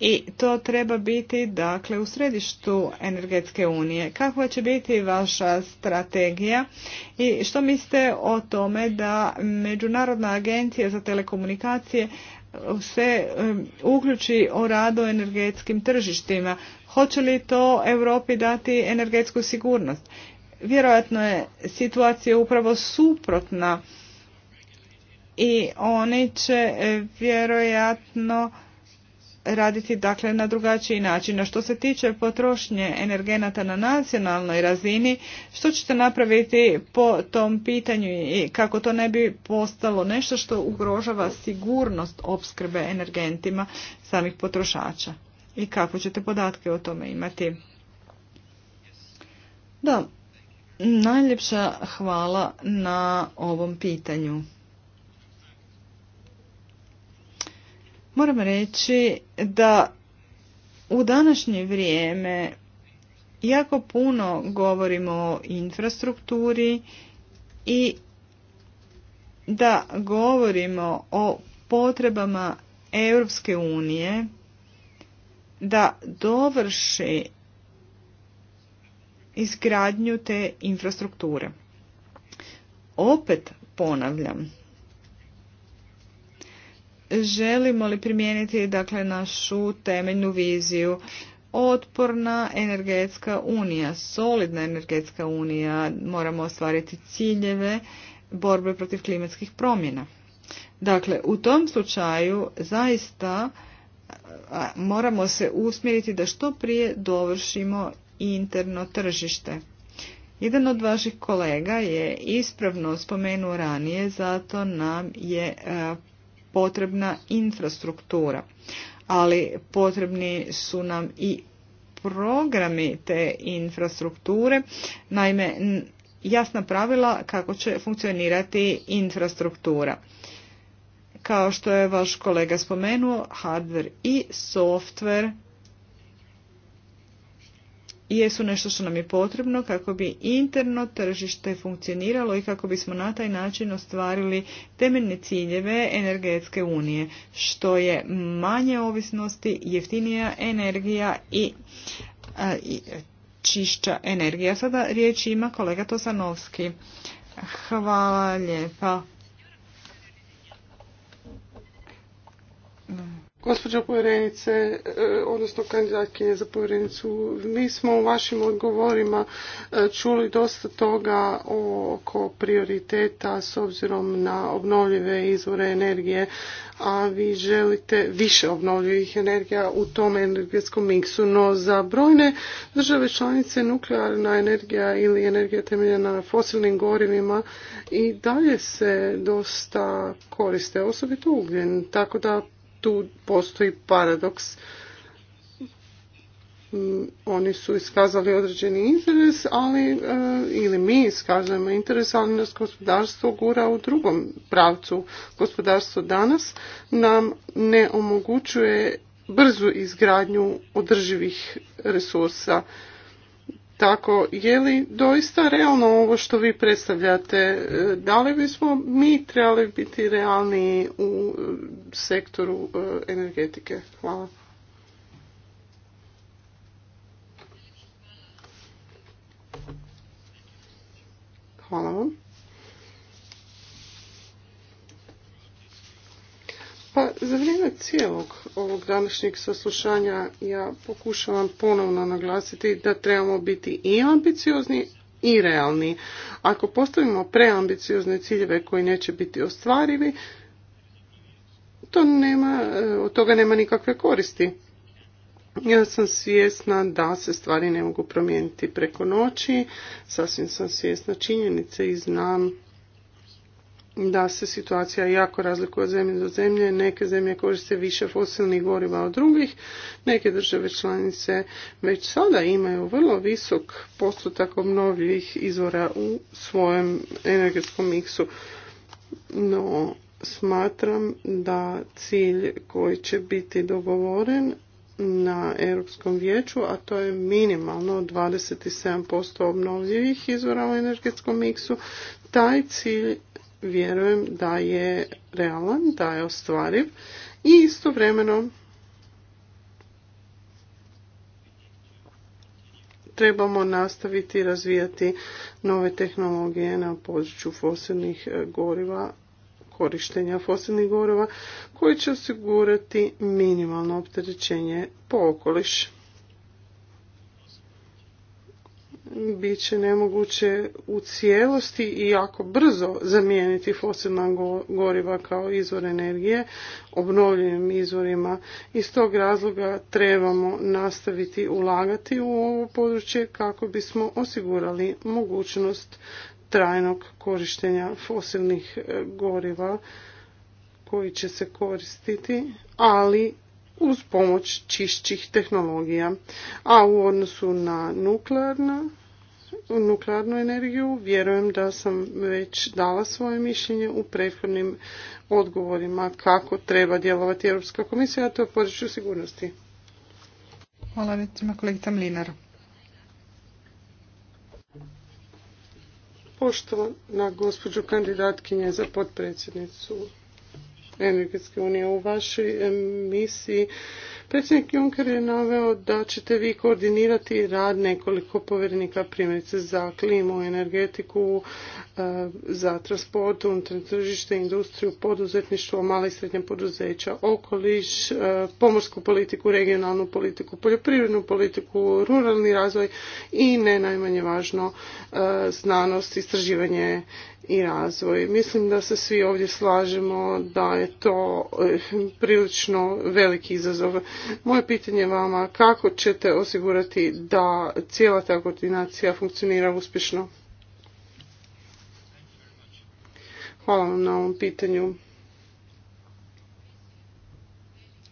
i to treba biti dakle u središtu energetske unije. Kakva će biti vaša strategija i što mislite o tome da Međunarodna agencija za telekomunikacije se uključi o radu energetskim tržištima Hoće li to Europi dati energetsku sigurnost? Vjerojatno je situacija upravo suprotna i oni će e, vjerojatno raditi dakle na drugačiji način. A što se tiče potrošnje energenata na nacionalnoj razini, što ćete napraviti po tom pitanju i kako to ne bi postalo nešto što ugrožava sigurnost opskrbe energentima samih potrošača? i kako ćete podatke o tome imati. Da, najljepša hvala na ovom pitanju. Moram reći da u današnje vrijeme jako puno govorimo o infrastrukturi i da govorimo o potrebama Europske unije da dovrši izgradnju te infrastrukture. Opet ponavljam, želimo li primijeniti dakle, našu temeljnu viziju otporna energetska unija, solidna energetska unija, moramo ostvariti ciljeve borbe protiv klimatskih promjena. Dakle, u tom slučaju zaista moramo se usmjeriti da što prije dovršimo interno tržište. Jedan od vaših kolega je ispravno spomenuo ranije, zato nam je e, potrebna infrastruktura, ali potrebni su nam i programi te infrastrukture, naime jasna pravila kako će funkcionirati infrastruktura. Kao što je vaš kolega spomenuo, hardware i software jesu nešto što nam je potrebno kako bi interno tržište funkcioniralo i kako bismo na taj način ostvarili temeljne ciljeve energetske unije, što je manje ovisnosti, jeftinija energija i, čišća energija. Sada riječ ima kolega Tosanovski. Hvala lijepa. Gospođo povjerenice, e, odnosno kandidatkinje za povjerenicu, mi smo u vašim odgovorima e, čuli dosta toga oko prioriteta s obzirom na obnovljive izvore energije, a vi želite više obnovljivih energija u tom energetskom miksu, no za brojne države članice nuklearna energija ili energija temeljena na fosilnim gorivima i dalje se dosta koriste, osobito ugljen, tako da tu postoji paradoks. Mm, oni su iskazali određeni interes, ali eh, ili mi iskazujemo interes, ali nas gospodarstvo gura u drugom pravcu. Gospodarstvo danas nam ne omogućuje brzu izgradnju održivih resursa tako je li doista realno ovo što vi predstavljate? E, da li bismo mi trebali biti realni u e, sektoru e, energetike? Hvala. Hvala vam. Pa za vrijeme cijelog ovog današnjeg saslušanja ja pokušavam ponovno naglasiti da trebamo biti i ambiciozni i realni. Ako postavimo preambiciozne ciljeve koji neće biti ostvarivi, to nema, od toga nema nikakve koristi. Ja sam svjesna da se stvari ne mogu promijeniti preko noći, sasvim sam svjesna činjenice i znam da se situacija jako razlikuje od zemlje do zemlje. Neke zemlje koriste više fosilnih goriva od drugih, neke države članice već sada imaju vrlo visok postotak obnovljivih izvora u svojem energetskom miksu. No, smatram da cilj koji će biti dogovoren na Europskom vijeću, a to je minimalno 27% obnovljivih izvora u energetskom miksu, taj cilj vjerujem da je realan, da je ostvariv i istovremeno trebamo nastaviti razvijati nove tehnologije na području fosilnih e, goriva, korištenja fosilnih goriva koji će osigurati minimalno opterećenje po okolišu. bit će nemoguće u cijelosti i jako brzo zamijeniti fosilna goriva kao izvor energije obnovljivim izvorima. Iz tog razloga trebamo nastaviti ulagati u ovo područje kako bismo osigurali mogućnost trajnog korištenja fosilnih e, goriva koji će se koristiti, ali uz pomoć čišćih tehnologija. A u odnosu na nuklearna nuklearnu energiju. Vjerujem da sam već dala svoje mišljenje u prethodnim odgovorima kako treba djelovati Europska komisija, a to je području sigurnosti. Hvala recimo kolegita Mlinar. Poštovana gospođo kandidatkinje za potpredsjednicu Energetske unije u vašoj misiji Predsjednik Juncker je naveo da ćete vi koordinirati rad nekoliko povjerenika, primjerice za klimu, energetiku, e, za transport, unutarnje tržište, industriju, poduzetništvo, mala i srednja poduzeća, okoliš, e, pomorsku politiku, regionalnu politiku, poljoprivrednu politiku, ruralni razvoj i ne najmanje važno e, znanost, istraživanje i razvoj. Mislim da se svi ovdje slažemo da je to eh, prilično veliki izazov. Moje pitanje vama kako ćete osigurati da cijela ta koordinacija funkcionira uspješno? Hvala vam na ovom pitanju.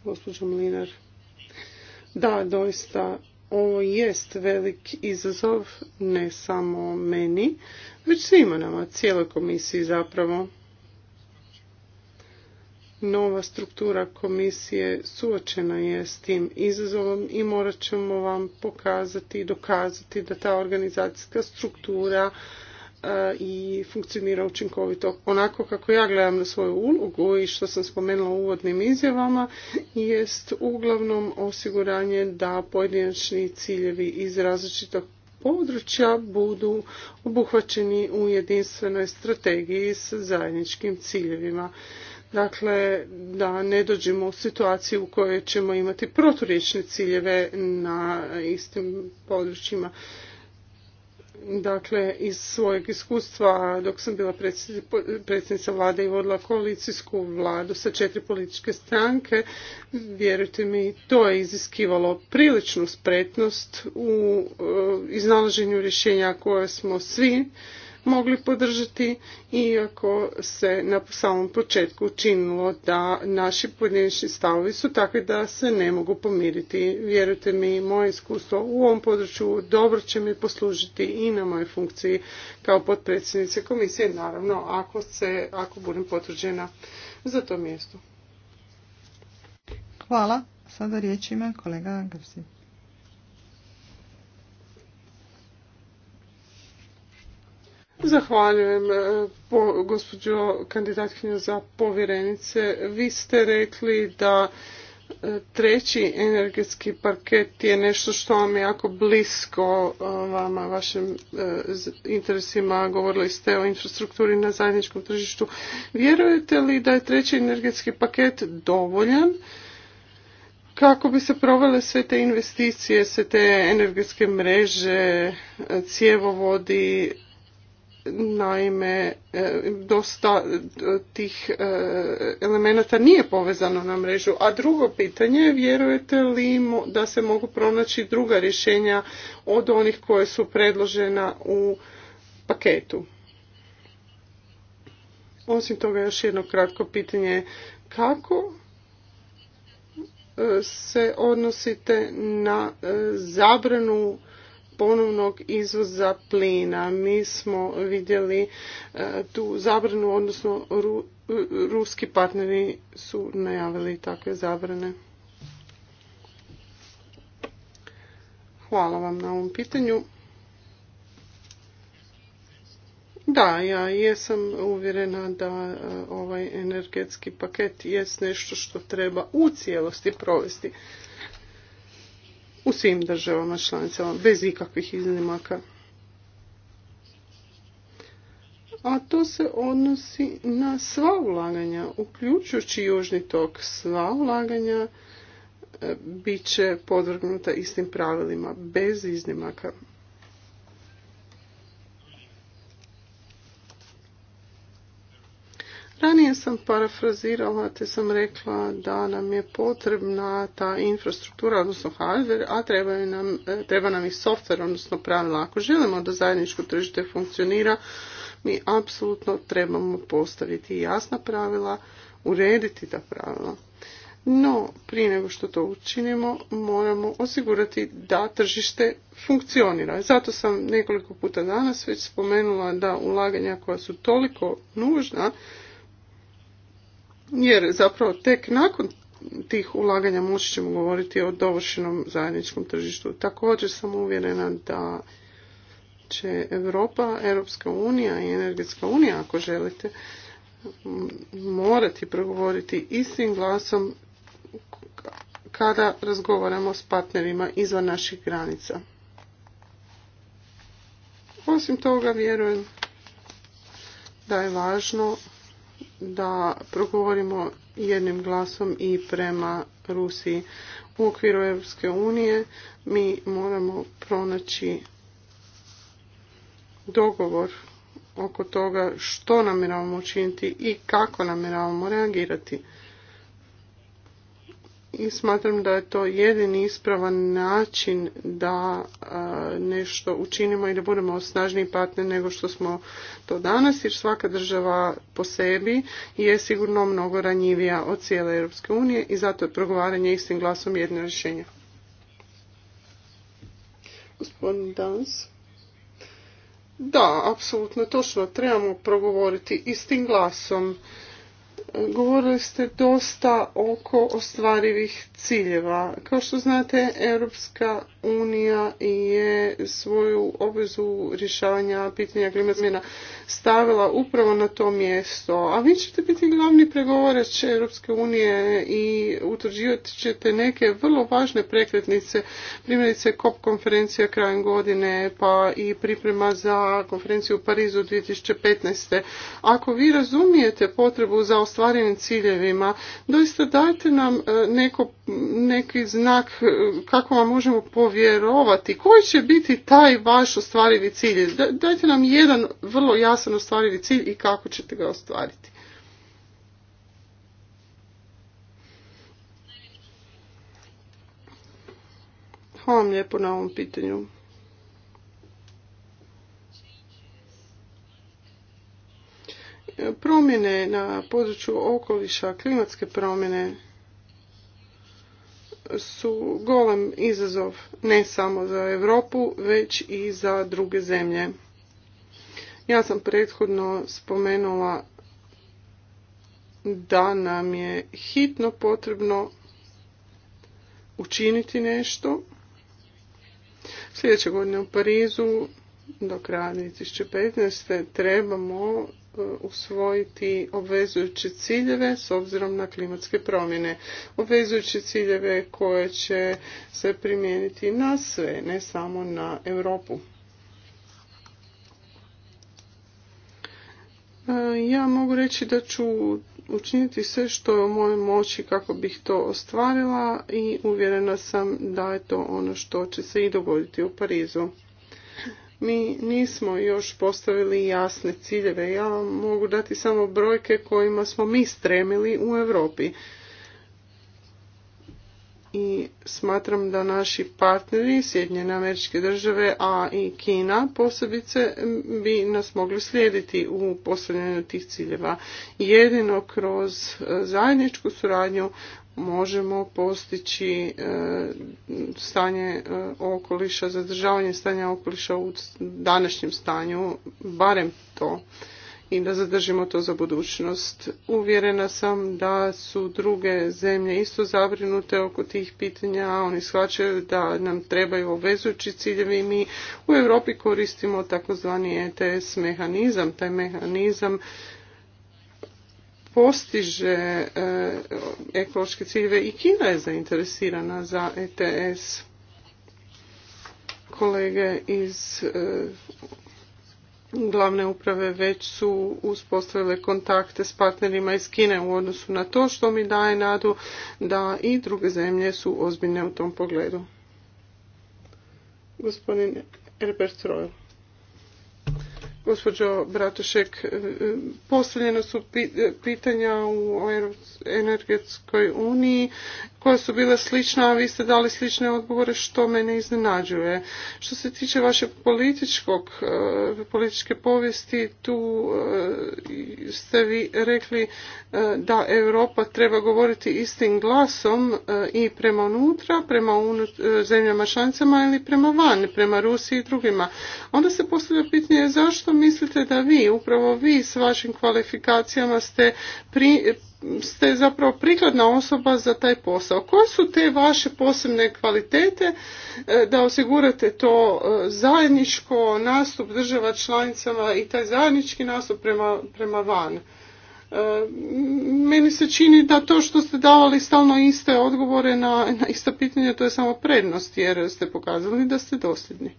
Gospođo Mlinar. Da, doista ovo jest velik izazov ne samo meni, već svima nama, cijeloj komisiji zapravo. Nova struktura komisije suočena je s tim izazovom i morat ćemo vam pokazati i dokazati da ta organizacijska struktura E, i funkcionira učinkovito. Onako kako ja gledam na svoju ulogu i što sam spomenula u uvodnim izjavama jest uglavnom osiguranje da pojedinačni ciljevi iz različitog područja budu obuhvaćeni u jedinstvenoj strategiji s zajedničkim ciljevima. Dakle, da ne dođemo u situaciju u kojoj ćemo imati proturječne ciljeve na istim područjima dakle iz svojeg iskustva dok sam bila predsjednica vlade i vodila koalicijsku vladu sa četiri političke stranke, vjerujte mi, to je iziskivalo priličnu spretnost u e, iznalaženju rješenja koje smo svi mogli podržati, iako se na samom početku učinilo da naši pojedinačni stavovi su takvi da se ne mogu pomiriti. Vjerujte mi, moje iskustvo u ovom području dobro će mi poslužiti i na mojoj funkciji kao potpredsjednice komisije, naravno ako, se, ako budem potvrđena za to mjesto. Hvala. Sada riječ kolega Zahvaljujem e, gospođo kandidatkinja za povjerenice. Vi ste rekli da e, treći energetski paket je nešto što vam je jako blisko e, vama, vašim interesima. Govorili ste o infrastrukturi na zajedničkom tržištu. Vjerujete li da je treći energetski paket dovoljan kako bi se provele sve te investicije, sve te energetske mreže, cjevovodi, Naime, e, dosta e, tih e, elemenata nije povezano na mrežu. A drugo pitanje, vjerujete li da se mogu pronaći druga rješenja od onih koje su predložena u paketu? Osim toga još jedno kratko pitanje. Kako se odnosite na zabranu ponovnog izvoza plina. Mi smo vidjeli e, tu zabranu, odnosno e, ruski partneri su najavili takve zabrane. Hvala vam na ovom pitanju. Da, ja jesam uvjerena da e, ovaj energetski paket jest nešto što treba u cijelosti provesti u svim državama članicama, bez ikakvih iznimaka. A to se odnosi na sva ulaganja, uključujući južni tok. Sva ulaganja e, bit će podvrgnuta istim pravilima, bez iznimaka. Ranije sam parafrazirala te sam rekla da nam je potrebna ta infrastruktura, odnosno hardware, a treba nam, e, treba nam i software, odnosno pravila. Ako želimo da zajedničko tržište funkcionira, mi apsolutno trebamo postaviti jasna pravila, urediti ta pravila. No, prije nego što to učinimo, moramo osigurati da tržište funkcionira. Zato sam nekoliko puta danas već spomenula da ulaganja koja su toliko nužna jer zapravo tek nakon tih ulaganja moći ćemo govoriti o dovršenom zajedničkom tržištu. Također sam uvjerena da će Europa, Europska unija i Energetska unija, ako želite, morati progovoriti istim glasom kada razgovaramo s partnerima izvan naših granica. Osim toga, vjerujem da je važno da progovorimo jednim glasom i prema Rusiji. U okviru Europske unije mi moramo pronaći dogovor oko toga što namjeravamo učiniti i kako namjeravamo reagirati i smatram da je to jedini ispravan način da nešto učinimo i da budemo snažniji partner nego što smo to danas jer svaka država po sebi je sigurno mnogo ranjivija od cijele Europske unije i zato je progovaranje istim glasom jedno rješenje. Gospodin Dans. Da, apsolutno točno. Trebamo progovoriti istim glasom Govorili ste dosta oko ostvarivih ciljeva. Kao što znate, Europska unija je svoju obvezu rješavanja pitanja klimatskih stavila upravo na to mjesto. A vi ćete biti glavni pregovarač Europske unije i utvrđivati ćete neke vrlo važne prekretnice, primjerice COP konferencija krajem godine, pa i priprema za konferenciju u Parizu 2015. Ako vi razumijete potrebu za ostvarivanje ostvarenim ciljevima, doista dajte nam e, neko, neki znak e, kako vam možemo povjerovati. Koji će biti taj vaš ostvarivi cilj? Dajte nam jedan vrlo jasan ostvarivi cilj i kako ćete ga ostvariti. Hvala vam lijepo na ovom pitanju. promjene na području okoliša, klimatske promjene su golem izazov ne samo za Europu, već i za druge zemlje. Ja sam prethodno spomenula da nam je hitno potrebno učiniti nešto. Sljedeće godine u Parizu do kraja 2015. trebamo E, usvojiti obvezujuće ciljeve s obzirom na klimatske promjene. Obvezujuće ciljeve koje će se primijeniti na sve, ne samo na Europu. E, ja mogu reći da ću učiniti sve što je u mojoj moći kako bih to ostvarila i uvjerena sam da je to ono što će se i dogoditi u Parizu mi nismo još postavili jasne ciljeve. Ja vam mogu dati samo brojke kojima smo mi stremili u Europi. I smatram da naši partneri, Sjedinjene američke države, a i Kina posebice, bi nas mogli slijediti u postavljanju tih ciljeva. Jedino kroz e, zajedničku suradnju možemo postići e, stanje e, okoliša, zadržavanje stanja okoliša u današnjem stanju, barem to i da zadržimo to za budućnost. Uvjerena sam da su druge zemlje isto zabrinute oko tih pitanja, oni shvaćaju da nam trebaju obvezujući ciljevi i mi u Europi koristimo takozvani ETS mehanizam, taj mehanizam postiže e, ekološke ciljeve i Kina je zainteresirana za ETS. Kolege iz e, glavne uprave već su uspostavile kontakte s partnerima iz Kine u odnosu na to što mi daje nadu da i druge zemlje su ozbiljne u tom pogledu. Gospodin Herbert Royal. Gospođo Bratešek, e, e, postavljena su e, pitanja u energetskoj uniji koja su bila slična, a vi ste dali slične odgovore što mene iznenađuje. Što se tiče vašeg političkog, e, političke povijesti, tu e, ste vi rekli e, da Europa treba govoriti istim glasom i prema unutra, prema zemljama članicama ili prema van, prema Rusiji i drugima. Onda se postavlja pitanje zašto mislite da vi, upravo vi s vašim kvalifikacijama ste pri, ste zapravo prikladna osoba za taj posao. Koje su te vaše posebne kvalitete e, da osigurate to e, zajedničko nastup država članicama i taj zajednički nastup prema, prema van? E, meni se čini da to što ste davali stalno iste odgovore na, na pitanje, to je samo prednost jer ste pokazali da ste dosljedni.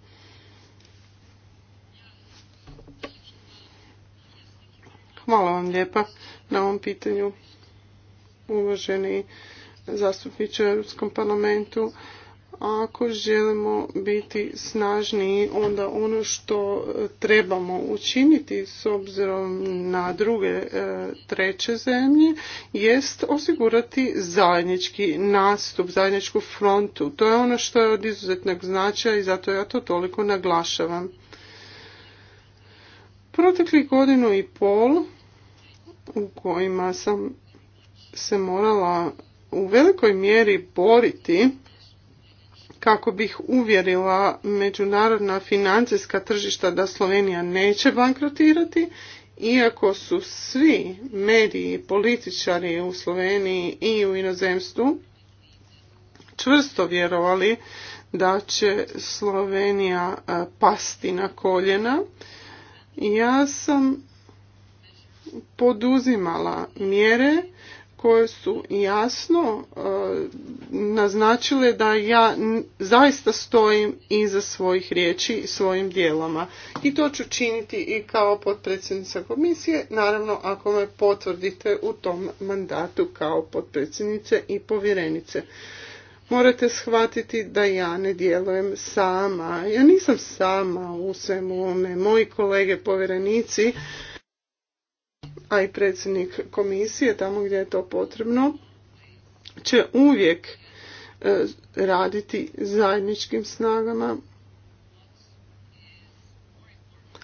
Hvala vam lijepa na ovom pitanju uvaženi zastupniče u Europskom parlamentu. ako želimo biti snažniji, onda ono što trebamo učiniti s obzirom na druge e, treće zemlje jest osigurati zajednički nastup, zajedničku frontu. To je ono što je od izuzetnog značaja i zato ja to toliko naglašavam. Protekli godinu i pol u kojima sam se morala u velikoj mjeri boriti kako bih uvjerila međunarodna financijska tržišta da Slovenija neće bankrotirati, iako su svi mediji, političari u Sloveniji i u inozemstvu čvrsto vjerovali da će Slovenija e, pasti na koljena. Ja sam poduzimala mjere koje su jasno e, naznačile da ja zaista stojim iza svojih riječi i svojim dijeloma. I to ću činiti i kao potpredsjednica komisije, naravno ako me potvrdite u tom mandatu kao potpredsjednice i povjerenice. Morate shvatiti da ja ne djelujem sama. Ja nisam sama u svemu ovome. Moji kolege povjerenici a i predsjednik komisije tamo gdje je to potrebno, će uvijek e, raditi zajedničkim snagama.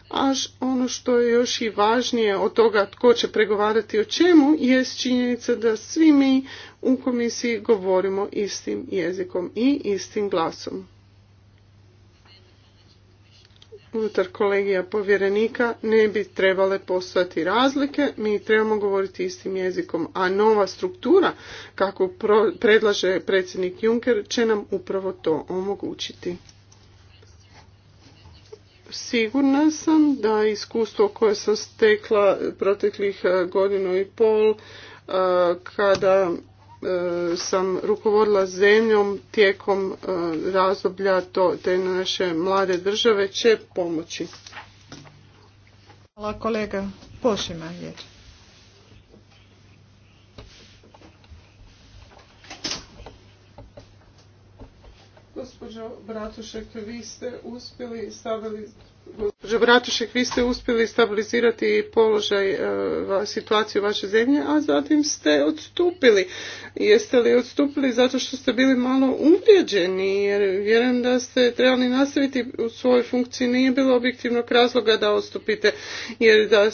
A ono što je još i važnije od toga tko će pregovarati o čemu je činjenica da svi mi u komisiji govorimo istim jezikom i istim glasom unutar kolegija povjerenika ne bi trebale postojati razlike, mi trebamo govoriti istim jezikom, a nova struktura kako predlaže predsjednik Juncker će nam upravo to omogućiti. Sigurna sam da iskustvo koje sam stekla proteklih eh, godinu i pol eh, kada E, sam rukovodila zemljom tijekom e, razdoblja to, te naše mlade države će pomoći. Hvala kolega Pošima je. Gospođo Bratušek, vi ste uspjeli stavili Gospođo Bratušek, vi ste uspjeli stabilizirati položaj, e, situaciju vaše zemlje, a zatim ste odstupili. Jeste li odstupili zato što ste bili malo uvrijeđeni, jer vjerujem da ste trebali nastaviti u svojoj funkciji, nije bilo objektivnog razloga da odstupite, jer da e,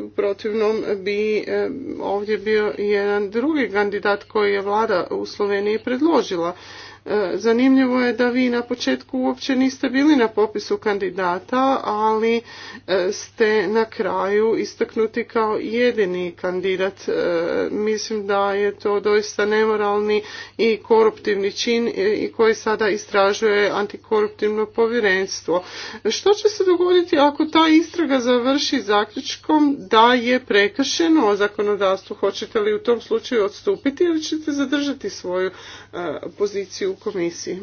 u protivnom bi e, ovdje bio jedan drugi kandidat koji je vlada u Sloveniji predložila. E, zanimljivo je da vi na početku uopće niste bili na popisu kandidata, ali e, ste na kraju istaknuti kao jedini kandidat. E, mislim da je to doista nemoralni i koruptivni čin i koji sada istražuje antikoruptivno povjerenstvo. Što će se dogoditi ako ta istraga završi zaključkom da je prekršeno zakonodavstvo? Hoćete li u tom slučaju odstupiti ili ćete zadržati svoju poziciju? komisiji.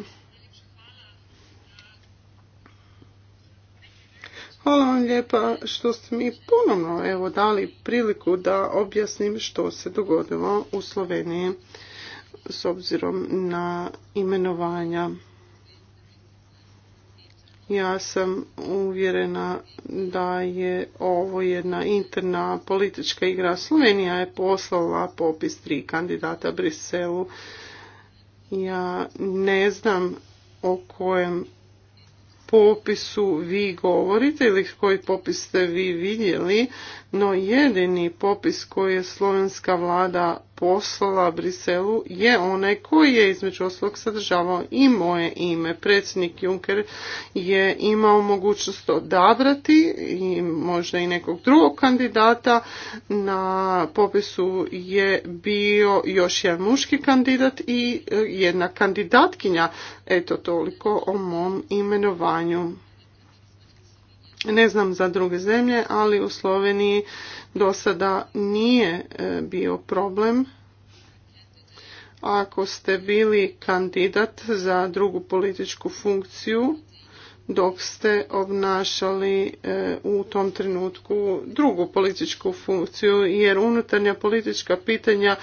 Hvala vam lijepa što ste mi ponovno evo dali priliku da objasnim što se dogodilo u Sloveniji s obzirom na imenovanja. Ja sam uvjerena da je ovo jedna interna politička igra. Slovenija je poslala popis tri kandidata Briselu ja ne znam o kojem popisu vi govorite ili koji popis ste vi vidjeli, no jedini popis koji je slovenska vlada poslala Briselu je onaj koji je između ostalog sadržavao i moje ime. Predsjednik Juncker je imao mogućnost odabrati i možda i nekog drugog kandidata. Na popisu je bio još jedan muški kandidat i jedna kandidatkinja. Eto toliko o mom imenovanju. Ne znam za druge zemlje, ali u Sloveniji do sada nije e, bio problem ako ste bili kandidat za drugu političku funkciju dok ste obnašali e, u tom trenutku drugu političku funkciju jer unutarnja politička pitanja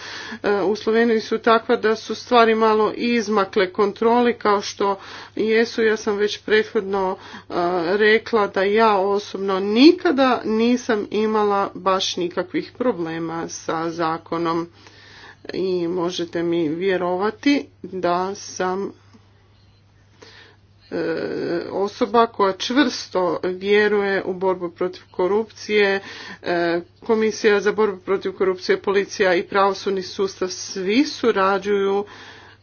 e, u Sloveniji su takva da su stvari malo izmakle kontroli kao što jesu. Ja sam već prethodno e, rekla da ja osobno nikada nisam imala baš nikakvih problema sa zakonom i možete mi vjerovati da sam E, osoba koja čvrsto vjeruje u borbu protiv korupcije, e, komisija za borbu protiv korupcije, policija i pravosudni sustav svi surađuju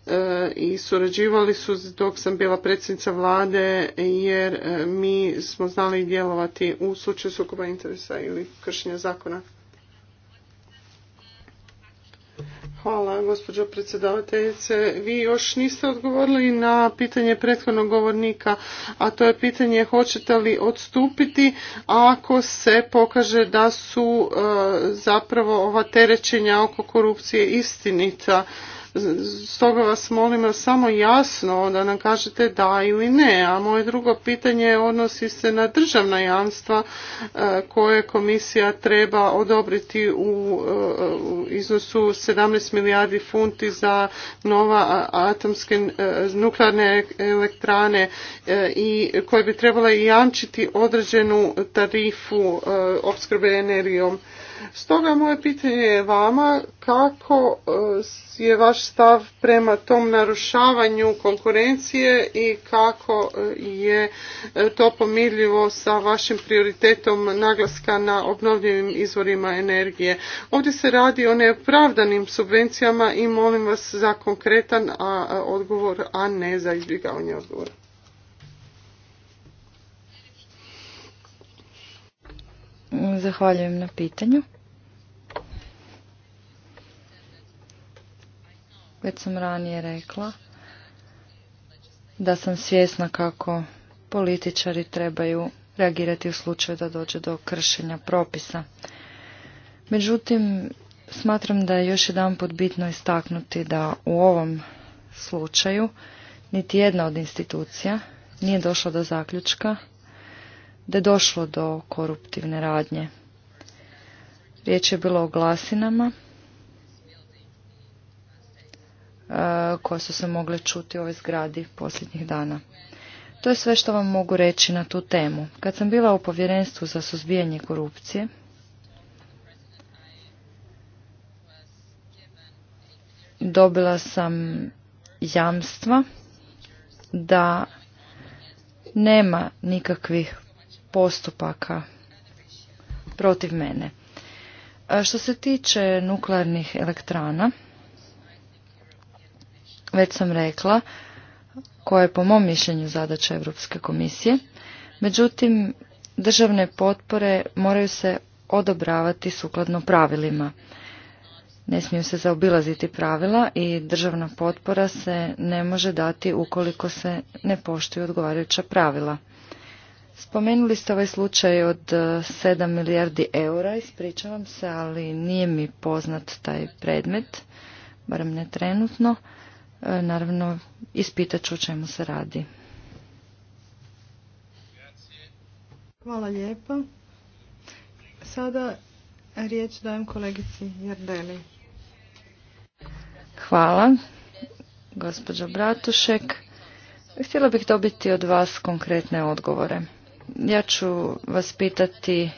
e, i surađivali su dok sam bila predsjednica vlade jer mi smo znali djelovati u slučaju sukoba interesa ili kršenja zakona. Hvala, gospođo predsjedavateljice. Vi još niste odgovorili na pitanje prethodnog govornika, a to je pitanje hoćete li odstupiti ako se pokaže da su e, zapravo ova terećenja oko korupcije istinita. Stoga vas molim samo jasno da nam kažete da ili ne. A moje drugo pitanje odnosi se na državna jamstva e, koje komisija treba odobriti u e, iznosu 17 milijardi funti za nova atomske e, nuklearne elektrane i koje bi trebala jamčiti određenu tarifu opskrbe energijom. Stoga moje pitanje je vama kako e, je vaš stav prema tom narušavanju konkurencije i kako e, je e, to pomirljivo sa vašim prioritetom naglaska na obnovljivim izvorima energije. Ovdje se radi o neopravdanim subvencijama i molim vas za konkretan odgovor, a ne za izbjegavanje odgovora. Zahvaljujem na pitanju. Već sam ranije rekla da sam svjesna kako političari trebaju reagirati u slučaju da dođe do kršenja propisa. Međutim, smatram da je još jedan put bitno istaknuti da u ovom slučaju niti jedna od institucija nije došla do zaključka da je došlo do koruptivne radnje. Riječ je bilo o glasinama e, koje su se mogle čuti u ovoj zgradi posljednjih dana. To je sve što vam mogu reći na tu temu. Kad sam bila u povjerenstvu za suzbijanje korupcije, dobila sam jamstva da nema nikakvih postupaka protiv mene. Što se tiče nuklearnih elektrana, već sam rekla koja je po mom mišljenju zadaća Europske komisije. Međutim, državne potpore moraju se odobravati sukladno pravilima. Ne smiju se zaobilaziti pravila i državna potpora se ne može dati ukoliko se ne poštuju odgovarajuća pravila. Spomenuli ste ovaj slučaj od 7 e, milijardi eura, ispričavam se, ali nije mi poznat taj predmet, barem ne trenutno. E, naravno, ispitat ću o čemu se radi. Hvala lijepa. Sada riječ dajem kolegici Jardeli. Hvala, gospođo Bratušek. Htjela bih dobiti od vas konkretne odgovore ja ću vas pitati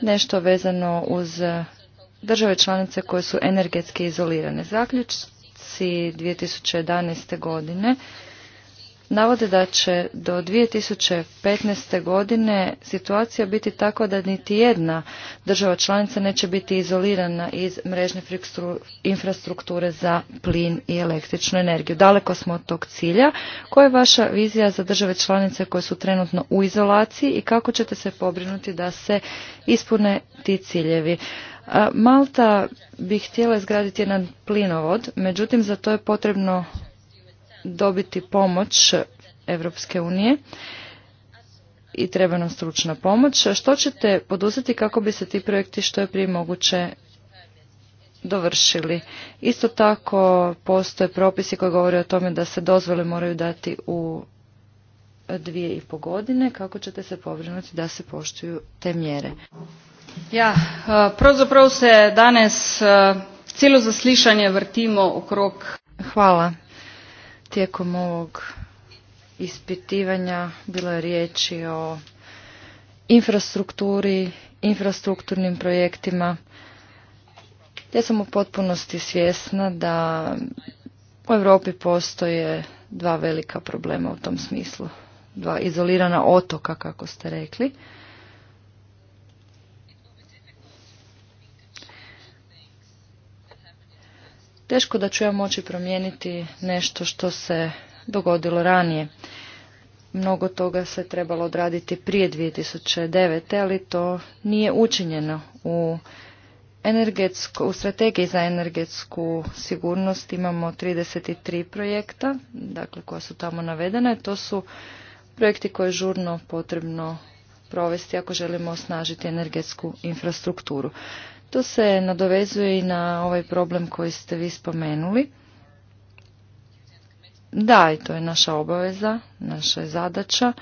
nešto vezano uz države članice koje su energetski izolirane. Zaključci 2011. godine navode da će do 2015. godine situacija biti tako da niti jedna država članica neće biti izolirana iz mrežne infrastrukture za plin i električnu energiju. Daleko smo od tog cilja. Koja je vaša vizija za države članice koje su trenutno u izolaciji i kako ćete se pobrinuti da se ispune ti ciljevi? Malta bi htjela izgraditi jedan plinovod, međutim za to je potrebno dobiti pomoć Europske unije i treba nam stručna pomoć. Što ćete poduzeti kako bi se ti projekti što je prije moguće dovršili? Isto tako postoje propisi koji govore o tome da se dozvole moraju dati u dvije i po godine. Kako ćete se pobrinuti da se poštuju te mjere? Ja, eh, pravzaprav se danas eh, cijelo zaslišanje vrtimo okrog... Hvala. Tijekom ovog ispitivanja bilo je riječi o infrastrukturi, infrastrukturnim projektima. Ja sam u potpunosti svjesna da u Europi postoje dva velika problema u tom smislu, dva izolirana otoka kako ste rekli. teško da ću ja moći promijeniti nešto što se dogodilo ranije. Mnogo toga se trebalo odraditi prije 2009. ali to nije učinjeno u energetsko, u strategiji za energetsku sigurnost imamo 33 projekta, dakle koja su tamo navedena. To su projekti koje je žurno potrebno provesti ako želimo osnažiti energetsku infrastrukturu. To se nadovezuje i na ovaj problem koji ste vi spomenuli. Da, i to je naša obaveza, naša je zadaća.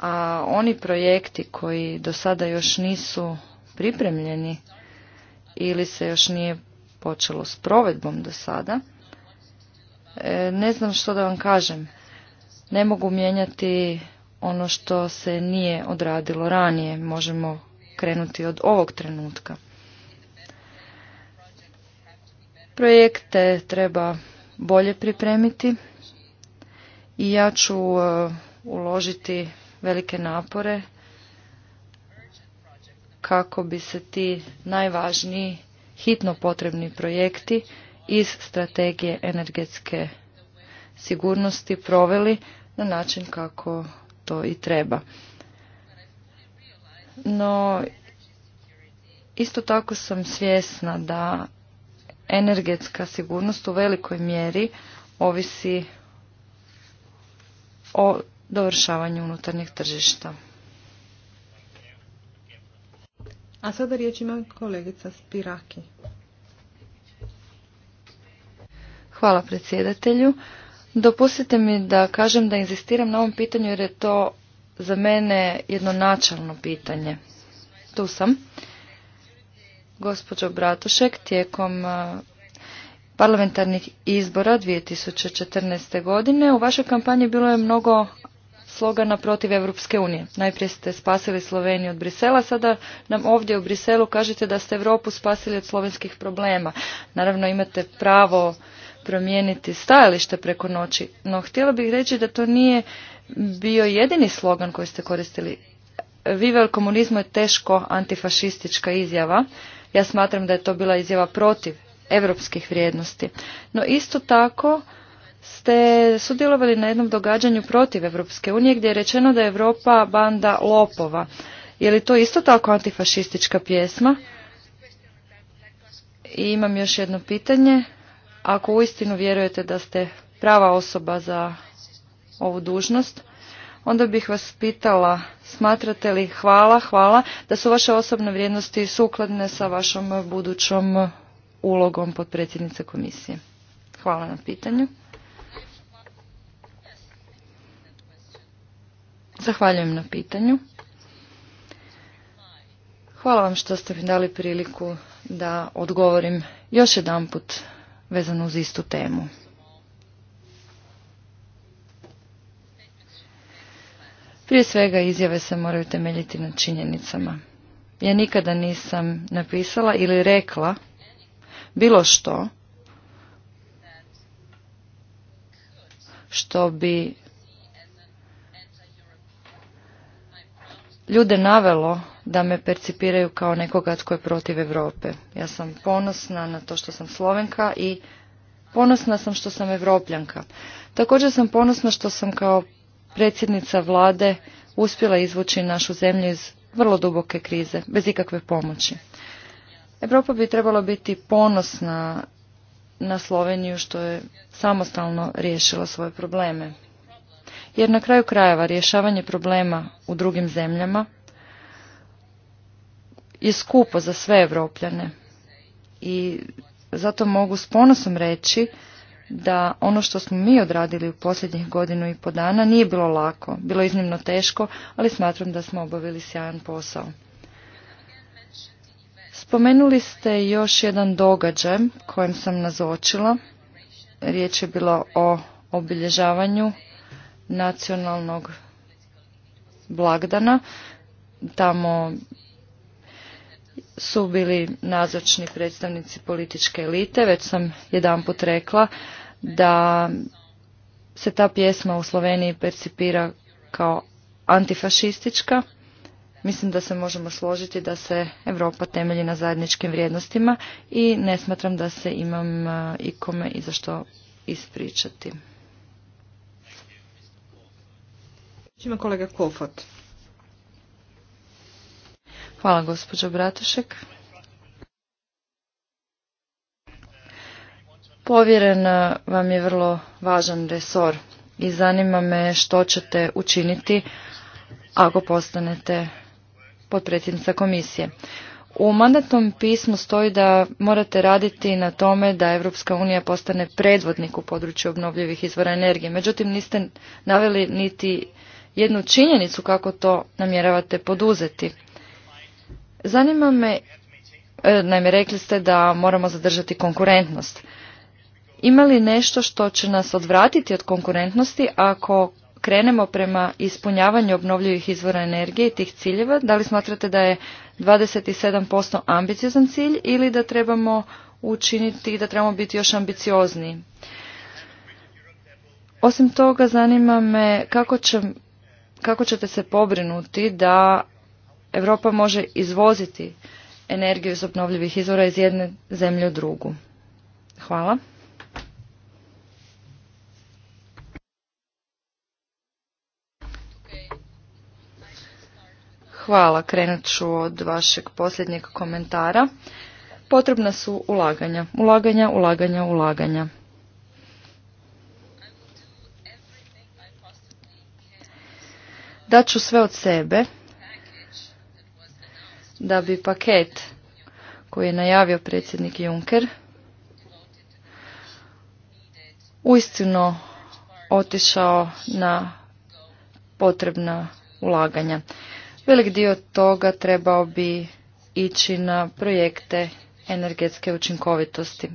A oni projekti koji do sada još nisu pripremljeni ili se još nije počelo s provedbom do sada, e, ne znam što da vam kažem. Ne mogu mijenjati ono što se nije odradilo ranije. Možemo krenuti od ovog trenutka. Projekte treba bolje pripremiti i ja ću e, uložiti velike napore kako bi se ti najvažniji hitno potrebni projekti iz strategije energetske sigurnosti proveli na način kako to i treba. No, isto tako sam svjesna da energetska sigurnost u velikoj mjeri ovisi o dovršavanju unutarnjeg tržišta. A sada riječ ima kolegica Spiraki. Hvala predsjedatelju. Dopustite mi da kažem da inzistiram na ovom pitanju jer je to za mene jedno načalno pitanje. Tu sam. Gospođo Bratušek, tijekom e, parlamentarnih izbora 2014. godine u vašoj kampanji bilo je mnogo slogana protiv Europske unije. Najprije ste spasili Sloveniju od Brisela, sada nam ovdje u Briselu kažete da ste Europu spasili od slovenskih problema. Naravno imate pravo promijeniti stajalište preko noći, no htjela bih reći da to nije bio jedini slogan koji ste koristili. Vivel komunizmu je teško antifašistička izjava. Ja smatram da je to bila izjava protiv europskih vrijednosti. No isto tako ste sudjelovali na jednom događanju protiv Europske unije gdje je rečeno da je Europa banda lopova. Je li to isto tako antifašistička pjesma? I imam još jedno pitanje ako uistinu vjerujete da ste prava osoba za ovu dužnost, onda bih vas pitala, smatrate li hvala, hvala, da su vaše osobne vrijednosti sukladne sa vašom budućom ulogom potpredsjednice komisije? Hvala na pitanju. Zahvaljujem na pitanju. Hvala vam što ste mi dali priliku da odgovorim još jedan put vezano uz istu temu. Prije svega izjave se moraju temeljiti na činjenicama. Ja nikada nisam napisala ili rekla bilo što što bi ljude navelo da me percipiraju kao nekoga tko je protiv Europe. Ja sam ponosna na to što sam Slovenka i ponosna sam što sam Evropljanka. Također sam ponosna što sam kao predsjednica vlade uspjela izvući našu zemlju iz vrlo duboke krize, bez ikakve pomoći. Europa bi trebala biti ponosna na Sloveniju što je samostalno riješila svoje probleme. Jer na kraju krajeva rješavanje problema u drugim zemljama je skupo za sve Evropljane. I zato mogu s ponosom reći da ono što smo mi odradili u posljednjih godinu i po dana nije bilo lako, bilo iznimno teško, ali smatram da smo obavili sjajan posao. Spomenuli ste još jedan događaj kojem sam nazočila. Riječ je bilo o obilježavanju nacionalnog blagdana. Tamo su bili nazočni predstavnici političke elite. Već sam jedanput rekla da se ta pjesma u Sloveniji percipira kao antifašistička. Mislim da se možemo složiti da se Europa temelji na zajedničkim vrijednostima i ne smatram da se imam ikome i za što ispričati. kolega Kofot. Hvala gospođo Bratušek. Povjeren eh, vam je vrlo važan resor i zanima me što ćete učiniti ako postanete potpredsjednica komisije. U mandatnom pismu stoji da morate raditi na tome da Europska unija postane predvodnik u području obnovljivih izvora energije. Međutim, niste naveli niti jednu činjenicu kako to namjeravate poduzeti. Zanima me, e, naime rekli ste da moramo zadržati konkurentnost. Ima li nešto što će nas odvratiti od konkurentnosti ako krenemo prema ispunjavanju obnovljivih izvora energije i tih ciljeva? Da li smatrate da je 27% ambiciozan cilj ili da trebamo učiniti, da trebamo biti još ambiciozniji? Osim toga, zanima me kako, će, kako ćete se pobrinuti da Europa može izvoziti energiju iz obnovljivih izvora iz jedne zemlje u drugu. Hvala. Hvala, krenut ću od vašeg posljednjeg komentara. Potrebna su ulaganja, ulaganja, ulaganja, ulaganja. Daću sve od sebe da bi paket koji je najavio predsjednik Juncker uistinu otišao na potrebna ulaganja. Velik dio toga trebao bi ići na projekte energetske učinkovitosti.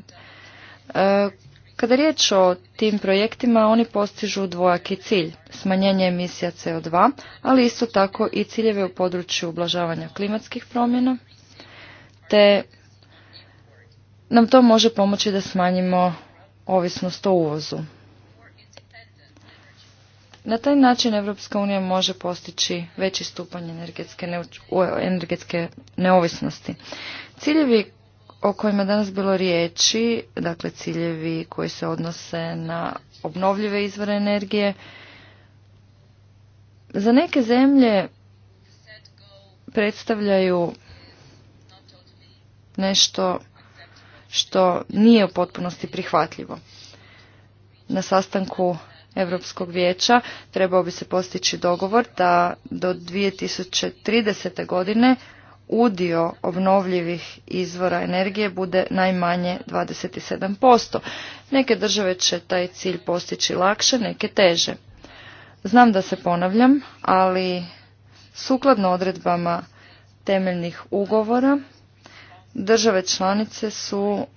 E, kada je riječ o tim projektima, oni postižu dvojaki cilj, smanjenje emisija CO2, ali isto tako i ciljeve u području ublažavanja klimatskih promjena, te nam to može pomoći da smanjimo ovisnost o uvozu. Na taj način Europska unija može postići veći stupanj energetske neovisnosti. Ciljevi o kojima je danas bilo riječi, dakle ciljevi koji se odnose na obnovljive izvore energije, za neke zemlje predstavljaju nešto što nije u potpunosti prihvatljivo. Na sastanku Europskog vijeća trebao bi se postići dogovor da do 2030. godine udio obnovljivih izvora energije bude najmanje 27%. Neke države će taj cilj postići lakše, neke teže. Znam da se ponavljam, ali sukladno odredbama temeljnih ugovora države članice su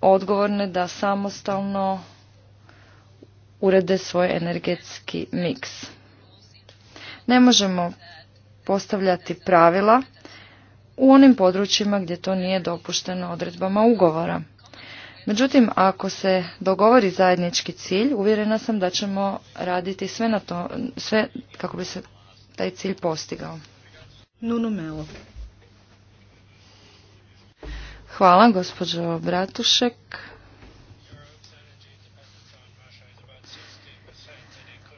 odgovorne da samostalno urede svoj energetski miks. Ne možemo postavljati pravila u onim područjima gdje to nije dopušteno odredbama ugovora. Međutim, ako se dogovori zajednički cilj, uvjerena sam da ćemo raditi sve, na to, sve kako bi se taj cilj postigao. Nuno Hvala, gospođo Bratušek.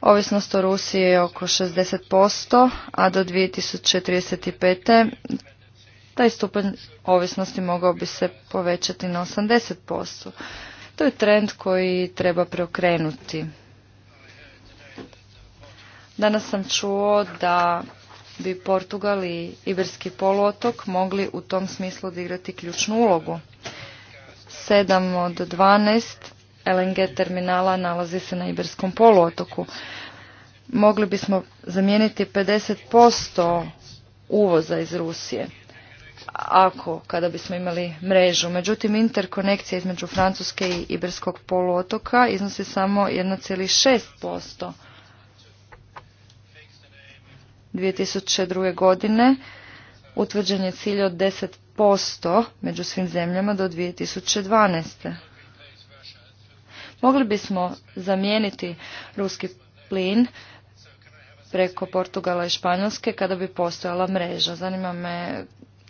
Ovisnost o Rusiji je oko 60%, a do 2035. taj stupanj ovisnosti mogao bi se povećati na 80%. To je trend koji treba preokrenuti. Danas sam čuo da bi Portugal i Iberski poluotok mogli u tom smislu odigrati ključnu ulogu. 7 od 12 LNG terminala nalazi se na Iberskom poluotoku. Mogli bismo zamijeniti 50% uvoza iz Rusije ako kada bismo imali mrežu. Međutim, interkonekcija između Francuske i Iberskog poluotoka iznosi samo 1,6%. 2002. godine utvrđen je cilj od 10% među svim zemljama do 2012. Mogli bismo zamijeniti ruski plin preko Portugala i Španjolske kada bi postojala mreža. Zanima me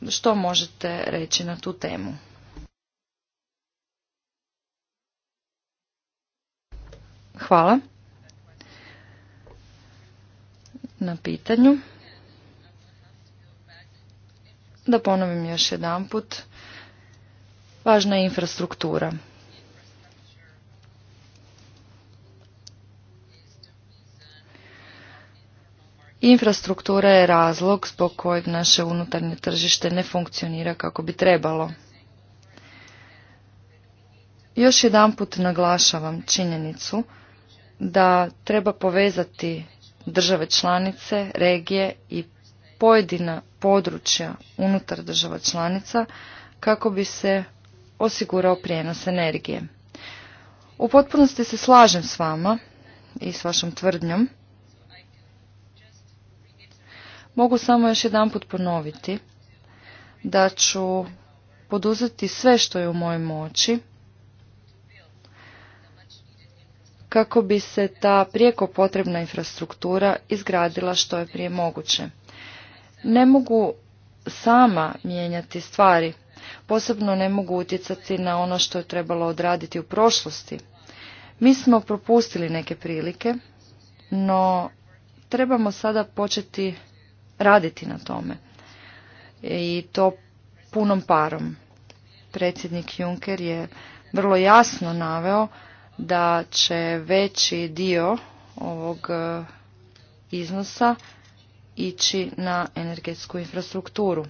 što možete reći na tu temu. Hvala na pitanju. Da ponovim još jedan put. Važna je infrastruktura. Infrastruktura je razlog zbog kojeg naše unutarnje tržište ne funkcionira kako bi trebalo. Još jedanput naglašavam činjenicu da treba povezati države članice, regije i pojedina područja unutar država članica kako bi se osigurao prijenos energije. U potpunosti se slažem s vama i s vašom tvrdnjom Mogu samo još jedanput ponoviti da ću poduzeti sve što je u mojoj moći kako bi se ta prijeko potrebna infrastruktura izgradila što je prije moguće. Ne mogu sama mijenjati stvari, posebno ne mogu utjecati na ono što je trebalo odraditi u prošlosti. Mi smo propustili neke prilike, no trebamo sada početi raditi na tome. I to punom parom. Predsjednik Juncker je vrlo jasno naveo da će veći dio ovog e, iznosa ići na energetsku infrastrukturu.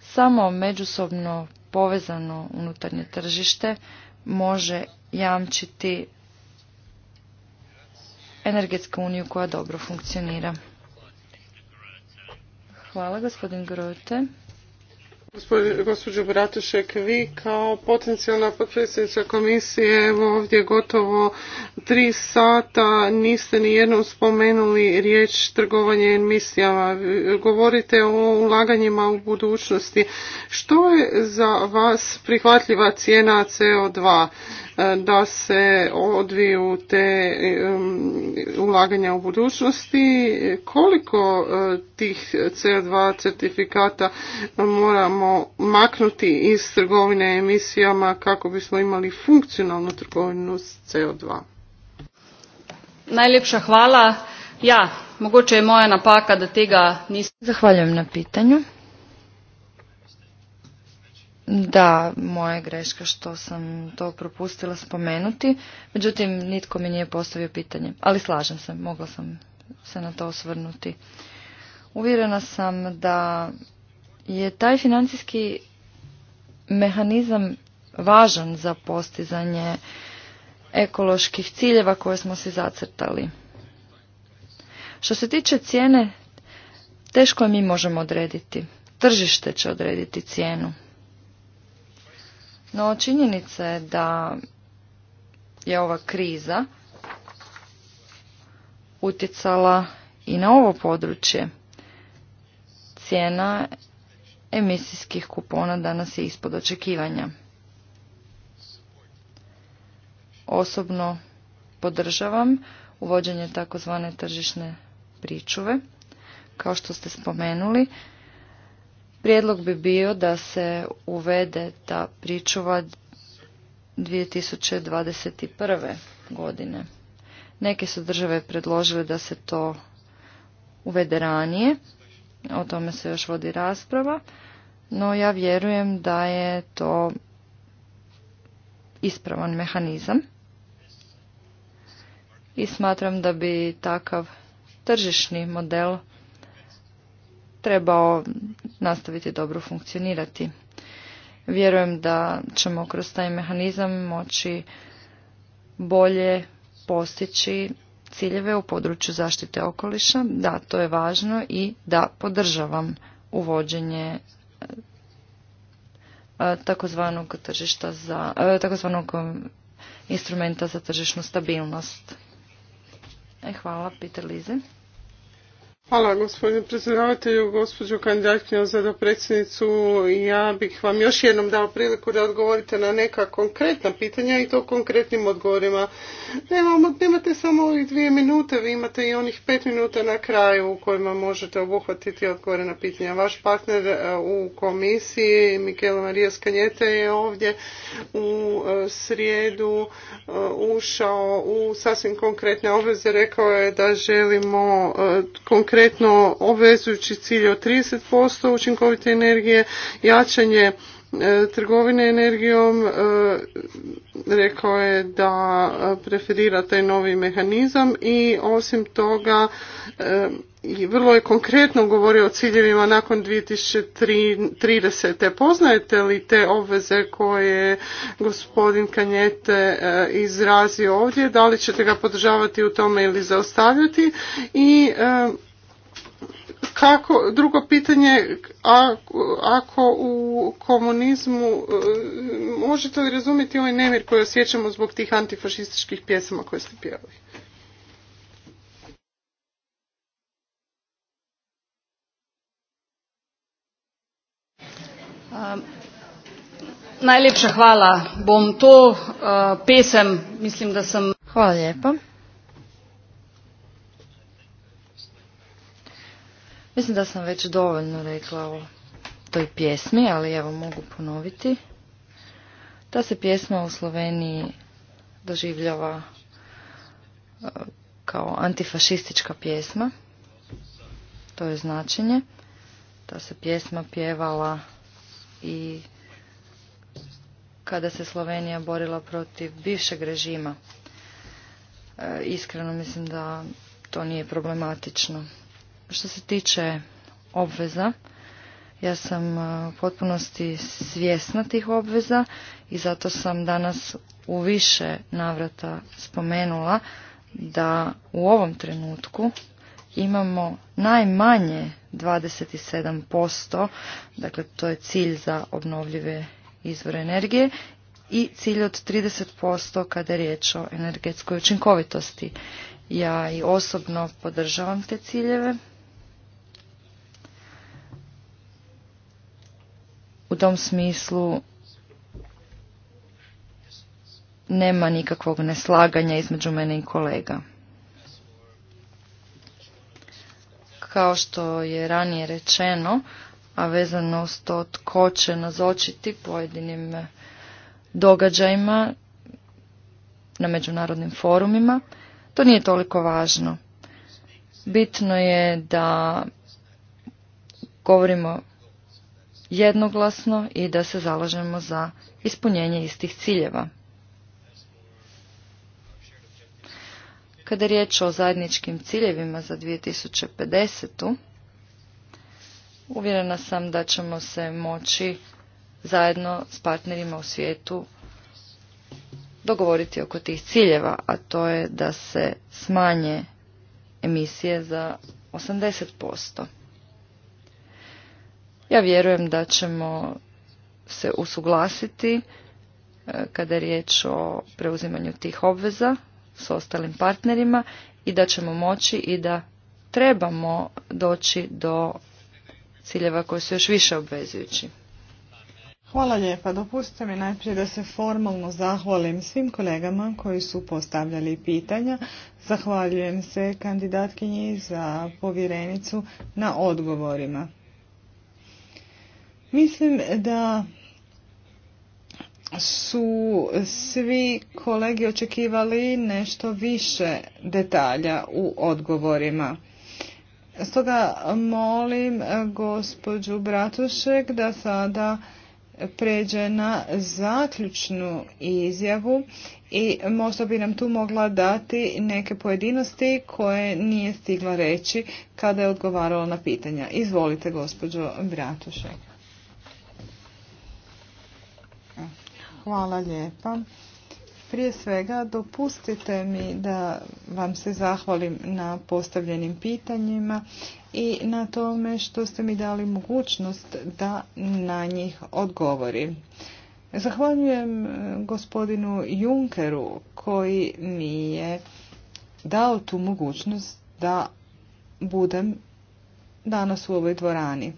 Samo međusobno povezano unutarnje tržište može jamčiti energetsku uniju koja dobro funkcionira. Hvala, gospodin Grote. Gospođo Bratušek, vi kao potencijalna potpredsjednica komisije, evo ovdje gotovo tri sata niste ni jednom spomenuli riječ trgovanje emisijama. Govorite o ulaganjima u budućnosti. Što je za vas prihvatljiva cijena CO2? da se odviju te ulaganja u budućnosti. Koliko e, tih CO2 certifikata moramo maknuti iz trgovine emisijama kako bismo imali funkcionalnu trgovinu s CO2? Najljepša hvala. Ja, mogoče je moja napaka da tega nisam... Zahvaljujem na pitanju. Da, moja je greška što sam to propustila spomenuti. Međutim, nitko mi nije postavio pitanje. Ali slažem se, mogla sam se na to osvrnuti. Uvjerena sam da je taj financijski mehanizam važan za postizanje ekoloških ciljeva koje smo si zacrtali. Što se tiče cijene, teško je mi možemo odrediti. Tržište će odrediti cijenu. No činjenica je da je ova kriza utjecala i na ovo područje. Cijena emisijskih kupona danas je ispod očekivanja. Osobno podržavam uvođenje takozvane tržišne pričuve. Kao što ste spomenuli, Prijedlog bi bio da se uvede ta pričuva 2021. godine. Neke su države predložile da se to uvede ranije, o tome se još vodi rasprava, no ja vjerujem da je to ispravan mehanizam i smatram da bi takav tržišni model trebao nastaviti dobro funkcionirati. Vjerujem da ćemo kroz taj mehanizam moći bolje postići ciljeve u području zaštite okoliša. Da, to je važno i da podržavam uvođenje e, takozvanog za e, takozvanog um, instrumenta za tržišnu stabilnost. E, hvala, Peter Lize. Hvala gospodine predsjedavatelju, gospođo kandidatkinja za dopredsjednicu. Ja bih vam još jednom dao priliku da odgovorite na neka konkretna pitanja i to konkretnim odgovorima. nemate samo ovih dvije minute, vi imate i onih pet minuta na kraju u kojima možete obuhvatiti odgovore na pitanja. Vaš partner e, u komisiji, Mikela Marija Skanjete, je ovdje u e, srijedu e, ušao u sasvim konkretne obveze. Rekao je da želimo konkretne konkretno obvezujući cilj od 30% učinkovite energije, jačanje e, trgovine energijom e, rekao je da preferira taj novi mehanizam i osim toga e, i vrlo je konkretno govorio o ciljevima nakon 2030. Poznajete li te obveze koje je gospodin Kanjete izrazio ovdje? Da li ćete ga podržavati u tome ili zaostavljati? I kako, drugo pitanje, ako u komunizmu e, možete li razumjeti ovaj nemir koji osjećamo zbog tih antifašističkih pjesama koje ste pjevali? Um, najlepša hvala. Bom to uh, pesem, mislim da sam... Hvala lijepa. Mislim da sam već dovoljno rekla o toj pjesmi, ali evo mogu ponoviti. Ta se pjesma u Sloveniji doživljava e, kao antifašistička pjesma. To je značenje. Ta se pjesma pjevala i kada se Slovenija borila protiv bivšeg režima. E, iskreno mislim da to nije problematično. Što se tiče obveza, ja sam e, u potpunosti svjesna tih obveza i zato sam danas u više navrata spomenula da u ovom trenutku imamo najmanje 27%, dakle to je cilj za obnovljive izvore energije i cilj od 30% kada je riječ o energetskoj učinkovitosti. Ja i osobno podržavam te ciljeve u tom smislu nema nikakvog neslaganja između mene i kolega. Kao što je ranije rečeno, a vezano s to tko će nazočiti pojedinim događajima na međunarodnim forumima, to nije toliko važno. Bitno je da govorimo jednoglasno i da se zalažemo za ispunjenje istih ciljeva. Kada je riječ o zajedničkim ciljevima za 2050. Uvjerena sam da ćemo se moći zajedno s partnerima u svijetu dogovoriti oko tih ciljeva, a to je da se smanje emisije za 80%. Ja vjerujem da ćemo se usuglasiti e, kada je riječ o preuzimanju tih obveza s ostalim partnerima i da ćemo moći i da trebamo doći do ciljeva koji su još više obvezujući. Hvala lijepa. Dopustite mi najprije da se formalno zahvalim svim kolegama koji su postavljali pitanja. Zahvaljujem se kandidatkinji za povjerenicu na odgovorima. Mislim da su svi kolegi očekivali nešto više detalja u odgovorima. Stoga molim gospođu Bratušek da sada pređe na zaključnu izjavu i možda bi nam tu mogla dati neke pojedinosti koje nije stigla reći kada je odgovarala na pitanja. Izvolite gospođo Bratušek. Hvala lijepa. Prije svega dopustite mi da vam se zahvalim na postavljenim pitanjima i na tome što ste mi dali mogućnost da na njih odgovorim. Zahvaljujem e, gospodinu Junkeru koji mi je dao tu mogućnost da budem danas u ovoj dvorani.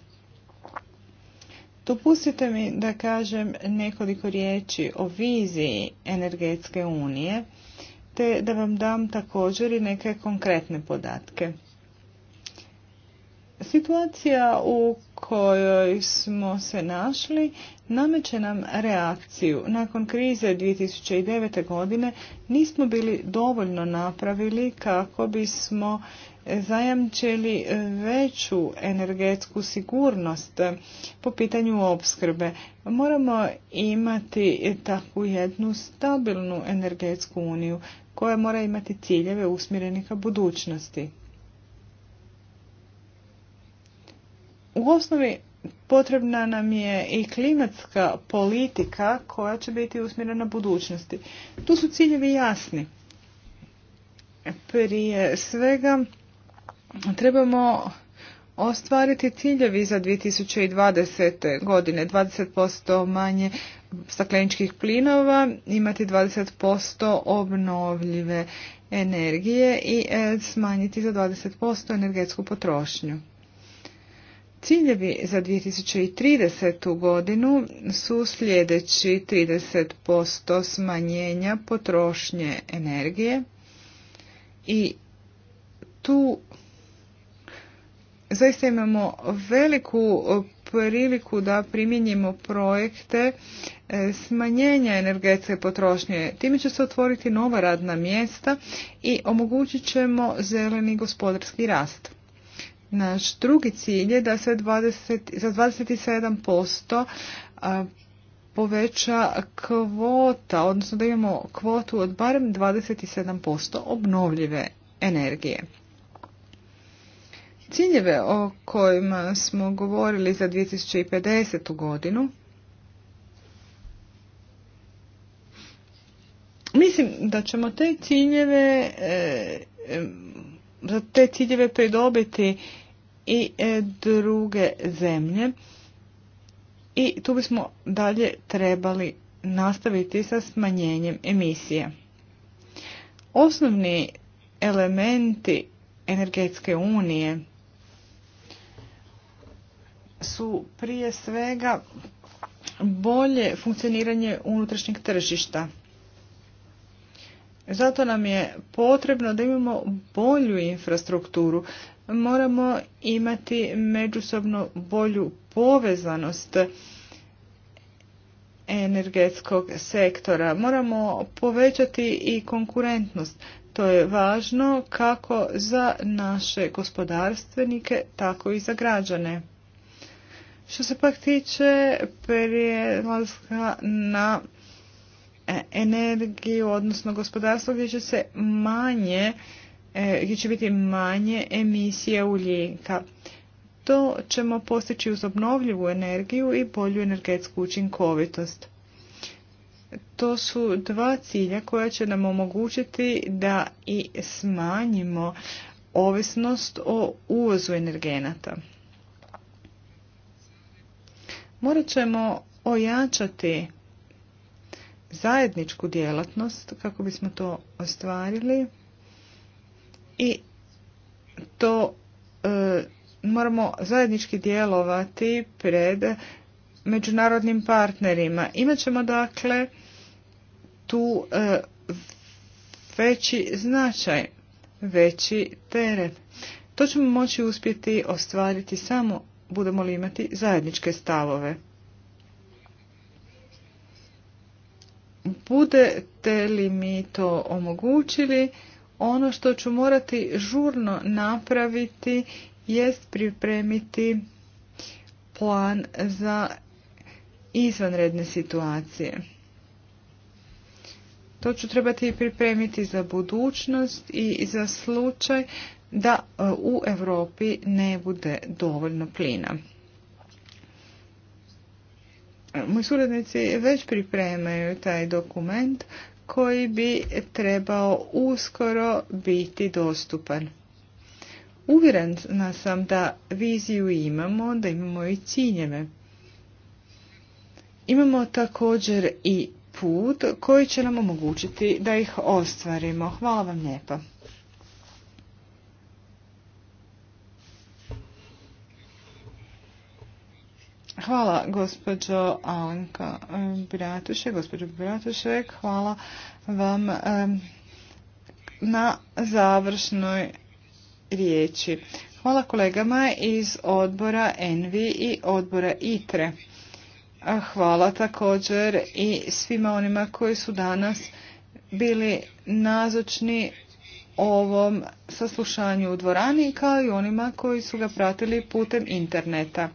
Dopustite mi da kažem nekoliko riječi o viziji energetske unije, te da vam dam također i neke konkretne podatke. Situacija u kojoj smo se našli nameće nam reakciju. Nakon krize 2009. godine nismo bili dovoljno napravili kako bismo zajamčili e, veću energetsku sigurnost e, po pitanju opskrbe. Moramo imati takvu jednu stabilnu energetsku uniju koja mora imati ciljeve usmjerenika budućnosti. U osnovi potrebna nam je i klimatska politika koja će biti usmjerena budućnosti. Tu su ciljevi jasni. Prije svega trebamo ostvariti ciljevi za 2020. godine 20% manje stakleničkih plinova, imati 20% obnovljive energije i e, smanjiti za 20% energetsku potrošnju. Ciljevi za 2030. godinu su sljedeći 30% smanjenja potrošnje energije i tu zaista imamo veliku e, priliku da primjenjimo projekte e, smanjenja energetske potrošnje. Time će se otvoriti nova radna mjesta i omogućit ćemo zeleni gospodarski rast. Naš drugi cilj je da se 20, za 27% poveća kvota, odnosno da imamo kvotu od barem 27% obnovljive energije. Ciljeve o kojima smo govorili za 2050. godinu, mislim da ćemo te ciljeve e, za te ciljeve pridobiti i e, druge zemlje i tu bismo dalje trebali nastaviti sa smanjenjem emisije. Osnovni elementi energetske unije su prije svega bolje funkcioniranje unutrašnjeg tržišta. Zato nam je potrebno da imamo bolju infrastrukturu. Moramo imati međusobno bolju povezanost energetskog sektora. Moramo povećati i konkurentnost. To je važno kako za naše gospodarstvenike, tako i za građane. Što se pak tiče prijelazka na e, energiju, odnosno gospodarstvo gdje će se manje, e, gdje će biti manje emisije uljenka. To ćemo postići uz obnovljivu energiju i bolju energetsku učinkovitost. To su dva cilja koja će nam omogućiti da i smanjimo ovisnost o uvozu energenata. Morat ćemo ojačati zajedničku djelatnost kako bismo to ostvarili i to e, moramo zajednički djelovati pred međunarodnim partnerima. ćemo dakle tu e, veći značaj, veći teret. To ćemo moći uspjeti ostvariti samo budemo li imati zajedničke stavove. Budete li mi to omogućili, ono što ću morati žurno napraviti jest pripremiti plan za izvanredne situacije. To ću trebati pripremiti za budućnost i za slučaj da e, u Europi ne bude dovoljno plina. Moji suradnici već pripremaju taj dokument koji bi trebao uskoro biti dostupan. Uvjerena sam da viziju imamo, da imamo i ciljeve. Imamo također i put koji će nam omogućiti da ih ostvarimo. Hvala vam lijepa. Hvala gospođo Alenka Bratušek, gospođo Bratušek, hvala vam na završnoj riječi. Hvala kolegama iz odbora Envi i odbora ITRE. Hvala također i svima onima koji su danas bili nazočni ovom saslušanju u dvorani kao i onima koji su ga pratili putem interneta.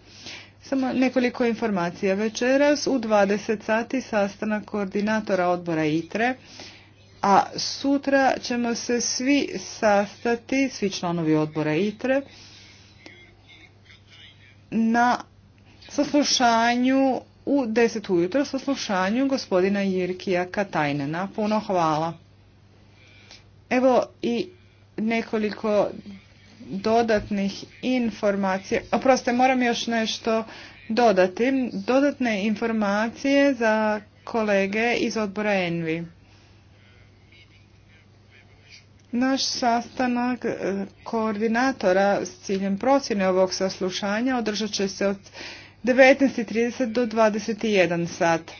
Samo nekoliko informacija. Večeras u 20 sati sastanak koordinatora odbora ITRE, a sutra ćemo se svi sastati, svi članovi odbora ITRE, na saslušanju u 10 ujutro saslušanju gospodina Jirkija Katajnena. Puno hvala. Evo i nekoliko dodatnih informacija. Oprostite, moram još nešto dodati. Dodatne informacije za kolege iz odbora Envi. Naš sastanak e, koordinatora s ciljem procjene ovog saslušanja održat će se od 19.30 do 21 sat.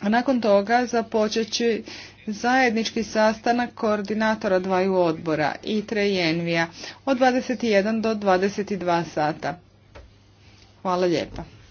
A nakon toga započeći zajednički sastanak koordinatora dvaju odbora ITRE i ENVIA od 21 do 22 sata. Hvala lijepa.